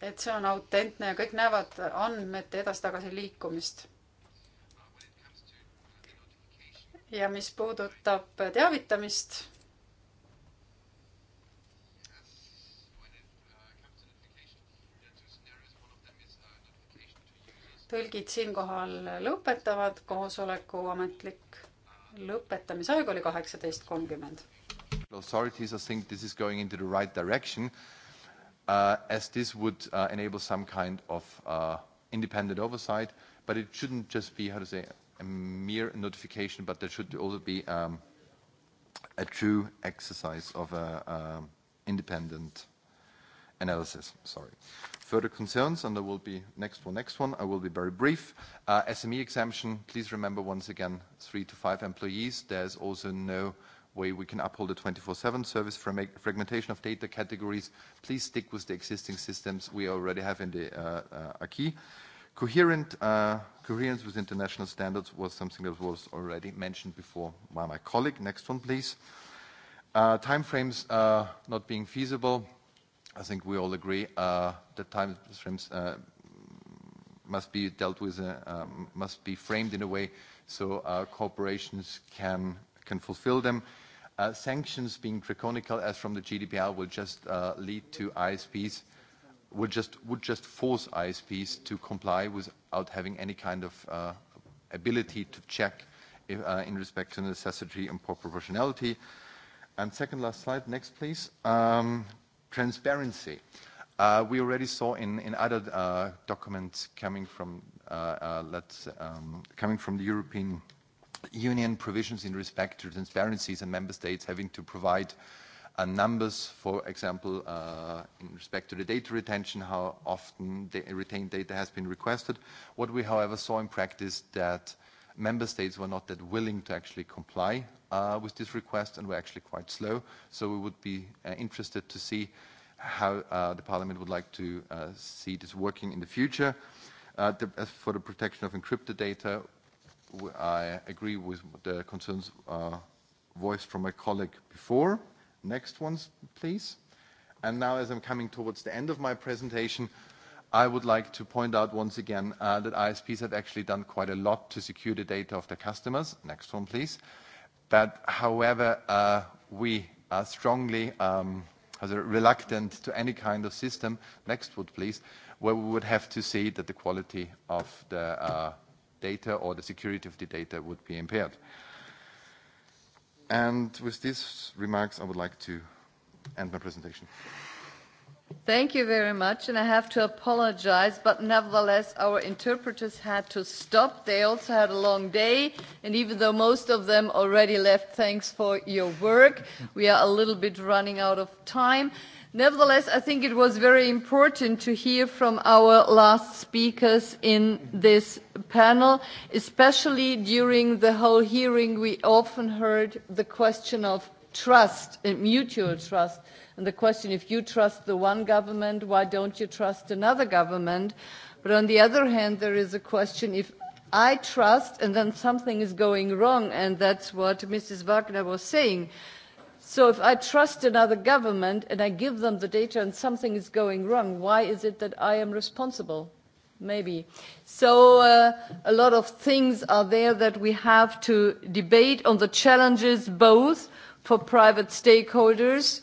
et see on autentne ja kõik näevad andmete edasi-tagasi liikumist ja mis puudutab teavitamist, tõlgid siinkohal lõpetavad, koosoleku ametlik lõpetamisaeg oli kaheksateist kolmkümmend. Authorities I think this is going into the right direction uh, as this would uh, enable some kind of uh, independent oversight but it shouldn't just be how to say a mere notification, but there should also be um, a true exercise of an uh, um, independent analysis. Sorry. Further concerns, and there will be next one, next one. I will be very brief. Uh, SME exemption, please remember once again, three to five employees. There's also no way we can uphold a 24/7 service from fragmentation of data categories. Please stick with the existing systems we already have in the uh, uh acquis. Coherent, uh, coherence with international standards was something that was already mentioned before by my colleague. Next one, please. Uh, time frames uh, not being feasible. I think we all agree uh, that time frames uh, must be dealt with, uh, um, must be framed in a way so uh, corporations can, can fulfill them. Uh, sanctions being draconical as from the GDPR will just uh, lead to ISPs uh, would just would just force ISPs to comply without having any kind of uh, ability to check if, uh, in respect to necessity and proportionality. And second last slide, next please. Um, transparency. Uh, we already saw in, in other uh, documents coming from uh, uh, let's um, coming from the European Union provisions in respect to transparencies and member states having to provide uh, uh, numbers, for example, uh, in respect to the data retention, how often the retained data has been requested. What we, however, saw in practice that member states were not that willing to actually comply uh, with this request and were actually quite slow. So we would be uh, interested to see how uh, the parliament would like to uh, see this working in the future. Uh, the, as for the protection of encrypted data, I agree with the concerns uh, voiced from my colleague before. Uh, Next ones, please. And now, as I'm coming towards the end of my presentation, I would like to point out once again uh, that ISPs have actually done quite a lot to secure the data of their customers. Next one, please. But however, uh, we are strongly um, reluctant to any kind of system, next one, please, where we would have to see that the quality of the uh, data or the security of the data would be impaired. Uh, And with these remarks, I would like to end my presentation. Thank you very much, and I have to apologize, but nevertheless, our interpreters had to stop. They also had a long day, and even though most of them already left, thanks for your work. We are a little bit running out of time. Nevertheless, I think it was very important to hear from our last speakers in this panel, especially during the whole hearing, we often heard the question of trust, eh, mutual trust, and the question if you trust the one government, why don't you trust another government? But on the other hand, there is a question if I trust and then something is going wrong, and that's what Mrs. Wagner was saying. Uh, So if I trust another government and I give them the data and something is going wrong, why is it that I am responsible? Maybe. So uh, a lot of things are there that we have to debate on the challenges both for private stakeholders